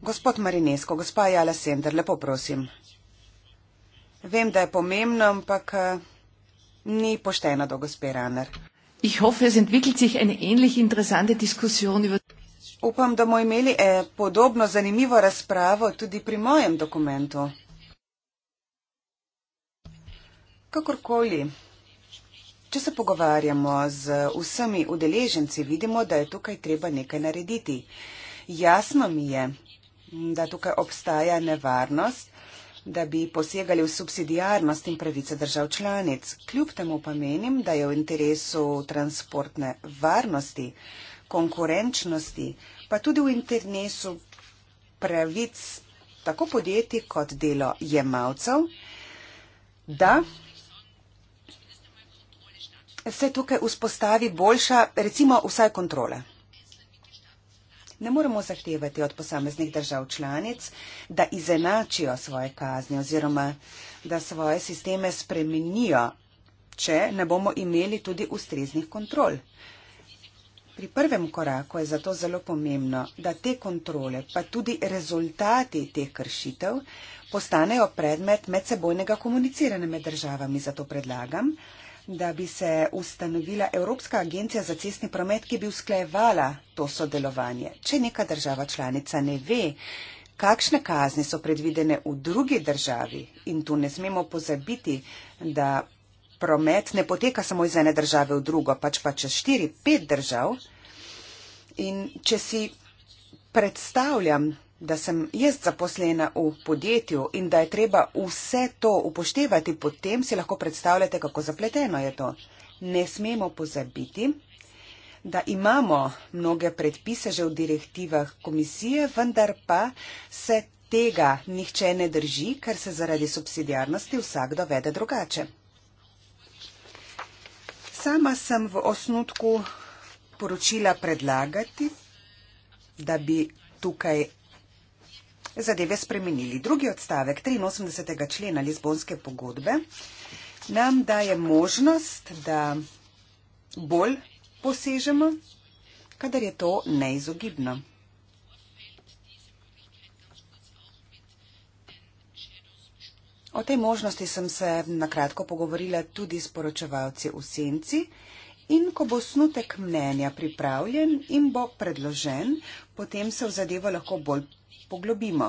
Gospod Marinesko, gospa Jala Sender, lepo prosim. Vem, da je pomembno, ampak eh, ni pošteno do gospe Raner. Upam, da bomo imeli e, podobno zanimivo razpravo tudi pri mojem dokumentu. Kakorkoli, če se pogovarjamo z vsemi udeleženci, vidimo, da je tukaj treba nekaj narediti. Jasno mi je, da tukaj obstaja nevarnost, da bi posegali v subsidijarnost in pravice držav članic. Kljub temu pa menim, da je v interesu transportne varnosti konkurenčnosti, pa tudi v interesu pravic tako podjetij kot delo jemalcev, da se tukaj vzpostavi boljša, recimo vsaj kontrola. Ne moremo zahtevati od posameznih držav članic, da izenačijo svoje kazni oziroma da svoje sisteme spremenijo, če ne bomo imeli tudi ustreznih kontrol. Pri prvem koraku je zato zelo pomembno, da te kontrole, pa tudi rezultati teh kršitev, postanejo predmet medsebojnega komuniciranja med državami. Zato predlagam, da bi se ustanovila Evropska agencija za cestni promet, ki bi usklejevala to sodelovanje. Če neka država članica ne ve, kakšne kazni so predvidene v drugi državi in tu ne smemo pozabiti, da promet ne poteka samo iz ene države v drugo, pač pa čez štiri, pet držav. In če si predstavljam, da sem jaz zaposlena v podjetju in da je treba vse to upoštevati, potem si lahko predstavljate, kako zapleteno je to. Ne smemo pozabiti, da imamo mnoge predpise že v direktivah komisije, vendar pa se tega nihče ne drži, ker se zaradi subsidijarnosti vsakdo vede drugače. Sama sem v osnutku poročila predlagati, da bi tukaj zadeve spremenili. Drugi odstavek 83. člena Lizbonske pogodbe nam daje možnost, da bolj posežemo, kadar je to neizogibno. O tej možnosti sem se na kratko pogovorila tudi s poročevalci v Senci in ko bo snutek mnenja pripravljen in bo predložen, potem se v zadevo lahko bolj poglobimo.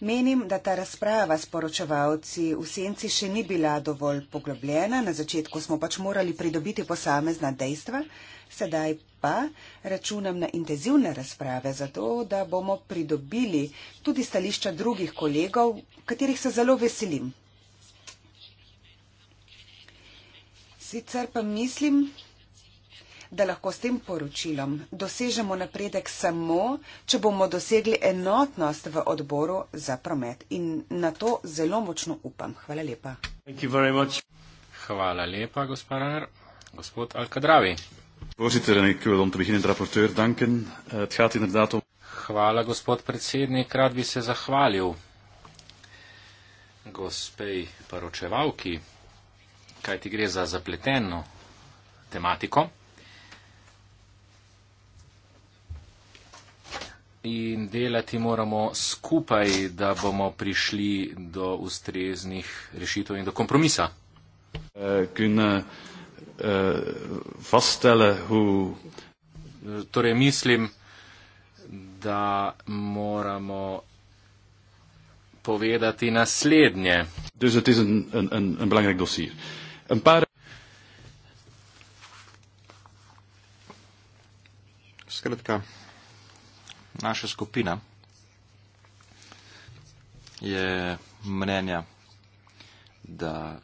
Menim, da ta razprava s poročevalci v senci še ni bila dovolj poglobljena, na začetku smo pač morali pridobiti posamezna dejstva, sedaj pa računam na intenzivne razprave, zato da bomo pridobili tudi stališča drugih kolegov, katerih se zelo veselim. Sicer pa mislim, da lahko s tem poročilom dosežemo napredek samo, če bomo dosegli enotnost v odboru za promet. In na to zelo močno upam. Hvala lepa. Hvala lepa, gospod Rar. Gospod Alkadravi voorzitter, en ik wil om te beginnen de rapporteur danken. Eh, het gaat inderdaad om. Hvala, gospod predsednik, rad bi se zahvalil gospej poročevalki, kaj ti gre za zapleteno tematiko. In delati moramo skupaj, da bomo prišli do ustreznih rešitev in do kompromisa. Uh, kun, uh, uh, eh, vaststellen hoe. Torej, mislim, da moramo povedati naslednje. Dus het is een, een, een, een belangrijk dossier. Een paar. Skratka, naša skupina je mnenja, da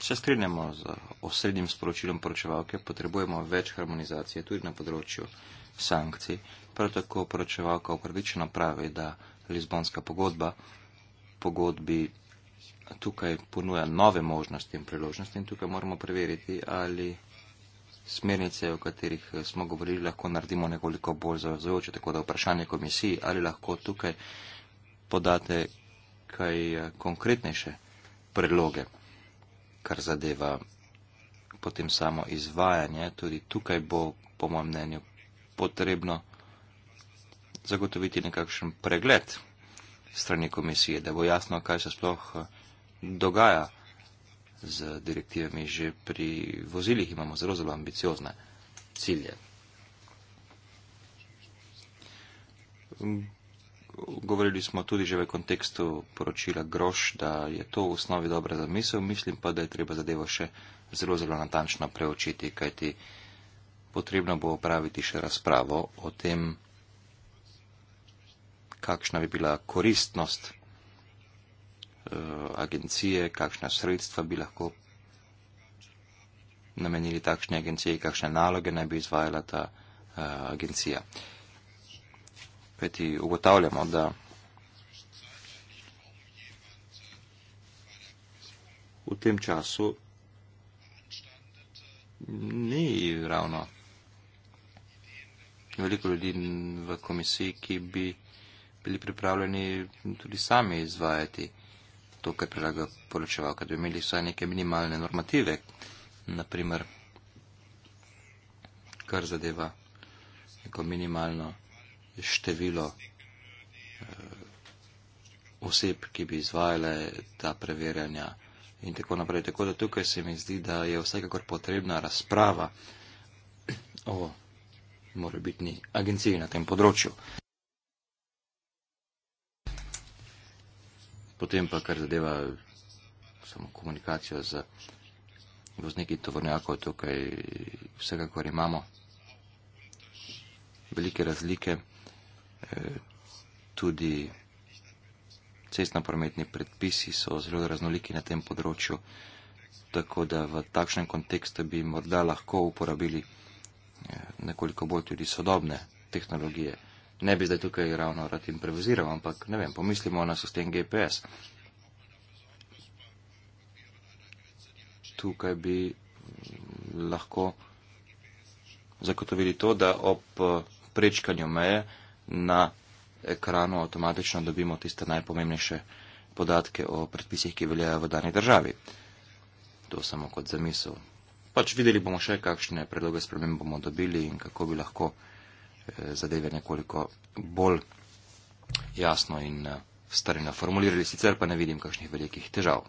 Se strinjamo z osrednjim sporočilom poročevalke, potrebujemo več harmonizacije tudi na področju sankcij. Prav tako poročevalka upravičeno pravi, da Lizbonska pogodba pogodbi tukaj ponuja nove možnosti in priložnosti in tukaj moramo preveriti, ali smernice, o katerih eh, smo govorili, lahko naredimo nekoliko bolj zavezujoče. Tako da vprašanje komisiji, ali lahko tukaj podate kaj eh, konkretnejše predloge kar zadeva potem samo izvajanje, tudi tukaj bo, po mojem mnenju, potrebno zagotoviti nekakšen pregled strani komisije, da bo jasno, kaj se sploh eh, dogaja z direktivami. Že pri vozilih imamo zelo, zelo ambiciozne cilje govorili smo tudi že v kontekstu poročila Groš, da je to v osnovi dobra zamisel, mislim pa, da je treba zadevo še zelo, zelo natančno preočiti, kajti potrebno bo opraviti še razpravo o tem, kakšna bi bila koristnost eh, agencije, kakšna sredstva bi lahko namenili takšni agenciji, kakšne naloge naj bi izvajala ta uh, agencija. Uh, kajti ugotavljamo, da v tem času ni ravno veliko ljudi v komisiji, ki bi bili pripravljeni tudi sami izvajati to, kar predlaga poročeval, kad bi imeli vsaj neke minimalne normative, naprimer, kar zadeva neko minimalno število eh, oseb, ki bi izvajale ta preverjanja in tako naprej. Tako da tukaj se mi zdi, da je vsekakor potrebna razprava o morebitni agenciji na tem področju. Potem pa, kar zadeva samo komunikacijo z vozniki tovornjakov, tukaj vsekakor imamo velike razlike tudi cestno-prometni predpisi so zelo raznoliki na tem področju, tako da v takšnem kontekstu bi morda lahko uporabili eh, nekoliko bolj tudi sodobne tehnologije. Ne bi zdaj tukaj ravno rad improviziral, ampak ne vem, pomislimo na sistem GPS. Tukaj bi mm, lahko zagotovili to, da ob eh, prečkanju meje na ekranu avtomatično dobimo tiste najpomembnejše podatke o predpisih, ki veljajo v dani državi. To samo kot zamisel. Pač videli bomo še, kakšne predloge sprememb bomo dobili in kako bi lahko eh, zadeve nekoliko bolj jasno in eh, starino formulirali, sicer pa ne vidim kakšnih velikih težav.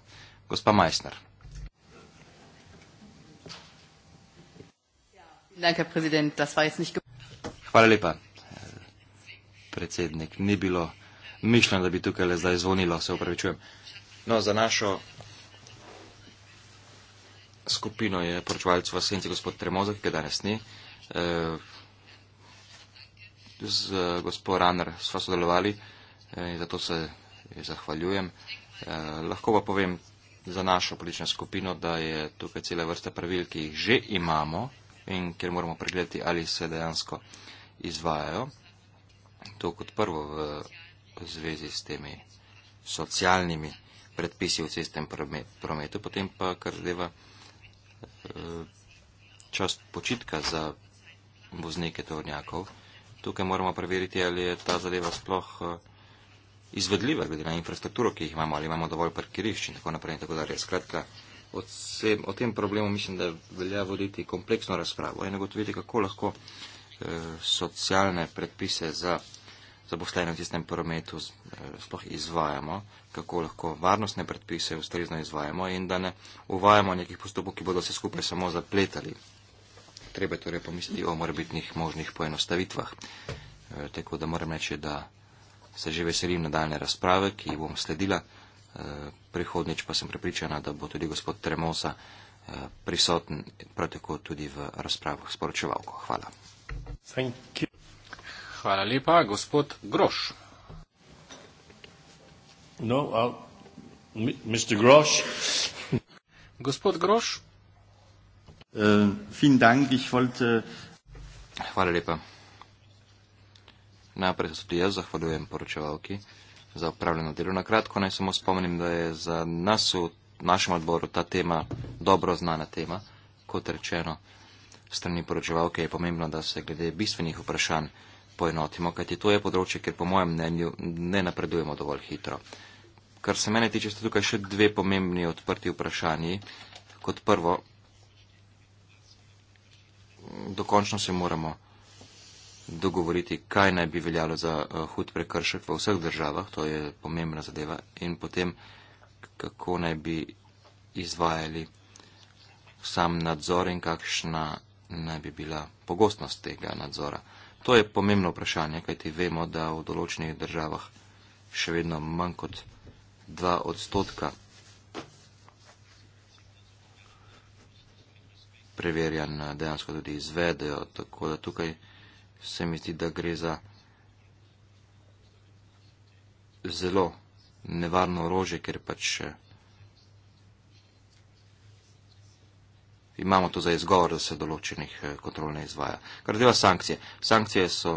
Gospa Majsner. Hvala lepa predsednik. Ni bilo mišljeno, da bi tukaj le zdaj zvonilo, se upravičujem. No, za našo skupino je poročevalec v senci gospod Tremozov, ki ga danes ni. E, z gospod Raner smo sodelovali in eh, e, zato se zahvaljujem. E, lahko pa povem za našo politično skupino, da je tukaj cela vrsta pravil, ki jih že imamo in ker moramo pregledati, ali se dejansko izvajajo. To kot prvo v zvezi s temi socialnimi predpisi v cestnem prometu, potem pa kar zadeva eh, čas počitka za voznike tovornjakov. Tukaj moramo preveriti, ali je ta zadeva sploh eh, izvedljiva, glede na infrastrukturo, ki jih imamo, ali imamo dovolj parkirišč in tako naprej. In tako dalje. Skratka, o tem problemu mislim, da velja voditi kompleksno razpravo in ugotoviti, kako lahko Eh, socialne predpise za zaposlene v tistem prometu eh, sploh izvajamo, kako lahko varnostne predpise ustrezno izvajamo in da ne uvajamo nekih postopkov, ki bodo se skupaj samo zapletali. Treba torej pomisliti o morebitnih možnih poenostavitvah. Eh, tako da moram reči, da se že veselim nadaljne razprave, ki jih bom sledila. Prihodnič pa sem prepričana, da bo tudi gospod Tremosa prisoten, prav tako tudi v razpravah s poročevalko. Hvala. Hvala lepa, gospod Groš. No, uh, Mr. Grosch. Gospod Groš. Uh, vielen Dank, ich wollte... Hvala lepa. Najprej se tudi jaz zahvaljujem poročevalki za upravljeno delo. Na kratko naj samo spomenim, da je za nas v našem odboru ta tema dobro znana tema, kot rečeno, strani poročevalke je pomembno, da se glede bistvenih vprašanj poenotimo, kajti to je področje, kjer po mojem mnenju ne napredujemo dovolj hitro. Kar se mene tiče, so tukaj še dve pomembni odprti vprašanji. Kot prvo, dokončno se moramo dogovoriti, kaj naj bi veljalo za eh, hud prekršek v vseh državah, to je pomembna zadeva, in potem kako naj bi izvajali sam nadzor in kakšna naj bi bila pogostnost tega nadzora. To je pomembno vprašanje, kajti vemo, da v določenih državah še vedno manj kot dva odstotka preverjan dejansko tudi izvedejo, tako da tukaj se mi zdi, da gre za zelo nevarno orože, ker pač eh, imamo to za izgovor, da se določenih eh, kontrol ne izvaja. Kar zdaj sankcije. Sankcije so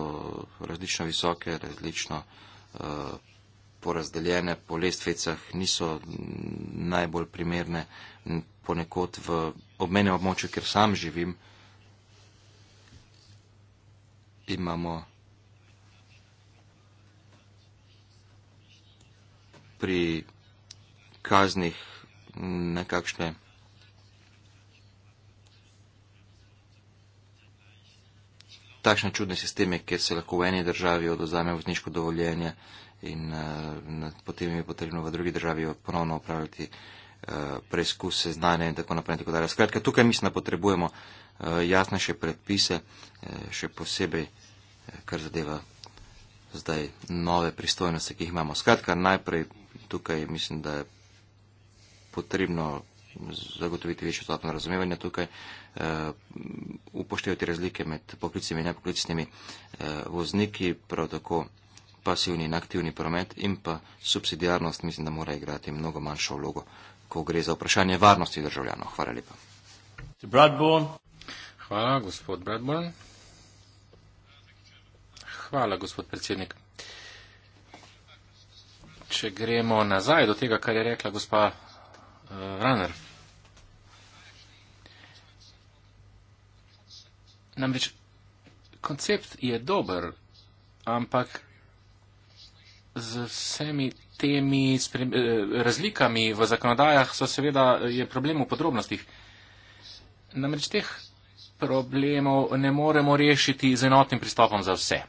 različno visoke, različno uh, porazdeljene, po lestvicah niso najbolj primerne ponekod v obmenem območju, kjer sam živim, imamo pri kaznih nekakšne. Takšne čudne sisteme, kjer se lahko v eni državi oduzame vozniško dovoljenje in uh, potem je potrebno v drugi državi ponovno upravljati uh, eh, preizkuse znanja in tako naprej. In tako Skratka, tukaj mislim, da potrebujemo uh, jasnejše predpise, uh, še posebej, uh, kar zadeva zdaj nove pristojnosti, ki jih imamo. Skratka, najprej tukaj mislim, da je potrebno zagotoviti več dodatno razumevanje tukaj, uh, upoštevati razlike med poklicnimi in nepoklicnimi uh, vozniki, prav tako pasivni in aktivni promet in pa subsidijarnost mislim, da mora igrati mnogo manjšo vlogo, ko gre za vprašanje varnosti državljanov. Hvala lepa. Hvala, gospod Bradburn. Hvala, gospod predsednik. Če gremo nazaj do tega, kar je rekla gospa uh, eh, Runner. Namreč koncept je dober, ampak z vsemi temi sprem, eh, razlikami v zakonodajah so seveda je problem v podrobnostih. Namreč teh problemov ne moremo rešiti z enotnim pristopom za vse.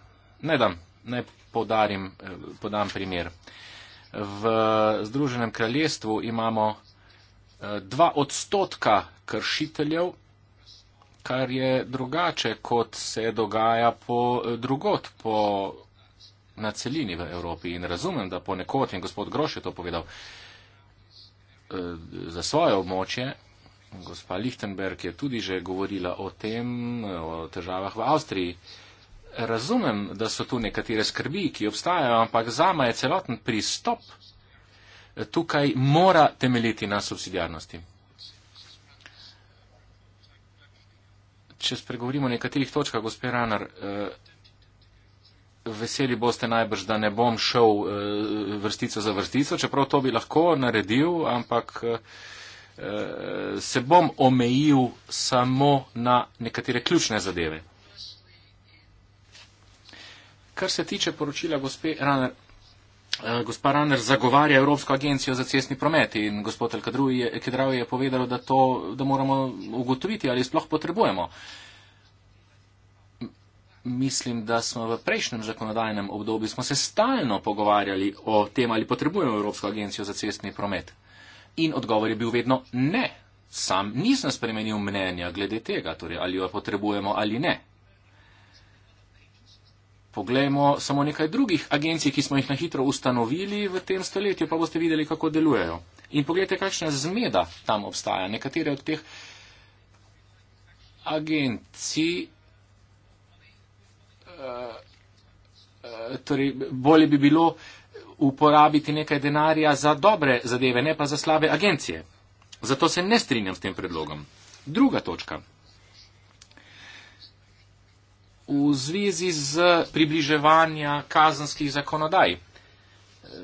Naj, dam, naj podarim, eh, podam primer. Eh, v Združenem kraljestvu imamo eh, dva odstotka kršiteljev, kar je drugače, kot se dogaja po eh, drugot, po na celini v Evropi. In razumem, da ponekod je gospod Groš je to povedal eh, za svoje območje. Gospa Lichtenberg je tudi že govorila o tem, o težavah v Avstriji razumem, da so tu nekatere skrbi, ki obstajajo, ampak zame je celoten pristop eh, tukaj mora temeljiti na subsidijarnosti. Če spregovorimo o nekaterih točkah, gospod Ranar, eh, veseli boste najbrž, da ne bom šel eh, vrstico za vrstico, čeprav to bi lahko naredil, ampak se bom omejil samo na nekatere ključne zadeve. Kar se tiče poročila gospe Raner, eh, gospa Raner zagovarja Evropsko agencijo za cestni promet in gospod Elkedrav je, je povedal, da, to, da moramo ugotoviti, ali sploh potrebujemo. Mislim, da smo v prejšnjem zakonodajnem obdobju smo se stalno pogovarjali o tem, ali potrebujemo Evropsko agencijo za cestni promet. In odgovor je bil vedno ne. Sam nisem spremenil mnenja glede tega, torej ali jo potrebujemo ali ne. Poglejmo samo nekaj drugih agencij, ki smo jih na hitro ustanovili v tem stoletju, pa boste videli, kako delujejo. In pogledajte, kakšna zmeda tam obstaja. Nekatere od teh agencij, eh, eh, torej bolje bi bilo uporabiti nekaj denarja za dobre zadeve, ne pa za slabe agencije. Zato se ne strinjam s tem predlogom. Druga točka v zvezi z približevanja kazanskih zakonodaj.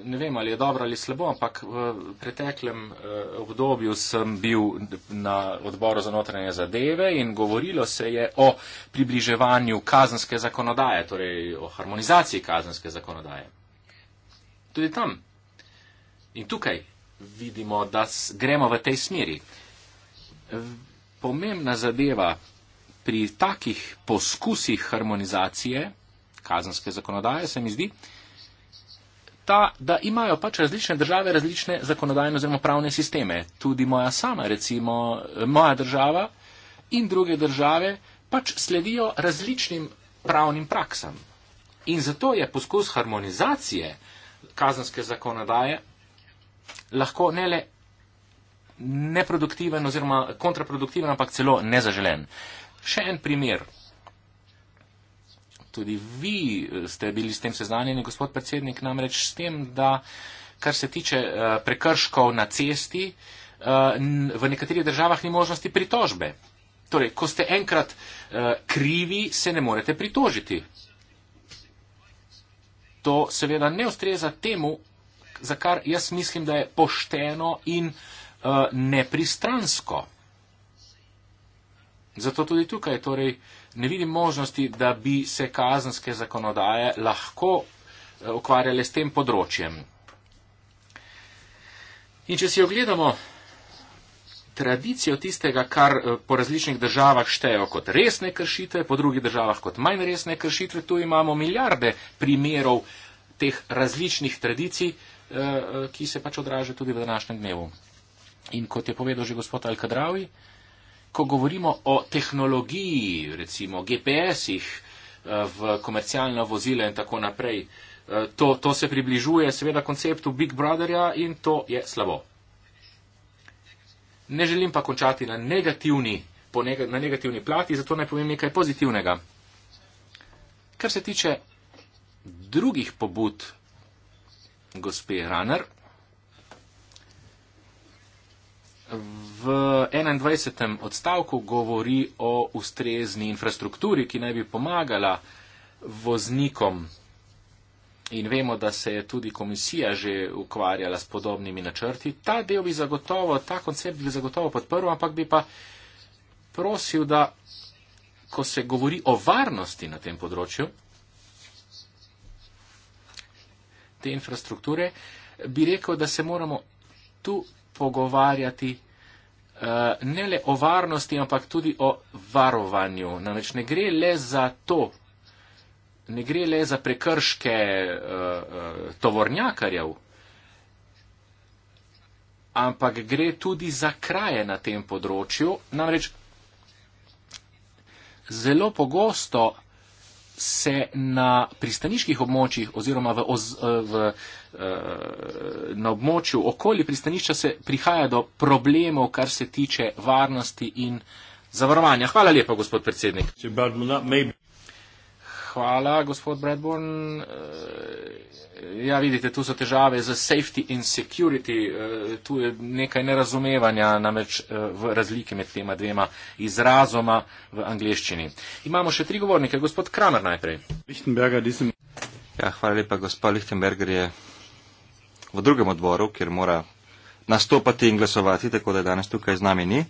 Ne vem, ali je dobro ali slabo, ampak v preteklem eh, obdobju sem bil na odboru za notranje zadeve in govorilo se je o približevanju kazanske zakonodaje, torej o harmonizaciji kazanske zakonodaje. Tudi tam in tukaj vidimo, da gremo v tej smeri. Pomembna zadeva pri takih poskusih harmonizacije kazenske zakonodaje, se mi zdi, ta, da imajo pač različne države različne zakonodajne oziroma pravne sisteme. Tudi moja sama, recimo moja država in druge države pač sledijo različnim pravnim praksam. In zato je poskus harmonizacije kazenske zakonodaje lahko ne le neproduktiven oziroma kontraproduktiven, ampak celo nezaželen. Še en primer. Tudi vi eh, ste bili s tem seznanjeni, gospod predsednik, namreč s tem, da kar se tiče eh, prekrškov na cesti, eh, v nekaterih državah ni možnosti pritožbe. Torej, ko ste enkrat krivi, se ne morete pritožiti. To seveda ne ustreza temu, za kar jaz mislim, da je pošteno in nepristransko. Zato tudi tukaj torej, ne vidim možnosti, da bi se kazenske zakonodaje lahko eh, ukvarjale s tem področjem. In če si ogledamo tradicijo tistega, kar eh, po različnih državah štejo kot resne kršitve, po drugih državah kot manj resne kršitve, tu imamo milijarde primerov teh različnih tradicij, eh, ki se pač odražajo tudi v današnjem dnevu. In kot je povedal že gospod Alkadravi, ko govorimo o tehnologiji, recimo GPS-ih eh, v komercialna vozila in tako naprej, eh, to, to se približuje seveda konceptu Big Brotherja in to je slabo. Ne želim pa končati na negativni, neg na negativni plati, zato naj povem nekaj pozitivnega. Kar se tiče drugih pobud gospe Runner, v 21. odstavku govori o ustrezni infrastrukturi, ki naj bi pomagala voznikom. In vemo, da se je tudi komisija že ukvarjala s podobnimi načrti. Ta del bi zagotovo, ta koncept bi zagotovo podprl, ampak bi pa prosil, da ko se govori o varnosti na tem področju te infrastrukture, bi rekel, da se moramo tu pogovarjati eh, ne le o varnosti, ampak tudi o varovanju. Namreč ne gre le za to, ne gre le za prekrške eh, eh, tovornjakarjev, ampak gre tudi za kraje na tem področju. Namreč zelo pogosto se na pristaniških območjih oziroma v, oz, v Eh, na območju okoli pristanišča se prihaja do problemov, kar se tiče varnosti in zavarovanja. Hvala lepa, gospod predsednik. Hvala, gospod Bradborn. Eh, ja, vidite, tu so težave z safety in security. Eh, tu je nekaj nerazumevanja namreč v razlike med tema dvema izrazoma v angleščini. Imamo še tri govornike. Gospod Kramer najprej. Ja, hvala lepa, gospod Lichtenberger je v drugem odboru, kjer mora nastopati in glasovati, tako da je danes tukaj z nami ni.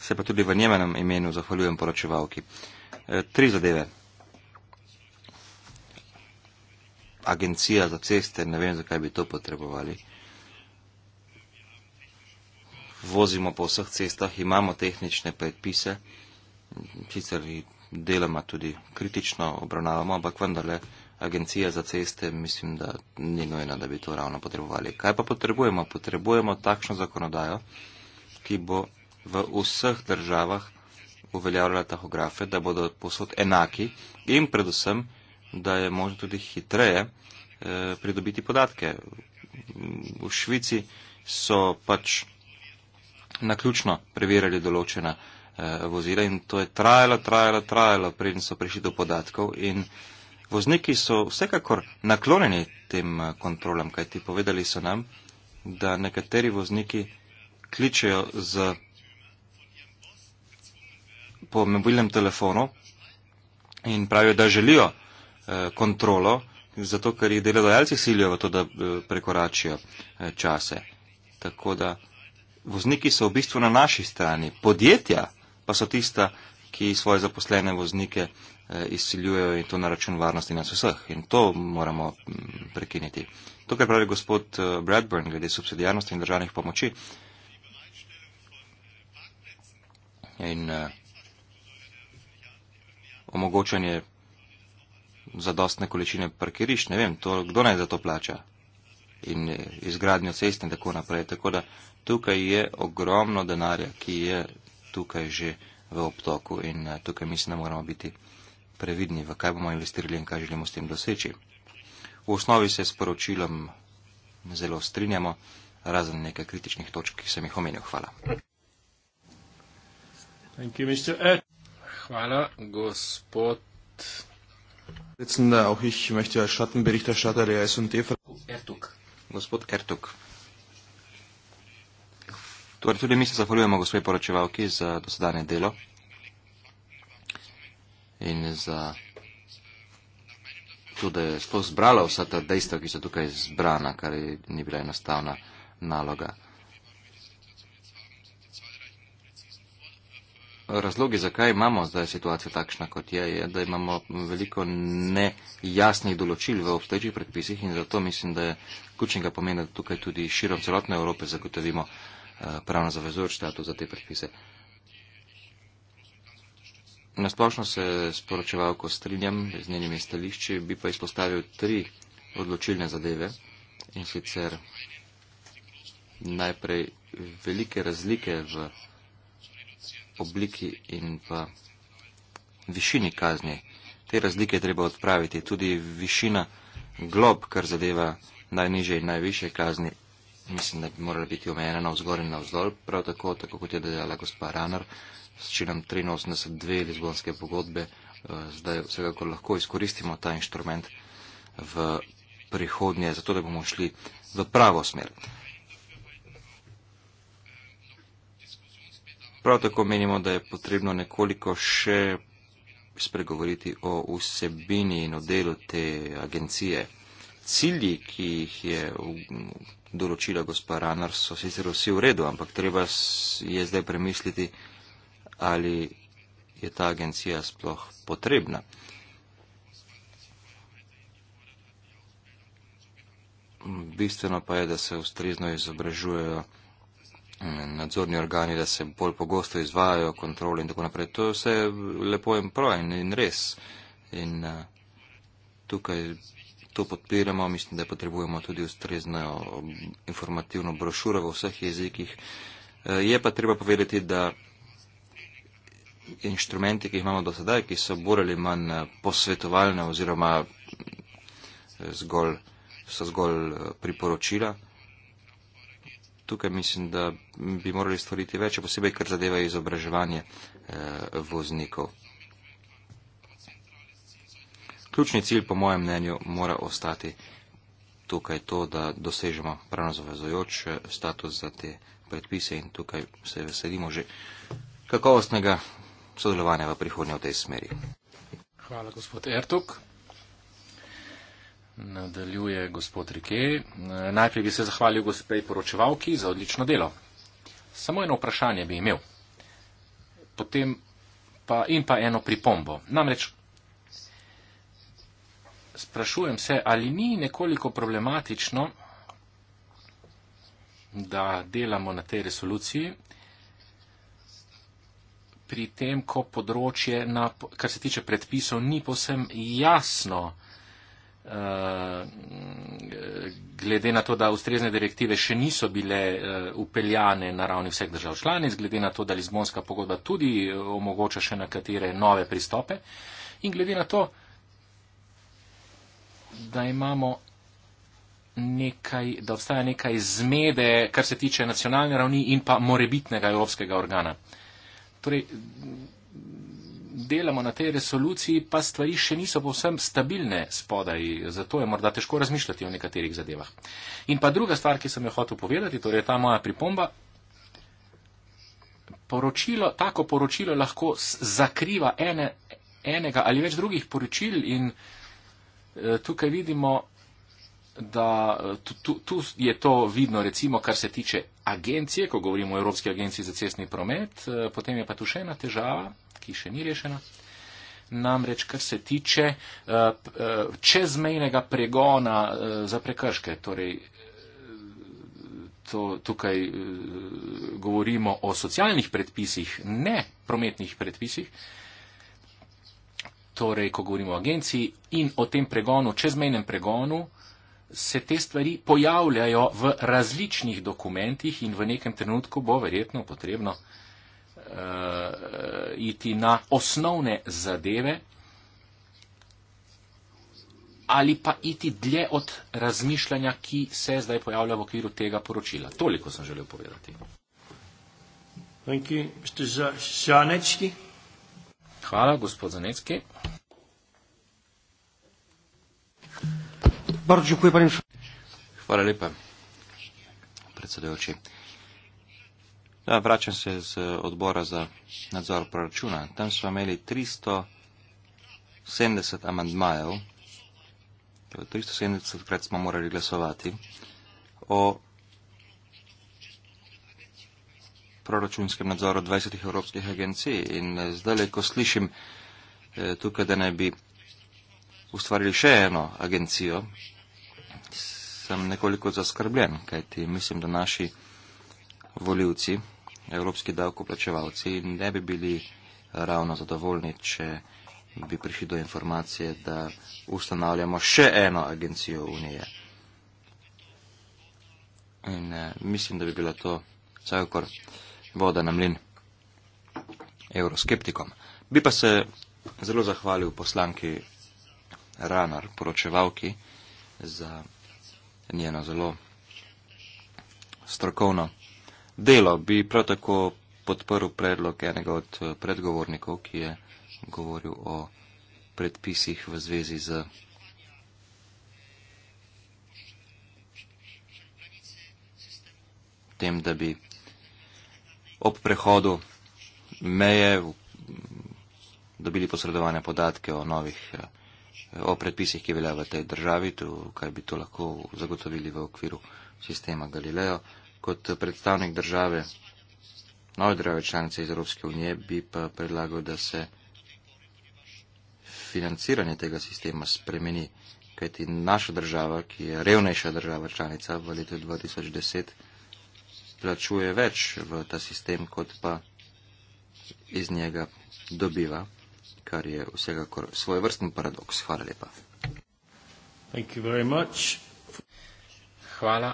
Se pa tudi v njemenem imenu zahvaljujem poročevalki. E, tri zadeve. Agencija za ceste, ne vem, zakaj bi to potrebovali. Vozimo po vseh cestah, imamo tehnične predpise, sicer deloma tudi kritično obravnavamo, ampak vendarle agencija za ceste, mislim, da ni nojno, da bi to ravno potrebovali. Kaj pa potrebujemo? Potrebujemo takšno zakonodajo, ki bo v vseh državah uveljavljala tahografe, da bodo posod enaki in predvsem, da je možno tudi hitreje eh, pridobiti podatke. V Švici so pač naključno preverjali določena eh, vozila in to je trajalo, trajalo, trajalo, preden so prišli do podatkov in eh, Vozniki so vsekakor naklonjeni tem eh, kontrolam, kaj ti povedali so nam, da nekateri vozniki kličejo z, po mobilnem telefonu in pravijo, da želijo eh, kontrolo, zato ker jih delodajalci silijo v to, da eh, prekoračijo eh, čase. Tako da vozniki so v bistvu na naši strani, podjetja pa so tista, ki svoje zaposlene voznike Eh, izsiljujejo in to na račun varnosti nas vseh. In to moramo mm, prekiniti. To, kar pravi gospod eh, Bradburn glede subsidijarnosti in državnih pomoči. In uh, omogočanje zadostne količine parkirišč, ne vem, to, kdo naj za to plača in izgradnjo cest in tako naprej. Tako da tukaj je ogromno denarja, ki je tukaj že v obtoku in tukaj mislim, da moramo biti previdni, v kaj bomo investirali in kaj želimo s tem doseči. V osnovi se s poročilom zelo strinjamo, razen nekaj kritičnih točk, ki sem jih omenil. Hvala. Hvala, gospod. Gospod Ertuk. Torej tudi mi se zahvaljujemo gospe poročevalki za dosedanje delo in za to, da je sploh zbrala vsa ta dejstva, ki so tukaj zbrana, kar je, ni bila enostavna naloga. Razlogi, zakaj imamo zdaj situacijo takšna, kot je, je, da imamo veliko nejasnih določil v obstoječih predpisih in zato mislim, da je ključnega pomena, da tukaj tudi širom celotne Evrope zagotovimo eh, pravno zavezujoč status za te predpise. Nasplošno se sporočevalko strinjam z njenimi stališči, bi pa izpostavil tri odločilne zadeve in sicer najprej velike razlike v obliki in pa višini kazni. Te razlike treba odpraviti. Tudi višina glob, kar zadeva najniže in najviše kazni, mislim, da bi morala biti omejena navzgor in navzdol, prav tako, tako kot je dejala gospa Ranar, s činom 83.2 Lizbonske pogodbe, eh, zdaj vsekakor lahko izkoristimo ta inštrument v prihodnje, zato da bomo šli v pravo smer. Prav tako menimo, da je potrebno nekoliko še spregovoriti o vsebini in o delu te agencije. Cilji, ki jih je določila gospa Ranar so sicer vsi v redu, ampak treba je zdaj premisliti, ali je ta agencija sploh potrebna. Bistveno pa je, da se ustrezno izobražujejo eh, nadzorni organi, da se bolj pogosto izvajajo kontrole in tako naprej. To vse je lepo in prav in res. In uh, tukaj to podpiramo, mislim, da potrebujemo tudi ustrezno um, informativno brošuro v vseh jezikih. Eh, je pa treba povedati, da inštrumenti, ki jih imamo do sedaj, ki so bolj ali manj eh, posvetovalne oziroma eh, zgolj, so zgolj priporočila, tukaj mislim, da bi morali stvoriti več, posebej kar zadeva izobraževanje voznikov ključni cilj, po mojem mnenju, mora ostati tukaj to, da dosežemo pravno zavezojoč eh, status za te predpise in tukaj se veselimo že kakovostnega sodelovanja v prihodnje v tej smeri. Hvala, gospod Ertok. Nadaljuje gospod Rike. Najprej bi se zahvalil gospej poročevalki za odlično delo. Samo eno vprašanje bi imel. Potem pa in pa eno pripombo. Namreč sprašujem se, ali ni nekoliko problematično, da delamo na tej resoluciji, pri tem, ko področje, na, kar se tiče predpisov, ni posem jasno, uh, glede na to, da ustrezne direktive še niso bile uh, upeljane na ravni vseh držav članic, glede na to, da Lizbonska pogodba tudi omogoča še nekatere nove pristope in glede na to, da imamo nekaj, da obstaja nekaj zmede, kar se tiče nacionalne ravni in pa morebitnega evropskega organa. Torej, delamo na tej resoluciji, pa stvari še niso povsem stabilne spodaj, zato je morda težko razmišljati o nekaterih zadevah. In pa druga stvar, ki sem jo hotel povedati, torej ta moja pripomba, poročilo, tako poročilo lahko zakriva ene, enega ali več drugih poročil in Eh, tukaj vidimo, da eh, tu, tu, tu je to vidno, recimo, kar se tiče agencije, ko govorimo o Evropski agenciji za cestni promet, eh, potem je pa tu še ena težava, ki še ni rešena. Namreč, kar se tiče čezmejnega pregona za prekrške, torej to, tukaj govorimo o socialnih predpisih, ne prometnih predpisih torej ko govorimo o agenciji in o tem pregonu, čezmejnem pregonu, se te stvari pojavljajo v različnih dokumentih in v nekem trenutku bo verjetno potrebno uh, iti na osnovne zadeve ali pa iti dlje od razmišljanja, ki se zdaj pojavlja v okviru tega poročila. Toliko sem želel povedati. Thank you, Mr. Zanetski. Hvala, gospod Zanecki. Hvala lepa, predsedujoči. Da, no, vračam se z odbora za nadzor proračuna. Tam smo imeli 370 amandmajev, 370 torej, krat smo morali glasovati o proračunskem nadzoru 20 evropskih agencij in eh, zdaj, ko slišim eh, tukaj, da naj bi ustvarili še eno agencijo, sem nekoliko zaskrbljen, kajti mislim, da naši voljivci, evropski davkoplačevalci, ne bi bili ravno zadovoljni, če bi prišli do informacije, da ustanavljamo še eno agencijo Unije. In eh, mislim, da bi bila to vsaj okor voda na mlin evroskeptikom. Bi pa se zelo zahvalil poslanki Ranar, poročevalki, za njeno zelo strokovno delo. Bi prav tako podprl predlog enega od eh, predgovornikov, ki je govoril o predpisih v zvezi z. Tem, da bi ob prehodu meje dobili posredovane podatke o novih, eh, o predpisih, ki veljajo v tej državi, tu, kaj bi to lahko zagotovili v okviru sistema Galileo. Kot predstavnik države, nove države članice iz Evropske unije, bi pa predlagal, da se financiranje tega sistema spremeni, kajti naša država, ki je revnejša država članica v letu 2010, plačuje več v ta sistem, kot pa iz njega dobiva, kar je vsekakor svoj vrsten paradoks. Hvala lepa. Thank you very much. Hvala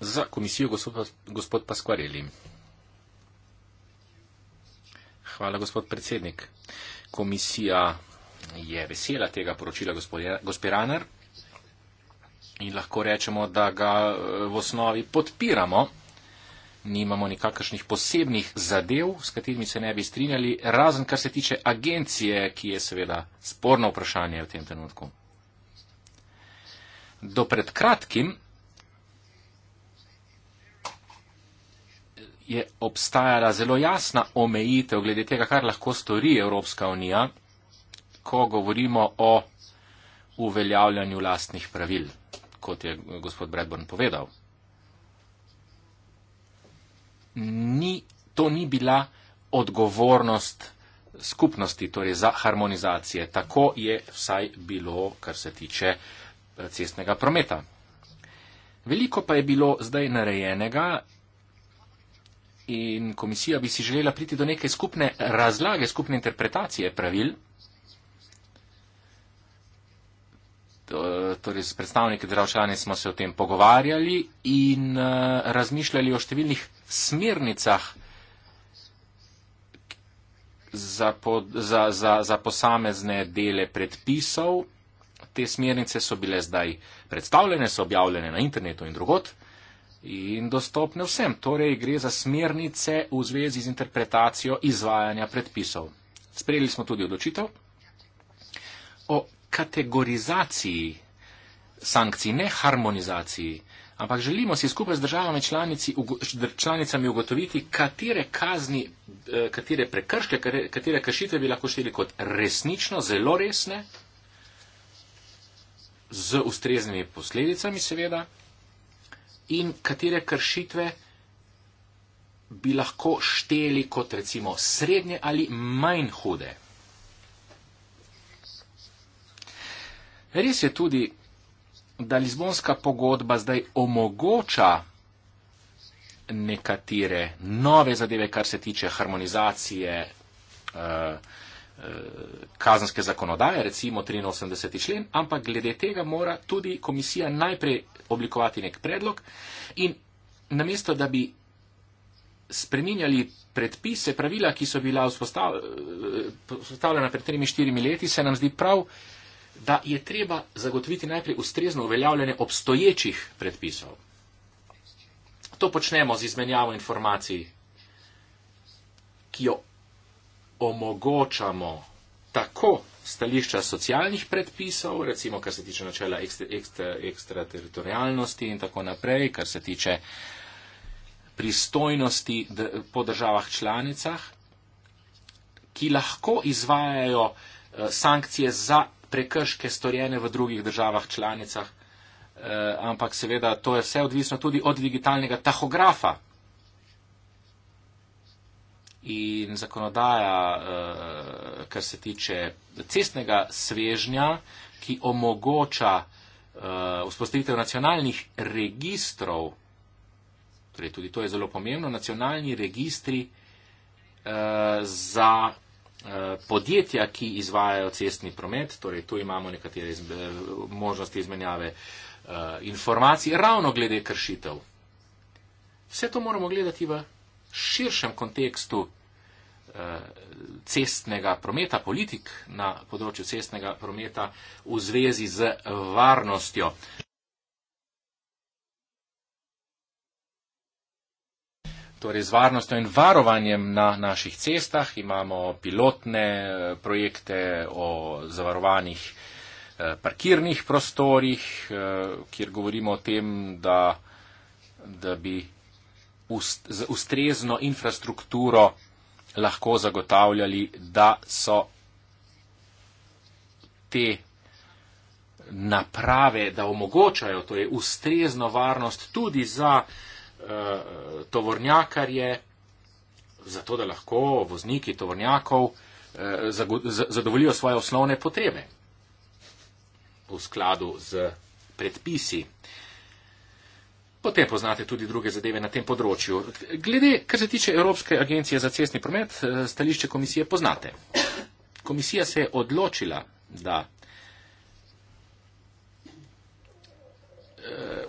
za komisijo, gospod, gospod Paskvareli. Hvala, gospod predsednik. Komisija je vesela tega poročila, gospod Raner. In lahko rečemo, da ga eh, v osnovi podpiramo nimamo nikakršnih posebnih zadev, s katerimi se ne bi strinjali, razen kar se tiče agencije, ki je seveda sporno vprašanje v tem trenutku. Do pred kratkim je obstajala zelo jasna omejitev glede tega, kar lahko stori Evropska unija, ko govorimo o uveljavljanju lastnih pravil, kot je gospod Bradburn povedal ni, to ni bila odgovornost skupnosti, torej za harmonizacije. Tako je vsaj bilo, kar se tiče eh, cestnega prometa. Veliko pa je bilo zdaj narejenega in komisija bi si želela priti do neke skupne razlage, skupne interpretacije pravil. Eh, torej s predstavniki držav članic smo se o tem pogovarjali in eh, razmišljali o številnih smernicah za, po, za, za, za posamezne dele predpisov. Te smernice so bile zdaj predstavljene, so objavljene na internetu in drugot in dostopne vsem. Torej gre za smernice v zvezi z interpretacijo izvajanja predpisov. Sprejeli smo tudi odločitev o kategorizaciji sankcij, ne harmonizaciji, ampak želimo si skupaj z državami članici, članicami ugotoviti, katere kazni, eh, katere prekrške, katere kršitve bi lahko šteli kot resnično, zelo resne, z ustreznimi posledicami seveda, in katere kršitve bi lahko šteli kot recimo srednje ali manj hude. Res je tudi, da Lizbonska pogodba zdaj omogoča nekatere nove zadeve, kar se tiče harmonizacije uh, eh, uh, eh, kazanske zakonodaje, recimo 83. člen, ampak glede tega mora tudi komisija najprej oblikovati nek predlog in namesto, da bi spreminjali predpise, pravila, ki so bila vzpostavljena eh, pred 3-4 leti, se nam zdi prav, da je treba zagotoviti najprej ustrezno uveljavljanje obstoječih predpisov. To počnemo z izmenjavo informacij, ki jo omogočamo tako stališča socialnih predpisov, recimo kar se tiče načela ekstrateritorialnosti ekstra, ekstra in tako naprej, kar se tiče pristojnosti po državah članicah, ki lahko izvajajo eh, sankcije za prekrške storjene v drugih državah članicah. Uh, ampak seveda to je vse odvisno tudi od digitalnega tahografa. In zakonodaja, uh, kar se tiče cestnega svežnja, ki omogoča uh, vzpostavitev nacionalnih registrov, torej tudi to je zelo pomembno, nacionalni registri uh, za Eh, podjetja, ki izvajajo cestni promet, torej tu imamo nekatere izme, možnosti izmenjave eh, informacij, ravno glede kršitev. Vse to moramo gledati v širšem kontekstu eh, cestnega prometa, politik na področju cestnega prometa v zvezi z varnostjo. torej z varnostjo in varovanjem na naših cestah. Imamo pilotne eh, projekte o zavarovanih eh, parkirnih prostorih, eh, kjer govorimo o tem, da, da bi ust, z ustrezno infrastrukturo lahko zagotavljali, da so te naprave, da omogočajo torej ustrezno varnost tudi za Eh, tovornjakarje, zato da lahko vozniki tovornjakov eh, zadovoljijo svoje osnovne potrebe v skladu z predpisi. Potem poznate tudi druge zadeve na tem področju. Glede, kar se tiče Evropske agencije za cestni promet, eh, stališče komisije poznate. Komisija se je odločila, da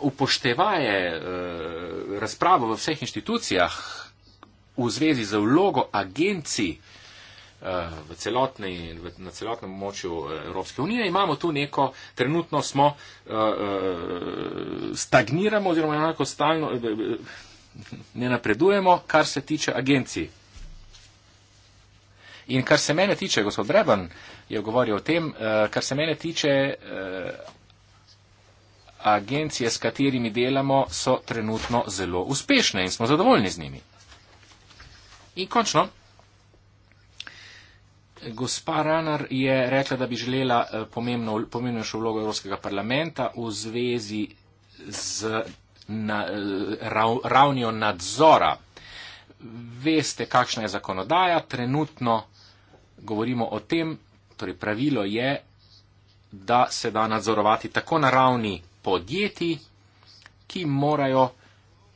upoštevaje razpravo v vseh inštitucijah v zvezi z vlogo agencij eh, v celotni, na celotnem območju eh, Evropske unije, imamo tu neko, trenutno smo, eh, stagniramo oziroma enako stalno ne napredujemo, kar se tiče agencij. In kar se mene tiče, gospod Breban je govoril o tem, kar se mene tiče agencije, s katerimi delamo, so trenutno zelo uspešne in smo zadovoljni z njimi. In končno, gospa Ranar je rekla, da bi želela eh, pomembno, pomembnejšo vlogo Evropskega parlamenta v zvezi z na, eh, rav, ravnjo nadzora. Veste, kakšna je zakonodaja, trenutno govorimo o tem, torej pravilo je, da se da nadzorovati tako na ravni podjetij, ki morajo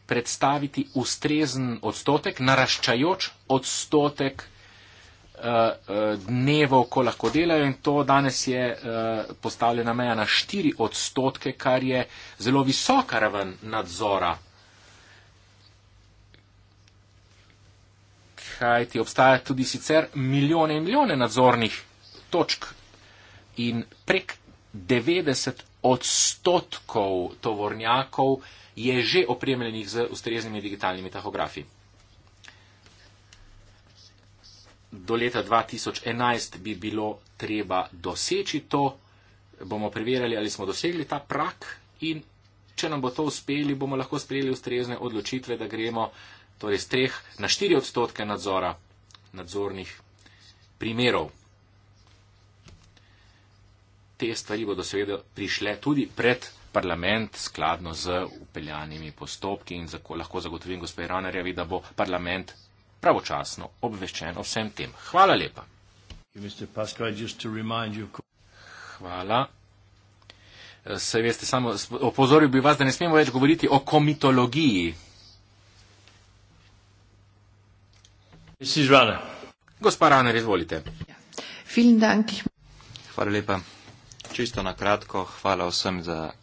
predstaviti ustrezen odstotek, naraščajoč odstotek eh, eh, dnevov, ko lahko delajo in to danes je eh, postavljena meja na 4 odstotke, kar je zelo visoka raven nadzora. Kaj ti obstaja tudi sicer milijone in milijone nadzornih točk in prek 90 odstotkov tovornjakov je že opremljenih z ustreznimi digitalnimi tahografi. Do leta 2011 bi bilo treba doseči to, bomo preverjali, ali smo dosegli ta prak in če nam bo to uspeli, bomo lahko sprejeli ustrezne odločitve, da gremo torej z treh na štiri odstotke nadzora nadzornih primerov te stvari bodo seveda prišle tudi pred parlament skladno z upeljanimi postopki in zako, lahko zagotovim gospej Ranarjevi, da bo parlament pravočasno obveščen o vsem tem. Hvala lepa. Hvala. Se veste, samo opozoril bi vas, da ne smemo več govoriti o komitologiji. Gospa Raner, izvolite. Ja. Hvala lepa čisto na kratko, hvala vsem za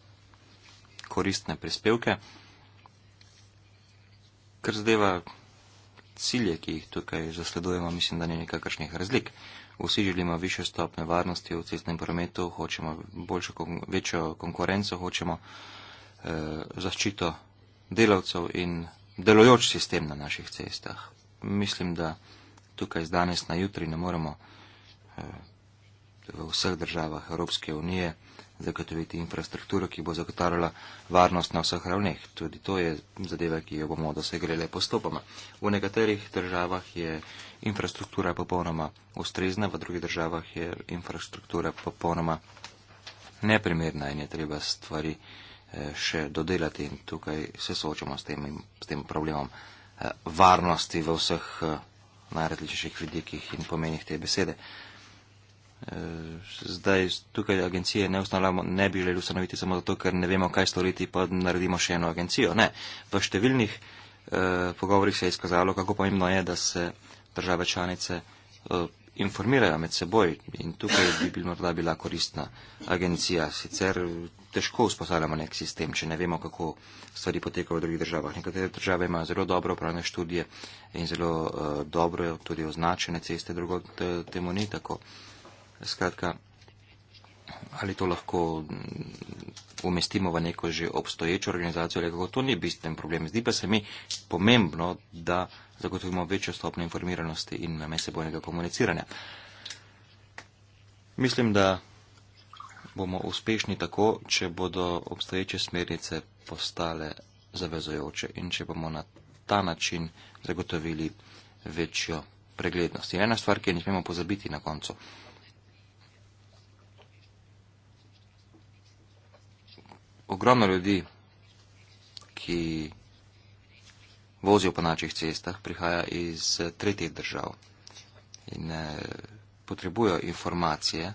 koristne prispevke. Kar zdeva cilje, ki jih tukaj zasledujemo, mislim, da ni nekakršnih razlik. Vsi želimo više stopne varnosti v cestnem prometu, hočemo boljšo, večjo konkurenco, hočemo eh, zaščito delavcev in delojoč sistem na naših cestah. Mislim, da tukaj z danes na jutri ne moremo. Eh, v vseh državah Evropske unije zagotoviti infrastrukturo, ki bo zagotavljala varnost na vseh ravneh. Tudi to je zadeva, ki jo bomo dosegli le postopoma. V nekaterih državah je infrastruktura popolnoma ustrezna, v drugih državah je infrastruktura popolnoma neprimerna in je treba stvari eh, še dodelati in tukaj se soočamo s tem, s tem problemom eh, varnosti v vseh eh, najrazličnejših vidikih in pomenih te besede. E, zdaj tukaj agencije ne ustanavljamo, ne bi želeli ustanoviti samo zato, ker ne vemo, kaj storiti, pa naredimo še eno agencijo. Ne. V številnih eh, pogovorih se je izkazalo, kako pomembno je, da se države članice eh, informirajo med seboj in tukaj bi bil morda bila koristna agencija. Sicer težko vzpostavljamo nek sistem, če ne vemo, kako stvari potekajo v drugih državah. Nekatere države imajo zelo dobro upravne študije in zelo eh, dobro tudi označene ceste, drugo temu ni tako. Skratka, ali to lahko mm, umestimo v neko že obstoječo organizacijo ali kako, to ni bistven problem. Zdi pa se mi pomembno, da zagotovimo večjo stopnjo informiranosti in medsebojnega komuniciranja. Mislim, da bomo uspešni tako, če bodo obstoječe smernice postale zavezojoče in če bomo na ta način zagotovili večjo preglednost. In ena stvar, ki je ne smemo pozabiti na koncu. ogromno ljudi, ki vozijo po naših cestah, prihaja iz eh, tretjih držav in eh, potrebujo informacije,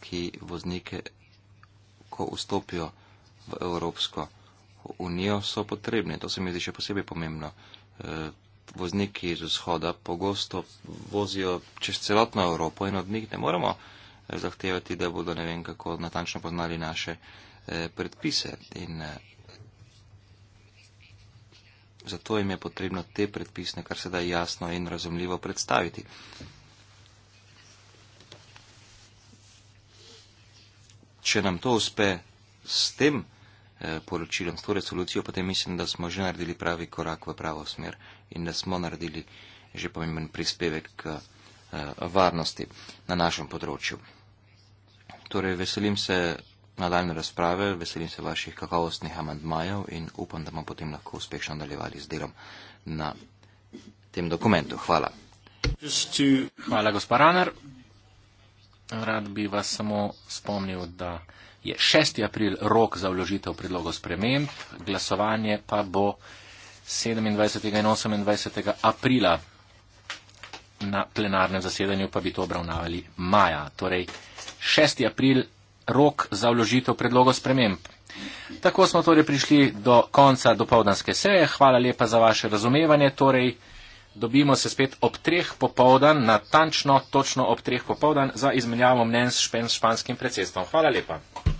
ki voznike, ko vstopijo v Evropsko unijo, so potrebne. To se mi zdi še posebej pomembno. Eh, vozniki iz vzhoda pogosto vozijo čez celotno Evropo in od njih ne moremo zahtevati, da bodo ne vem kako natančno poznali naše uh, Eh, predpise in eh, zato jim je potrebno te predpise, kar se da jasno in razumljivo predstaviti. Če nam to uspe s tem eh, poročilom, s to resolucijo, potem mislim, da smo že naredili pravi korak v pravo smer in da smo naredili že pomemben prispevek k varnosti na našem področju. Torej, veselim se nadaljne razprave, veselim se vaših kakovostnih amantmajev in upam, da bomo potem lahko uspešno nadaljevali z delom na tem dokumentu. Hvala. To... Hvala, gospod Raner. Rad bi vas samo spomnil, da je 6. april rok za vložitev predlogo sprememb, glasovanje pa bo 27. in 28. aprila. Na plenarnem zasedanju pa bi to obravnavali maja. Torej, 6. april rok za vložitev predlogov sprememb. Tako smo torej prišli do konca dopovdanske seje. Hvala lepa za vaše razumevanje. Torej, dobimo se spet ob treh popovdan, natančno, točno ob treh popovdan za izmenjavo mnen s španskim predsedstvom. Hvala lepa.